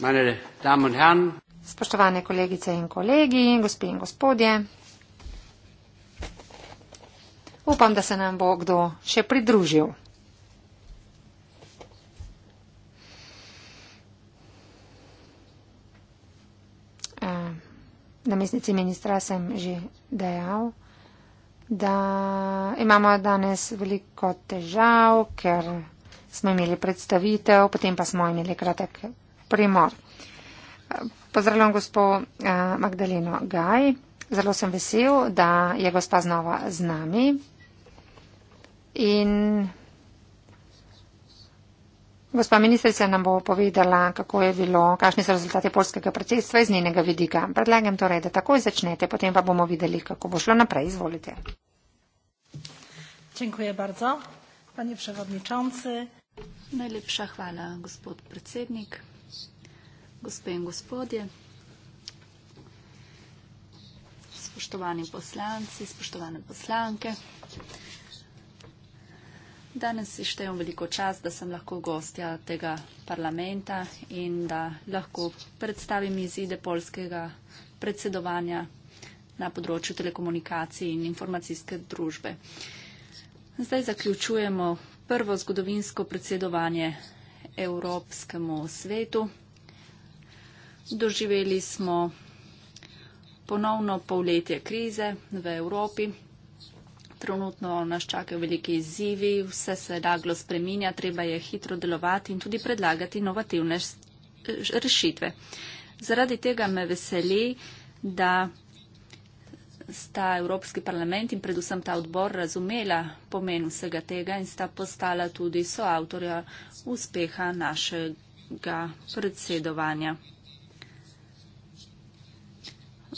Meine Damen und Herren, Spoštovane kolegice in kolegi, gospi in gospodje, upam, da se nam bo kdo še pridružil. Eh, na mestnici ministra sem že dejal, da imamo danes veliko težav, ker smo imeli predstavitev, potem pa smo imeli kratek primor. Pozdravljam gospod eh, Magdaleno Gaj. Zelo sem vesel, da je gospa znova z nami. In gospa ministrica nam bo povedala, kako je bilo, kakšni so rezultati polskega predsedstva iz njenega vidika. Predlagam torej, da takoj začnete, potem pa bomo videli, kako bo šlo naprej. Izvolite. Dziękuję bardzo, panie przewodniczący. Najlepsza chwala, gospod predsednik gospe in gospodje, spoštovani poslanci, spoštovane poslanke. Danes si štejem veliko čas, da sem lahko gostja tega parlamenta in da lahko predstavim izide polskega predsedovanja na področju telekomunikacij in informacijske družbe. Zdaj zaključujemo prvo zgodovinsko predsedovanje Evropskemu svetu, Doživeli smo ponovno polletje krize v Evropi. Trenutno nas čakajo veliki izzivi, vse se naglo spreminja, treba je hitro delovati in tudi predlagati inovativne rešitve. Zaradi tega me veseli, da sta Evropski parlament in predvsem ta odbor razumela pomen vsega tega in sta postala tudi soavtorja uspeha našega predsedovanja.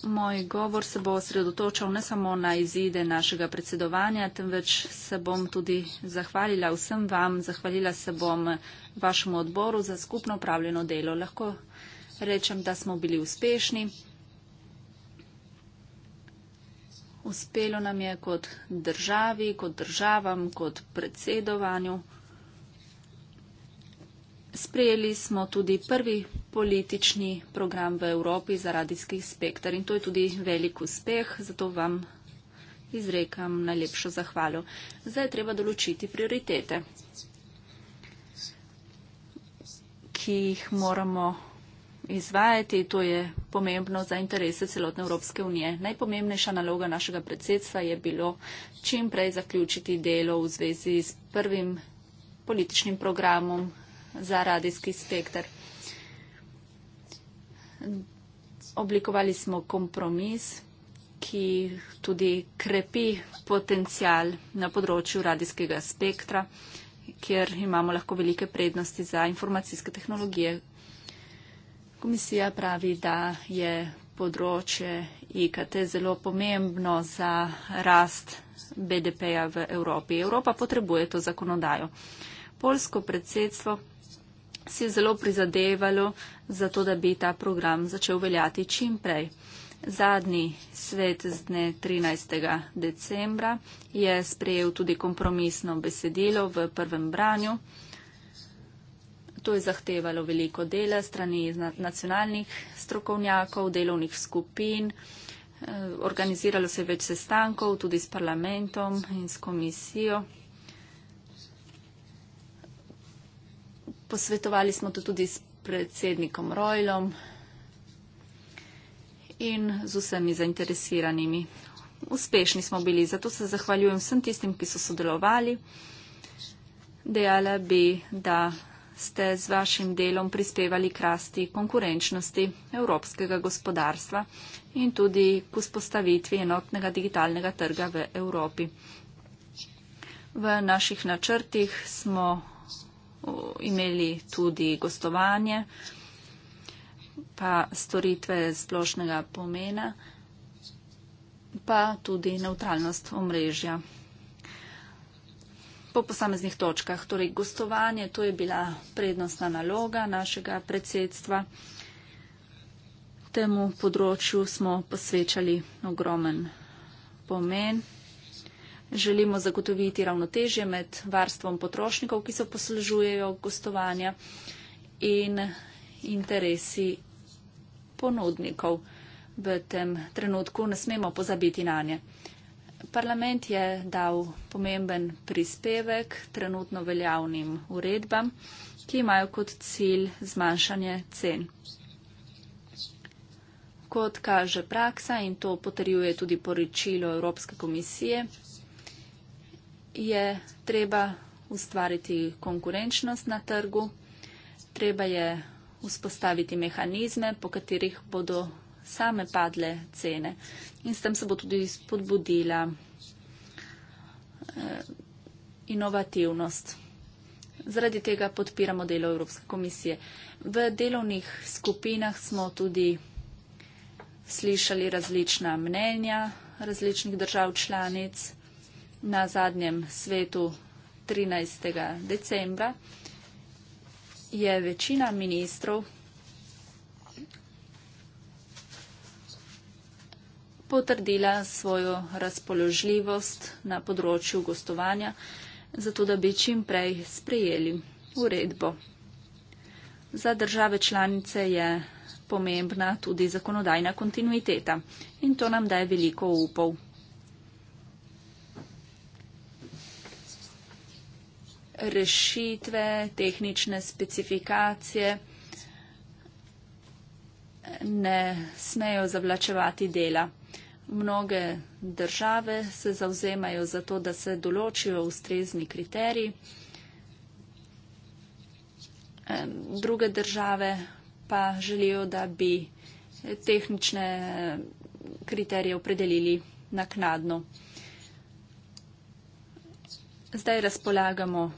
Moj govor se bo osredotočal ne samo na izide našega predsedovanja, temveč se bom tudi zahvalila vsem vam, zahvalila se bom vašemu odboru za skupno upravljeno delo. Lahko rečem, da smo bili uspešni. Uspelo nam je kot državi, kot državam, kot predsedovanju. Sprejeli smo tudi prvi politični program v Evropi za radijski spektr. In to je tudi velik uspeh, zato vam izrekam najlepšo zahvalo. Zdaj je treba določiti prioritete, ki jih moramo izvajati. To je pomembno za interese celotne Evropske unije. Najpomembnejša naloga našega predsedstva je bilo čim prej zaključiti delo v zvezi s prvim političnim programom za radijski spektr oblikovali smo kompromis, ki tudi krepi potencial na področju radijskega spektra, kjer imamo lahko velike prednosti za informacijske tehnologije. Komisija pravi, da je področje IKT zelo pomembno za rast BDP-ja v Evropi. Evropa potrebuje to zakonodajo. Polsko predsedstvo si zelo prizadevalo za to, da bi ta program začel veljati čim prej. Zadnji svet z dne 13. decembra je sprejel tudi kompromisno besedilo v prvem branju. To je zahtevalo veliko dela strani nacionalnih strokovnjakov, delovnih skupin, eh, organiziralo se je več sestankov tudi s parlamentom in s komisijo. posvetovali smo to tudi s predsednikom Rojlom in z vsemi zainteresiranimi. Uspešni smo bili, zato se zahvaljujem vsem tistim, ki so sodelovali. Dejala bi, da ste z vašim delom prispevali k rasti konkurenčnosti evropskega gospodarstva in tudi k vzpostavitvi enotnega digitalnega trga v Evropi. V naših načrtih smo imeli tudi gostovanje, pa storitve splošnega pomena, pa tudi neutralnost omrežja po posameznih točkah. Torej, gostovanje, to je bila prednostna naloga našega predsedstva. Temu področju smo posvečali ogromen pomen. Želimo zagotoviti ravnotežje med varstvom potrošnikov, ki se poslužujejo gostovanja in interesi ponudnikov. V tem trenutku ne smemo pozabiti na nje. Parlament je dal pomemben prispevek trenutno veljavnim uredbam, ki imajo kot cilj zmanjšanje cen. Kot kaže praksa in to potrjuje tudi poročilo Evropske komisije, je treba ustvariti konkurenčnost na trgu, treba je vzpostaviti mehanizme, po katerih bodo same padle cene in s tem se bo tudi spodbudila eh, inovativnost. Zaradi tega podpiramo delo Evropske komisije. V delovnih skupinah smo tudi slišali različna mnenja različnih držav članic na zadnjem svetu 13. decembra je večina ministrov potrdila svojo razpoložljivost na področju gostovanja, zato da bi čim prej sprejeli uredbo. Za države članice je pomembna tudi zakonodajna kontinuiteta in to nam daje veliko upov. rešitve, tehnične specifikacije ne smejo zavlačevati dela. Mnoge države se zauzemajo za to, da se določijo ustrezni kriteriji. Druge države pa želijo, da bi tehnične kriterije opredelili naknadno. Zdaj razpolagamo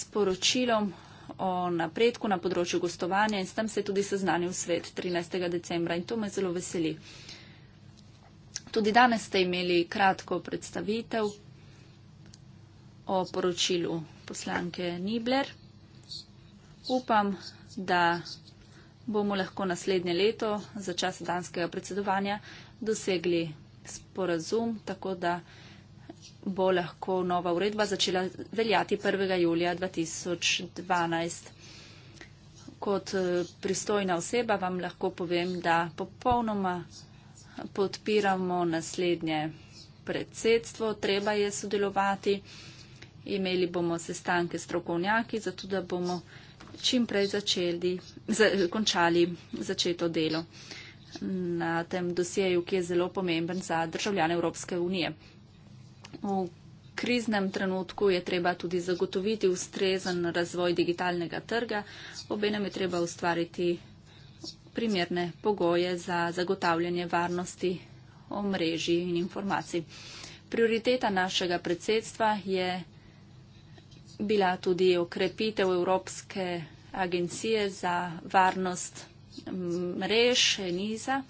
sporočilom o napredku na področju gostovanja in s tem se je tudi seznanil svet 13. decembra in to me zelo veseli. Tudi danes ste imeli kratko predstavitev o poročilu poslanke Nibler. Upam, da bomo lahko naslednje leto za čas danskega predsedovanja dosegli sporazum, tako da bo lahko nova uredba začela veljati 1. julija 2012. Kot eh, pristojna oseba vam lahko povem, da popolnoma podpiramo naslednje predsedstvo, treba je sodelovati. Imeli bomo sestanke s strokovnjaki, zato da bomo čim prej začeli, za, končali začeto delo na tem dosjeju, ki je zelo pomemben za državljane Evropske unije. V kriznem trenutku je treba tudi zagotoviti ustrezen razvoj digitalnega trga, obenem je treba ustvariti primerne pogoje za zagotavljanje varnosti omrežij in informacij. Prioriteta našega predsedstva je bila tudi okrepitev Evropske agencije za varnost mrež ENISA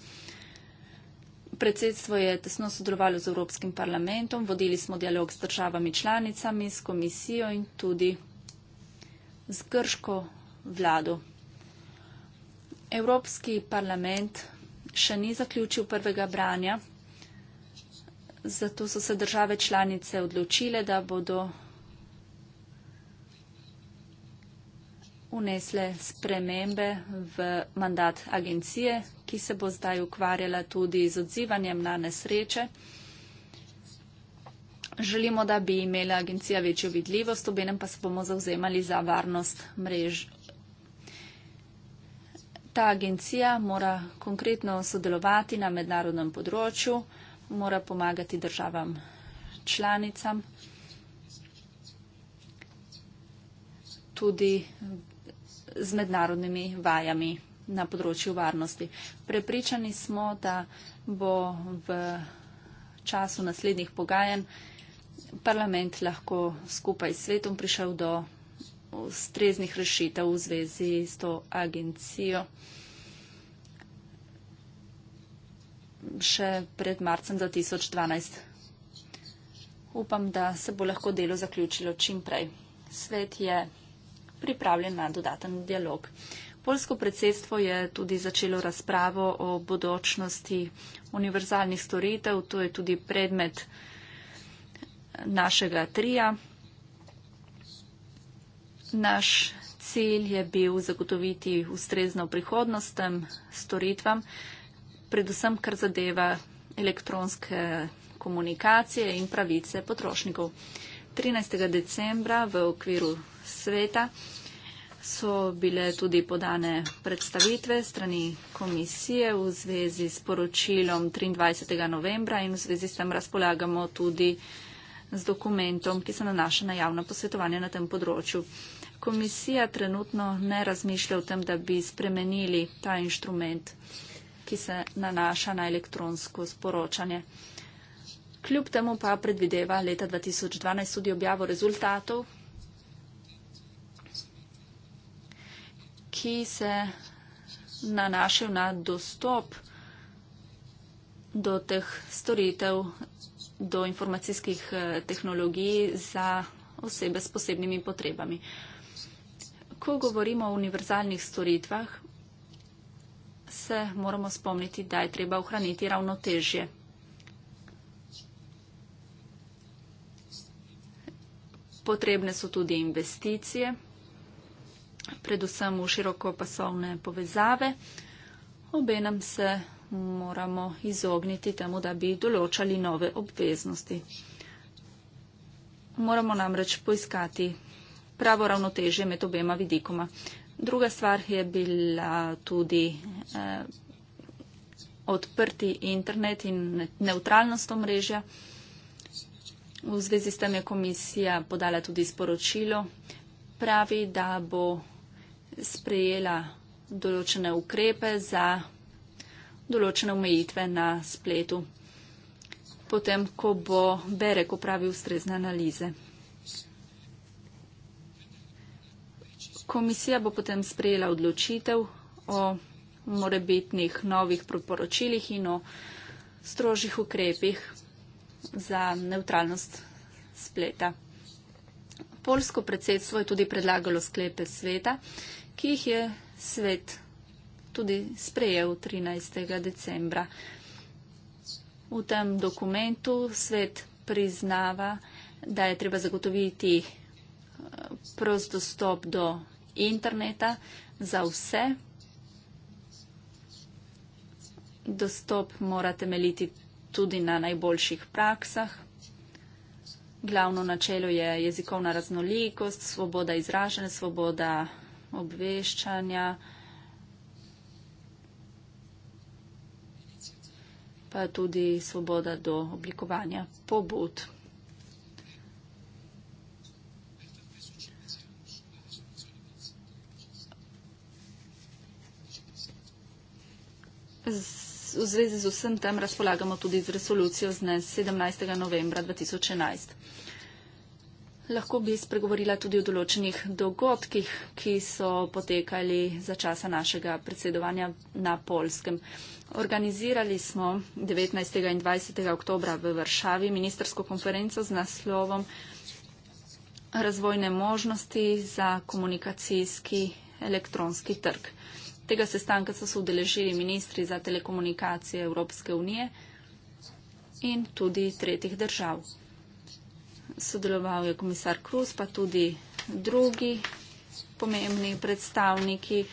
predsedstvo je tesno sodelovalo z Evropskim parlamentom, vodili smo dialog s državami članicami, s komisijo in tudi z grško vlado. Evropski parlament še ni zaključil prvega branja, zato so se države članice odločile, da bodo unesle spremembe v mandat agencije, ki se bo zdaj ukvarjala tudi z odzivanjem na nesreče. Želimo, da bi imela agencija večjo vidljivost, obenem pa se bomo zauzemali za varnost mrež. Ta agencija mora konkretno sodelovati na mednarodnem področju, mora pomagati državam članicam, tudi z mednarodnimi vajami na področju varnosti. Prepričani smo, da bo v času naslednjih pogajanj parlament lahko skupaj s svetom prišel do ustreznih rešitev v zvezi s to agencijo. še pred marcem 2012. Upam, da se bo lahko delo zaključilo čim prej. Svet je pripravljen na dodaten dialog. Polsko predsedstvo je tudi začelo razpravo o bodočnosti univerzalnih storitev, to je tudi predmet našega trija. Naš cilj je bil zagotoviti ustrezno prihodnostem storitvam, predvsem kar zadeva elektronske komunikacije in pravice potrošnikov. 13. decembra v okviru sveta so bile tudi podane predstavitve strani komisije v zvezi s poročilom 23. novembra in v zvezi s tem razpolagamo tudi z dokumentom, ki se nanaša na javno posvetovanje na tem področju. Komisija trenutno ne razmišlja o tem, da bi spremenili ta inštrument, ki se nanaša na elektronsko sporočanje. Kljub temu pa predvideva leta 2012 tudi objavo rezultatov ki se nanašajo na dostop do teh storitev, do informacijskih eh, tehnologij za osebe s posebnimi potrebami. Ko govorimo o univerzalnih storitvah, se moramo spomniti, da je treba ohraniti ravnotežje. Potrebne so tudi investicije predvsem v širokopasovne povezave. Obenem se moramo izogniti temu, da bi določali nove obveznosti. Moramo namreč poiskati pravo ravnoteže med obema vidikoma. Druga stvar je bila tudi eh, odprti internet in neutralnost omrežja. V zvezi s tem je komisija podala tudi sporočilo, pravi, da bo sprejela določene ukrepe za določene omejitve na spletu, potem, ko bo Berek upravil ustrezne analize. Komisija bo potem sprejela odločitev o morebitnih novih priporočilih in o strožjih ukrepih za neutralnost spleta. Polsko predsedstvo je tudi predlagalo sklepe sveta, ki jih je svet tudi sprejel 13. decembra. V tem dokumentu svet priznava, da je treba zagotoviti eh, prost dostop do interneta za vse. Dostop mora temeljiti tudi na najboljših praksah. Glavno načelo je jezikovna raznolikost, svoboda izražanja, svoboda obveščanja, pa tudi svoboda do oblikovanja pobud. V zvezi z vsem tem razpolagamo tudi z resolucijo z dne 17. novembra 2011. Lahko bi spregovorila tudi o določenih dogodkih, ki so potekali za časa našega predsedovanja na Polskem. Organizirali smo 19. in 20. oktobra v Varšavi ministersko konferenco z naslovom Razvojne možnosti za komunikacijski elektronski trg. Tega sestanka so se udeležili ministri za telekomunikacije Evropske unije in tudi tretjih držav sodeloval je komisar Kruz, pa tudi drugi pomembni predstavniki,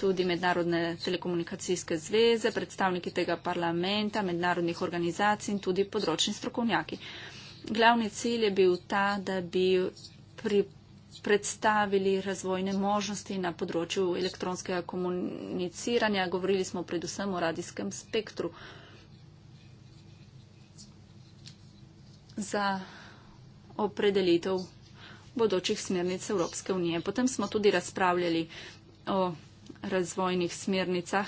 tudi Mednarodne telekomunikacijske zveze, predstavniki tega parlamenta, mednarodnih organizacij in tudi področni strokovnjaki. Glavni cilj je bil ta, da bi pri predstavili razvojne možnosti na področju elektronskega komuniciranja. Govorili smo predvsem o radijskem spektru. Za opredelitev bodočih smernic Evropske unije. Potem smo tudi razpravljali o razvojnih smernicah,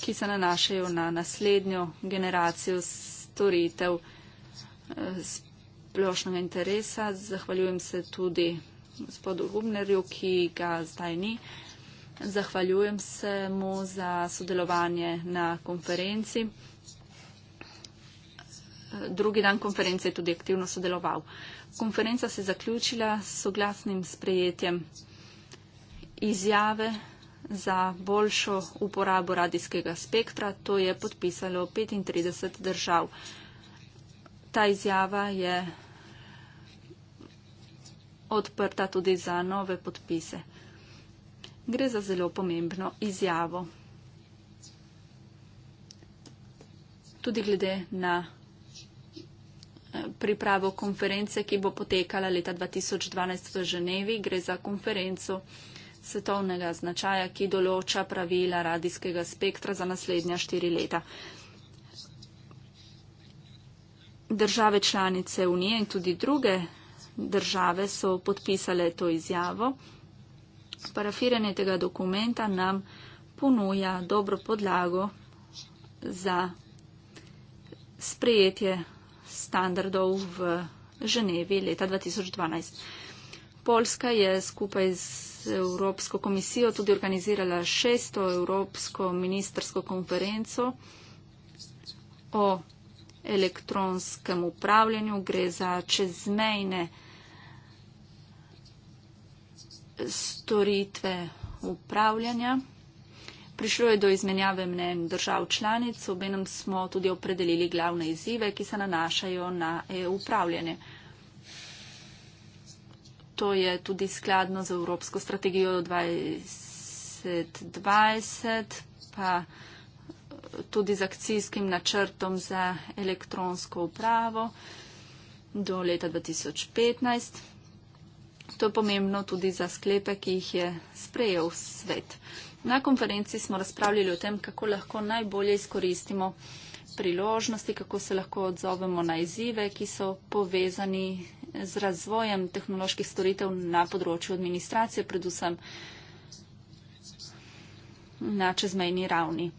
ki se nanašajo na naslednjo generacijo storitev eh, splošnega interesa. Zahvaljujem se tudi gospodu Gubnerju, ki ga zdaj ni. Zahvaljujem se mu za sodelovanje na konferenci drugi dan konference je tudi aktivno sodeloval. Konferenca se je zaključila s soglasnim sprejetjem izjave za boljšo uporabo radijskega spektra. To je podpisalo 35 držav. Ta izjava je odprta tudi za nove podpise. Gre za zelo pomembno izjavo. Tudi glede na pripravo konference, ki bo potekala leta 2012 v Ženevi. Gre za konferenco svetovnega značaja, ki določa pravila radijskega spektra za naslednja štiri leta. Države članice Unije in tudi druge države so podpisale to izjavo. Parafiranje tega dokumenta nam ponuja dobro podlago za sprejetje standardov v Ženevi leta 2012. Polska je skupaj z Evropsko komisijo tudi organizirala šesto Evropsko ministersko konferenco o elektronskem upravljanju. Gre za čezmejne storitve upravljanja. Prišlo je do izmenjave mnen držav članic, obenem smo tudi opredelili glavne izzive, ki se nanašajo na EU upravljanje. To je tudi skladno z Evropsko strategijo 2020, pa eh, tudi z akcijskim načrtom za elektronsko upravo do leta 2015. To je pomembno tudi za sklepe, ki jih je sprejel svet. Na konferenci smo razpravljali o tem, kako lahko najbolje izkoristimo priložnosti, kako se lahko odzovemo na izzive, ki so povezani z razvojem tehnoloških storitev na področju administracije, predvsem na čezmejni ravni.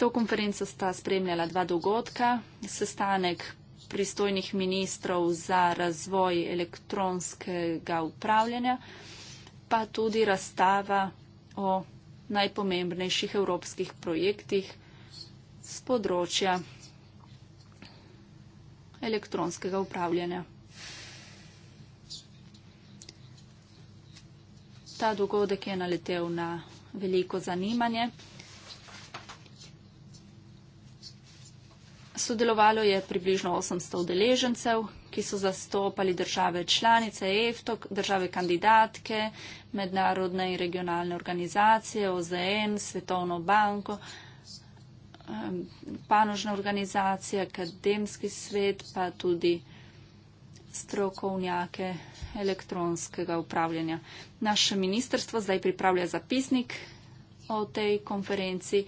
To konferenco sta spremljala dva dogodka, sestanek pristojnih ministrov za razvoj elektronskega upravljanja, pa tudi razstava o najpomembnejših evropskih projektih z področja elektronskega upravljanja. Ta dogodek je naletel na veliko zanimanje. Sodelovalo je približno 800 udeležencev, ki so zastopali države članice EFTO, države kandidatke, mednarodne in regionalne organizacije, OZN, Svetovno banko, panožna organizacija, akademski svet, pa tudi strokovnjake elektronskega upravljanja. Naše ministrstvo zdaj pripravlja zapisnik o tej konferenci,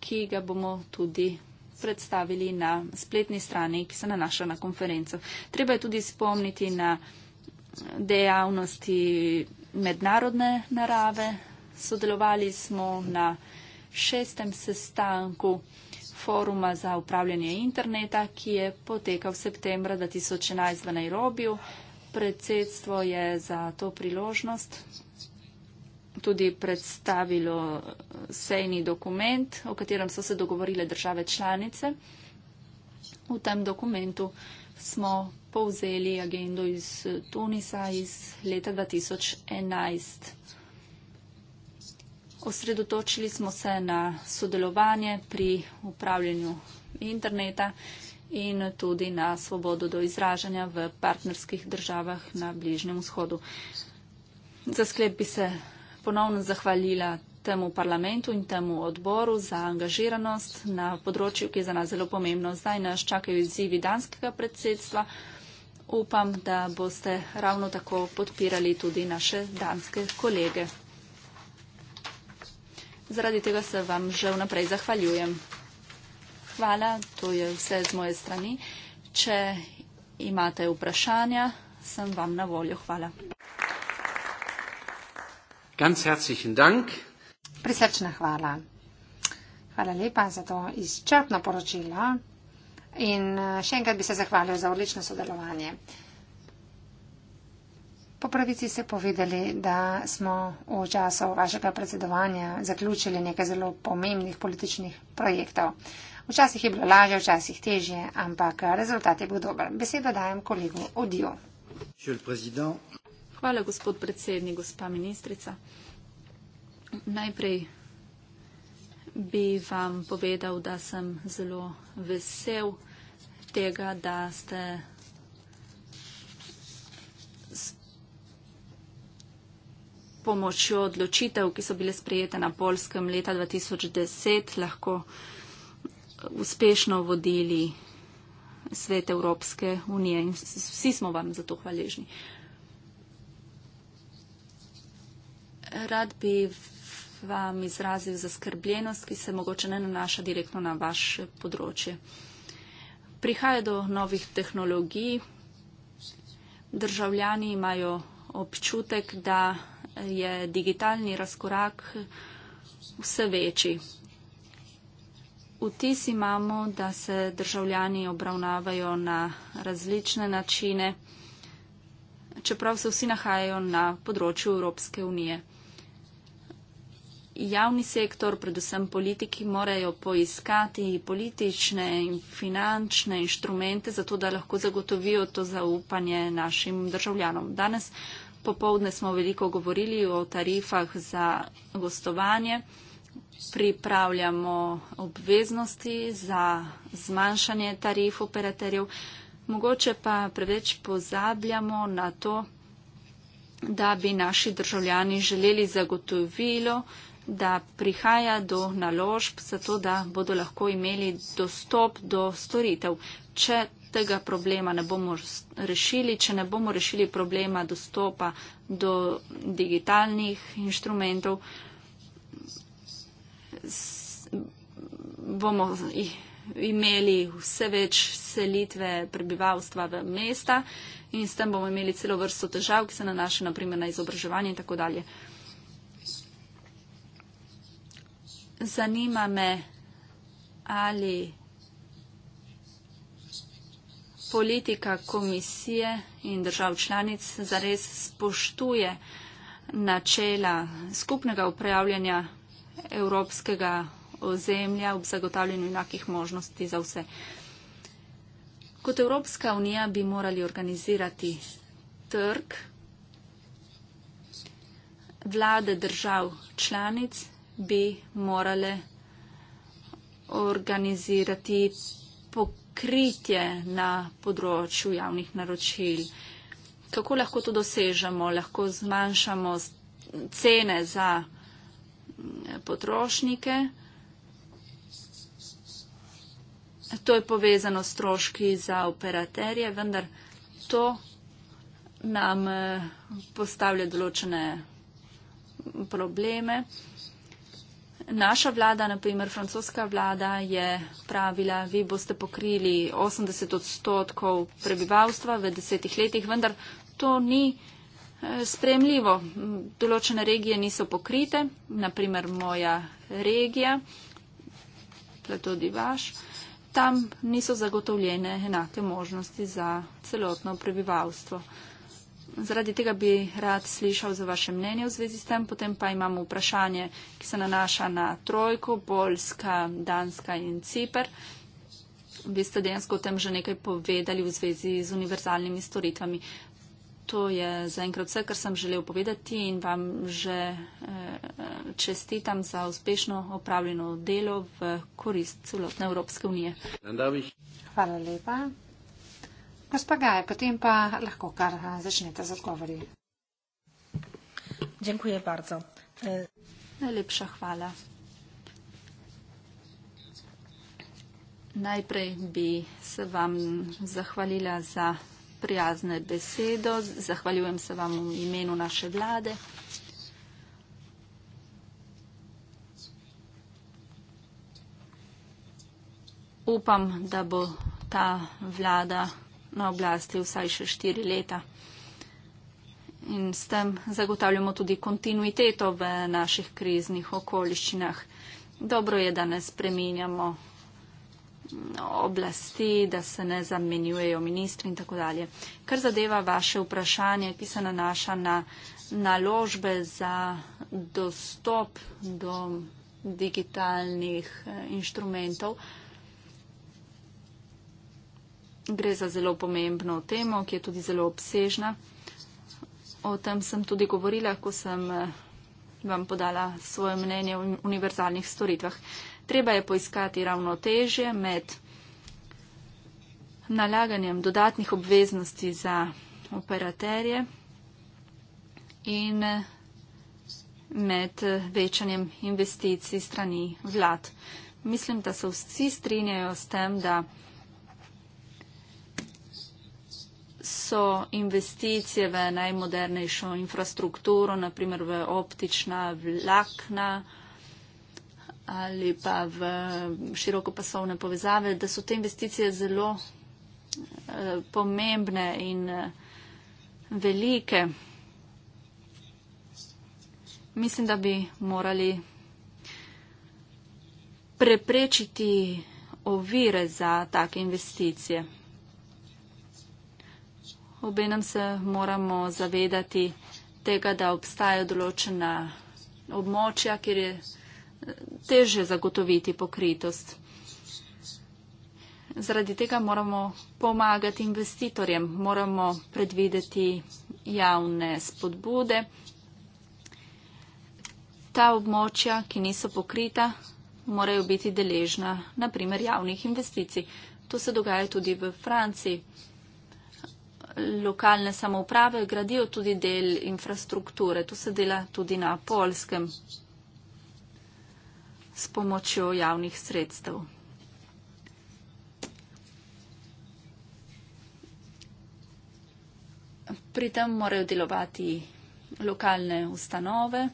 ki ga bomo tudi predstavili na spletni strani, ki se nanaša na konferenco. Treba je tudi spomniti na dejavnosti mednarodne narave. Sodelovali smo na šestem sestanku foruma za upravljanje interneta, ki je potekal v septembra 2011 v Nairobiju. Predsedstvo je za to priložnost tudi predstavilo sejni dokument, o katerem so se dogovorile države članice. V tem dokumentu smo povzeli agendo iz Tunisa iz leta 2011. Osredotočili smo se na sodelovanje pri upravljanju interneta in tudi na svobodo do izražanja v partnerskih državah na Bližnjem vzhodu. Za sklep bi se ponovno zahvalila temu parlamentu in temu odboru za angažiranost na področju, ki je za nas zelo pomembno. Zdaj nas čakajo izzivi danskega predsedstva. Upam, da boste ravno tako podpirali tudi naše danske kolege. Zaradi tega se vam že vnaprej zahvaljujem. Hvala, to je vse z moje strani. Če imate vprašanja, sem vam na voljo. Hvala. Ganz herzlichen Dank. Prisrčna hvala. Hvala lepa za to izčrpno poročilo in eh, še enkrat bi se zahvalil za odlično sodelovanje. Po pravici ste povedali, da smo v času vašega predsedovanja zaključili nekaj zelo pomembnih političnih projektov. Včasih je bilo lažje, včasih težje, ampak rezultat je bil dober. Besedo dajem kolegu Odiju hvala, gospod predsednik, gospa ministrica. Najprej bi vam povedal, da sem zelo vesel tega, da ste s pomočjo odločitev, ki so bile sprejete na Polskem leta 2010, lahko uspešno vodili svet Evropske unije in vsi smo vam za to hvaležni. Uh, rad bi vam izrazil zaskrbljenost, ki se mogoče ne nanaša direktno na vaše področje. Prihaja do novih tehnologij, državljani imajo občutek, da je digitalni razkorak vse večji. Vtis imamo, da se državljani obravnavajo na različne načine, čeprav se vsi nahajajo na področju Evropske unije javni sektor, predvsem politiki, morajo poiskati politične in finančne inštrumente, zato da lahko zagotovijo to zaupanje našim državljanom. Danes popovdne smo veliko govorili o tarifah za gostovanje. Pripravljamo obveznosti za zmanjšanje tarif operaterjev. Mogoče pa preveč pozabljamo na to, da bi naši državljani želeli zagotovilo uh, da prihaja do naložb, zato da bodo lahko imeli dostop do storitev. Če tega problema ne bomo rešili, če ne bomo rešili problema dostopa do digitalnih inštrumentov, bomo imeli vse več selitve prebivalstva v mesta in s tem bomo imeli celo vrsto težav, ki se nanašajo naprimer na izobraževanje in tako dalje. zanima me, ali politika komisije in držav članic zares spoštuje načela skupnega upravljanja evropskega ozemlja ob zagotavljanju enakih možnosti za vse. Kot Evropska unija bi morali organizirati trg vlade držav članic bi morale organizirati pokritje na področju javnih naročil. Kako lahko to dosežemo? Lahko zmanjšamo cene za mm, potrošnike. To je povezano s stroški za operaterje, vendar to nam eh, postavlja določene mm, probleme. Naša vlada, naprimer francoska vlada, je pravila, vi boste pokrili 80 odstotkov prebivalstva v desetih letih, vendar to ni eh, spremljivo. Določene regije niso pokrite, naprimer moja regija, pa tudi vaš, tam niso zagotovljene enake možnosti za celotno prebivalstvo zaradi tega bi rad slišal za vaše mnenje v zvezi s tem. Potem pa imamo vprašanje, ki se nanaša na trojko, Poljska, Danska in Cipr. Vi ste dejansko o tem že nekaj povedali v zvezi z univerzalnimi storitvami. To je zaenkrat vse, kar sem želel povedati in vam že eh, čestitam za uspešno opravljeno delo v korist celotne Evropske unije. Hvala lepa. Gospa Gaj, potem pa lahko kar eh, začnete z odgovori. Dziękuję bardzo. E, Najlepša hvala. Najprej bi se vam zahvalila za prijazne besedo. Zahvaljujem se vam v imenu naše vlade. Upam, da bo ta vlada na oblasti vsaj še štiri leta. In s tem zagotavljamo tudi kontinuiteto v naših kriznih okoliščinah. Dobro je, da ne spreminjamo mm, oblasti, da se ne zamenjujejo ministri in tako dalje. Kar zadeva vaše vprašanje, ki se nanaša na naložbe za dostop do digitalnih eh, inštrumentov, gre za zelo pomembno temo, ki je tudi zelo obsežna. O tem sem tudi govorila, ko sem eh, vam podala svoje mnenje o univerzalnih storitvah. Treba je poiskati ravnotežje med nalaganjem dodatnih obveznosti za operaterje in eh, med eh, večanjem investicij strani vlad. Mislim, da se vsi strinjajo s tem, da so investicije v najmodernejšo infrastrukturo, naprimer v optična vlakna ali pa v širokopasovne povezave, da so te investicije zelo eh, pomembne in eh, velike. Mislim, da bi morali preprečiti ovire za take investicije obenem se moramo zavedati tega, da obstajajo določena območja, kjer je eh, teže zagotoviti pokritost. Zaradi tega moramo pomagati investitorjem, moramo predvideti javne spodbude. Ta območja, ki niso pokrita, morajo biti deležna, naprimer, javnih investicij. To se dogaja tudi v Franciji lokalne samouprave gradijo tudi del infrastrukture. To se dela tudi na polskem s pomočjo javnih sredstev. Pri tem morajo delovati lokalne ustanove,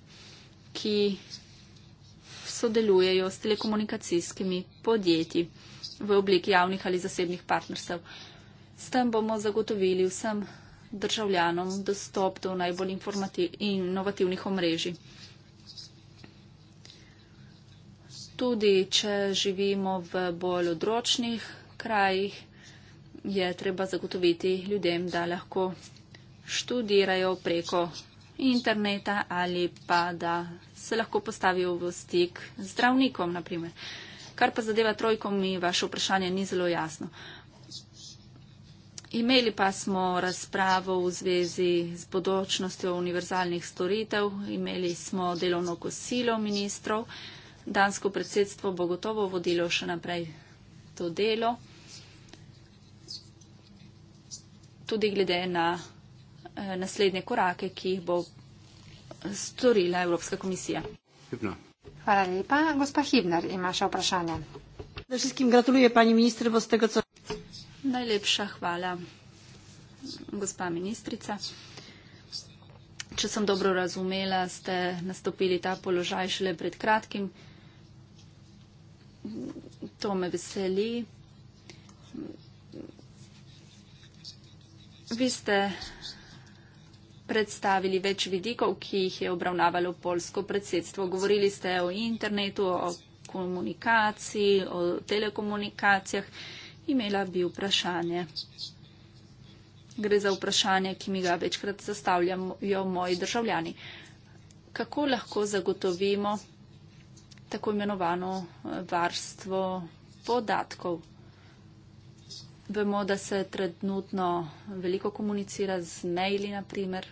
ki sodelujejo s telekomunikacijskimi podjetji v obliki javnih ali zasebnih partnerstv. S tem bomo zagotovili vsem državljanom dostop do najbolj inovativnih omrežij. Tudi, če živimo v bolj odročnih krajih, je treba zagotoviti ljudem, da lahko študirajo preko interneta ali pa da se lahko postavijo v stik z zdravnikom, naprimer. Kar pa zadeva trojko, mi vaše vprašanje ni zelo jasno. Imeli pa smo razpravo v zvezi z bodočnostjo univerzalnih storitev, imeli smo delovno kosilo ministrov. Dansko predsedstvo bo gotovo vodilo še naprej to delo. Tudi glede na eh, naslednje korake, ki jih bo storila Evropska komisija. Hibna. Hvala lepa. Gospa Hibner ima še vprašanje. Vsem gratuluje, pani ministr, z tega, co... Najlepša hvala, gospa ministrica. Če sem dobro razumela, ste nastopili ta položaj šele pred kratkim. To me veseli. Vi ste predstavili več vidikov, ki jih je obravnavalo polsko predsedstvo. Govorili ste o internetu, o komunikaciji, o telekomunikacijah imela bi vprašanje. Gre za vprašanje, ki mi ga večkrat zastavljajo moji državljani. Kako lahko zagotovimo tako imenovano eh, varstvo podatkov? Vemo, da se trenutno veliko komunicira z maili, naprimer.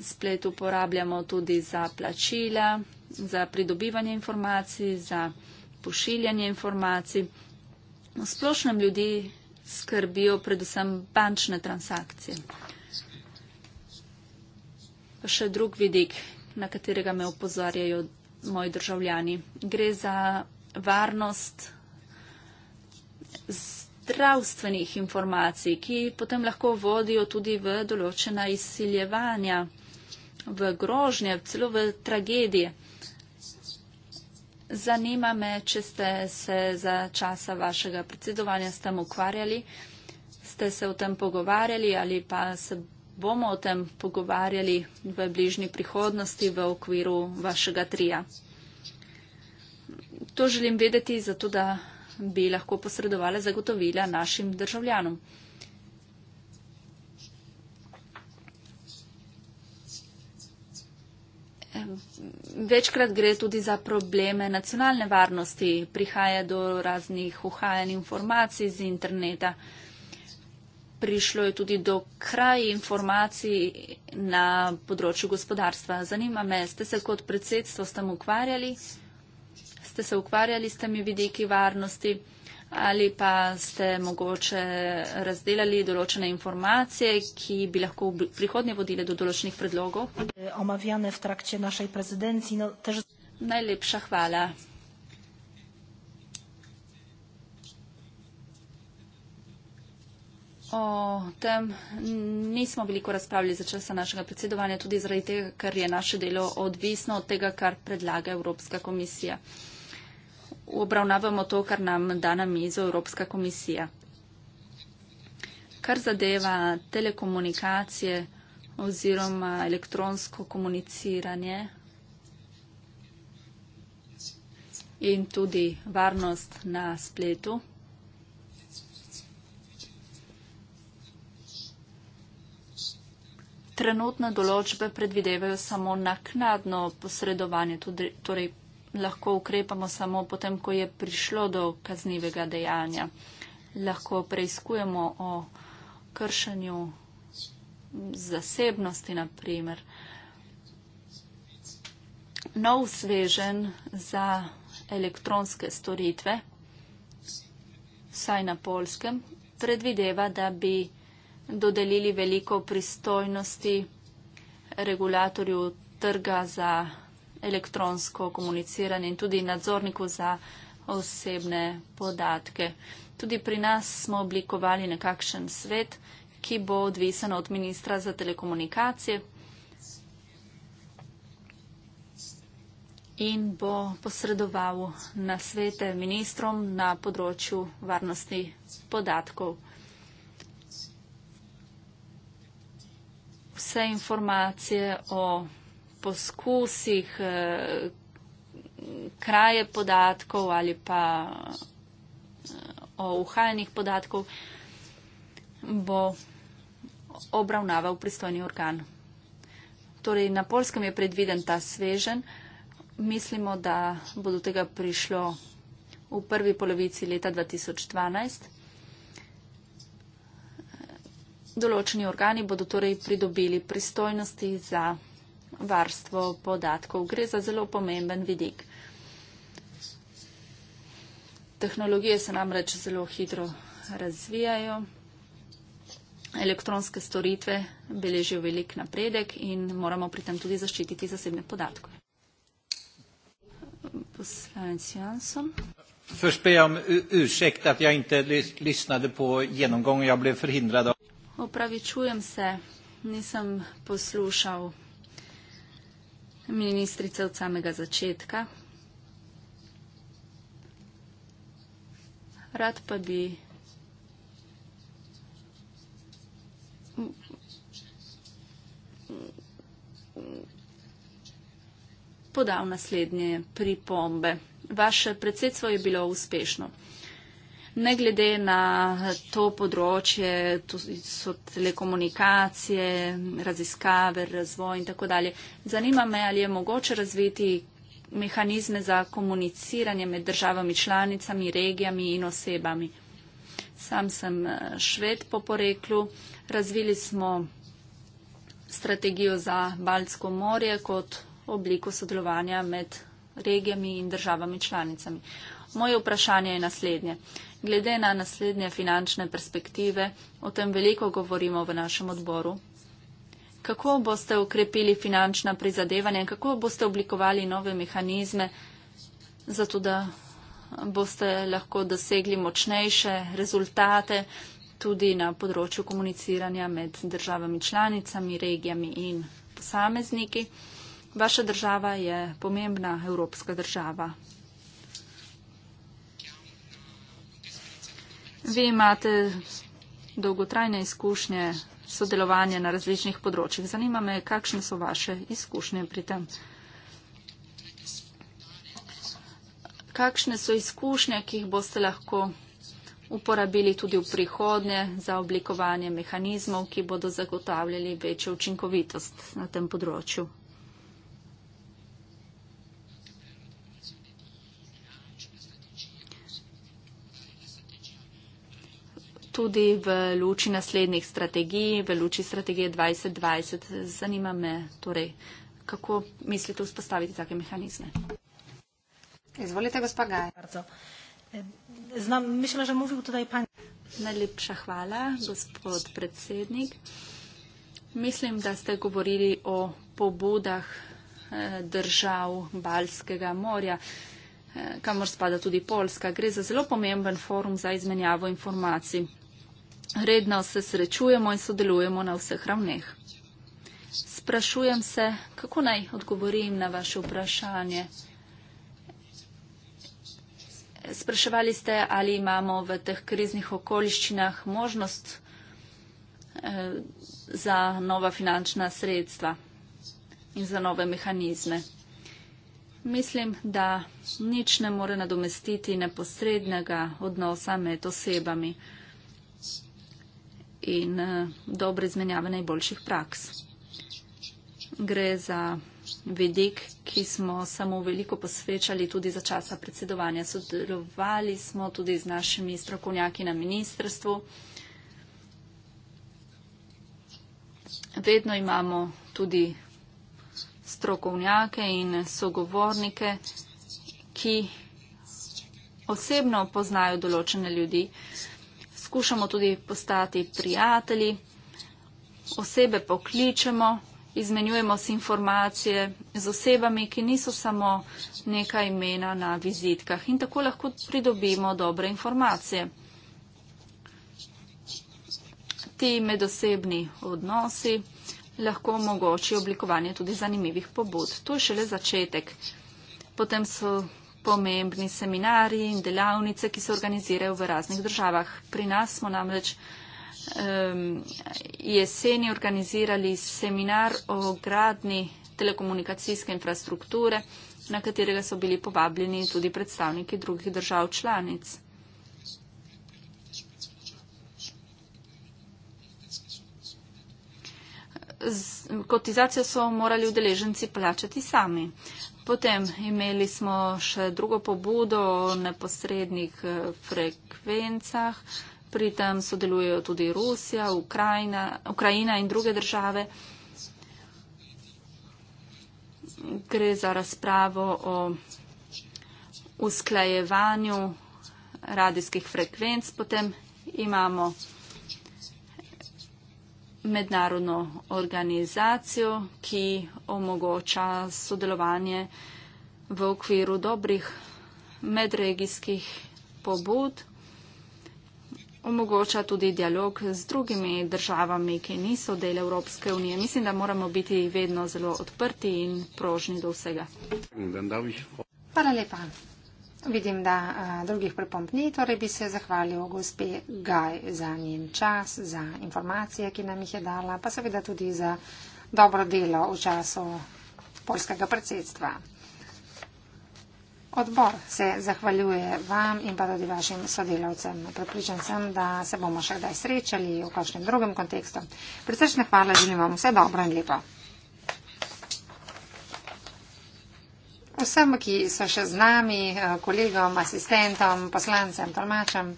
Splet uporabljamo tudi za plačila, za pridobivanje informacij, za pošiljanje informacij. V splošnem ljudi skrbijo predvsem bančne transakcije. Pa še drug vidik, na katerega me opozarjajo moji državljani. Gre za varnost zdravstvenih informacij, ki potem lahko vodijo tudi v določena izsiljevanja, v grožnje, celo v tragedije. Zanima me, če ste se za časa vašega predsedovanja s tem ukvarjali, ste se o tem pogovarjali ali pa se bomo o tem pogovarjali v bližnji prihodnosti v okviru vašega trija. To želim vedeti, zato da bi lahko posredovala zagotovila našim državljanom. večkrat gre tudi za probleme nacionalne varnosti, prihaja do raznih uhajanj informacij z interneta. Prišlo je tudi do kraj informacij na področju gospodarstva. Zanima me, ste se kot predsedstvo s tem ukvarjali? Ste se ukvarjali s temi vidiki varnosti? ali pa ste mogoče razdelali določene informacije, ki bi lahko v prihodnje vodile do določenih predlogov. Omavljane v trakcie našej prezidenci. No, tež... Najlepša hvala. O tem nismo veliko razpravljali za časa našega predsedovanja, tudi zaradi tega, ker je naše delo odvisno od tega, kar predlaga Evropska komisija obravnavamo to, kar nam da na mizo Evropska komisija. Kar zadeva telekomunikacije oziroma elektronsko komuniciranje in tudi varnost na spletu. Trenutne določbe predvidevajo samo naknadno posredovanje, tudi, torej lahko ukrepamo samo potem, ko je prišlo do kaznivega dejanja. Lahko preizkujemo o kršenju zasebnosti, naprimer. Nov svežen za elektronske storitve, saj na polskem, predvideva, da bi dodelili veliko pristojnosti regulatorju trga za elektronsko komuniciranje in tudi nadzorniku za osebne podatke. Tudi pri nas smo oblikovali nekakšen svet, ki bo odvisen od ministra za telekomunikacije in bo posredoval na svete ministrom na področju varnosti podatkov. Vse informacije o poskusih, eh, kraje podatkov ali pa eh, o uhajanjih podatkov bo obravnaval pristojni organ. Torej, na polskem je predviden ta svežen. Mislimo, da bo do tega prišlo v prvi polovici leta 2012. Določeni organi bodo torej pridobili pristojnosti za varstvo podatkov. Gre za zelo pomemben vidik. Tehnologije se namreč zelo hitro razvijajo. Elektronske storitve beležijo velik napredek in moramo pri tem tudi zaščititi zasebne podatke. Poslanec Jansson. Först ber jag om ursäkt att jag inte lyssnade på genomgången. Jag blev förhindrad av... Opravičujem se, nisem poslušal ministrice od samega začetka. Rad pa bi podal naslednje pripombe. Vaše predsedstvo je bilo uspešno ne glede na to področje, to so telekomunikacije, raziskave, razvoj in tako dalje. Zanima me, ali je mogoče razviti mehanizme za komuniciranje med državami članicami, regijami in osebami. Sam sem eh, šved po poreklu. Razvili smo strategijo za Baltsko morje kot obliko sodelovanja med regijami in državami članicami. Moje vprašanje je naslednje glede na naslednje finančne perspektive, o tem veliko govorimo v našem odboru. Kako boste ukrepili finančna prizadevanja in kako boste oblikovali nove mehanizme, zato da boste lahko dosegli močnejše rezultate tudi na področju komuniciranja med državami članicami, regijami in posamezniki. Vaša država je pomembna evropska država. Vi imate dolgotrajne izkušnje sodelovanja na različnih področjih. Zanima me, kakšne so vaše izkušnje pri tem? Kakšne so izkušnje, ki jih boste lahko uporabili tudi v prihodnje za oblikovanje mehanizmov, ki bodo zagotavljali večjo učinkovitost na tem področju? tudi v luči naslednjih strategij, v luči strategije 2020. Zanima me, torej, kako mislite vzpostaviti take mehanizme? Izvolite, gospa Gajarco. E, znam, mislim, že mluvil tudi pan. Najlepša hvala, gospod predsednik. Mislim, da ste govorili o pobudah e, držav Balskega morja, e, kamor spada tudi Polska. Gre za zelo pomemben forum za izmenjavo informacij redno se srečujemo in sodelujemo na vseh ravneh. Sprašujem se, kako naj odgovorim na vaše vprašanje. Spraševali ste, ali imamo v teh kriznih okoliščinah možnost eh, za nova finančna sredstva in za nove mehanizme. Mislim, da nič ne more nadomestiti neposrednega odnosa med osebami in eh, dobre izmenjave najboljših praks. Gre za vedik, ki smo samo veliko posvečali tudi za časa predsedovanja. Sodelovali smo tudi z našimi strokovnjaki na ministrstvu. Vedno imamo tudi strokovnjake in sogovornike, ki osebno poznajo določene ljudi skušamo tudi postati prijatelji, osebe pokličemo, izmenjujemo si informacije z osebami, ki niso samo neka imena na vizitkah in tako lahko pridobimo dobre informacije. Ti medosebni odnosi lahko omogočijo oblikovanje tudi zanimivih pobud. To je šele začetek. Potem so pomembni seminari in delavnice, ki se organizirajo v raznih državah. Pri nas smo namreč um, jeseni organizirali seminar o gradni telekomunikacijske infrastrukture, na katerega so bili povabljeni tudi predstavniki drugih držav članic. Kotizacijo so morali udeleženci plačati sami. Potem imeli smo še drugo pobudo o neposrednih eh, frekvencah. Pri tem sodelujejo tudi Rusija, Ukrajina, Ukrajina in druge države. Gre za razpravo o usklajevanju radijskih frekvenc. Potem imamo mednarodno organizacijo, ki omogoča sodelovanje v okviru dobrih medregijskih pobud, omogoča tudi dialog z drugimi državami, ki niso del Evropske unije. Mislim, da moramo biti vedno zelo odprti in prožni do vsega. Hvala lepa. Vidim, da a, drugih pripomp ni, torej bi se zahvalil gospe Gaj za njen čas, za informacije, ki nam jih je dala, pa seveda tudi za dobro delo v času polskega predsedstva. Odbor se zahvaljuje vam in pa tudi vašim sodelavcem. Pripričan sem, da se bomo še kdaj srečali v kakšnem drugem kontekstu. Predsečne hvala, želim vam vse dobro in lepo. vsem, ki so še z nami, eh, kolegom, asistentom, poslancem, tolmačem.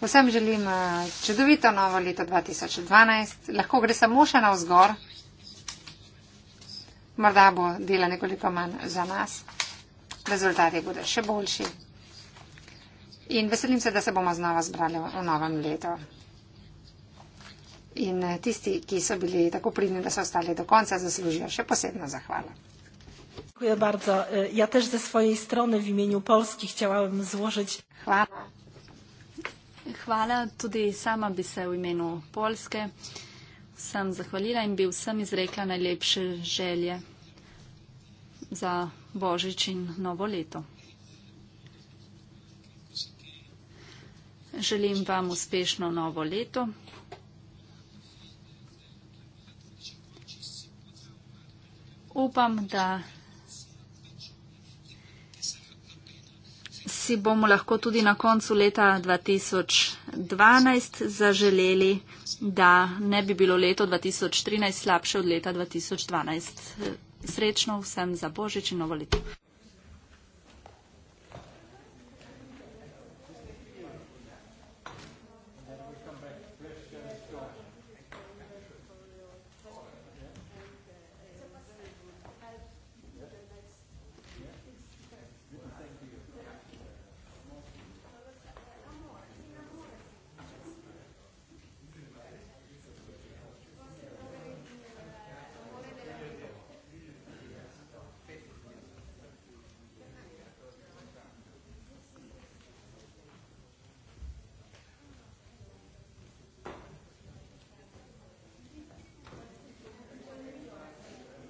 Vsem želim eh, čudovito novo leto 2012. Lahko gre samo še navzgor. Morda bo dela nekoliko manj za nas. Rezultati bodo še boljši. In veselim se, da se bomo znova zbrali v novem letu. In eh, tisti, ki so bili tako pridni, da so ostali do konca, zaslužijo še posebno zahvalo. Dziękuję bardzo. E, ja też ze swojej strony w imieniu Polski chciałabym złożyć. Chwała. Hvala, tudi sama bi se v imenu Polske vsem zahvalila in bi vsem izrekla najlepše želje za Božič in novo leto. Želim vam uspešno novo leto. Upam, da. si bomo lahko tudi na koncu leta 2012 zaželeli, da ne bi bilo leto 2013 slabše od leta 2012. Srečno vsem za božič in novo leto.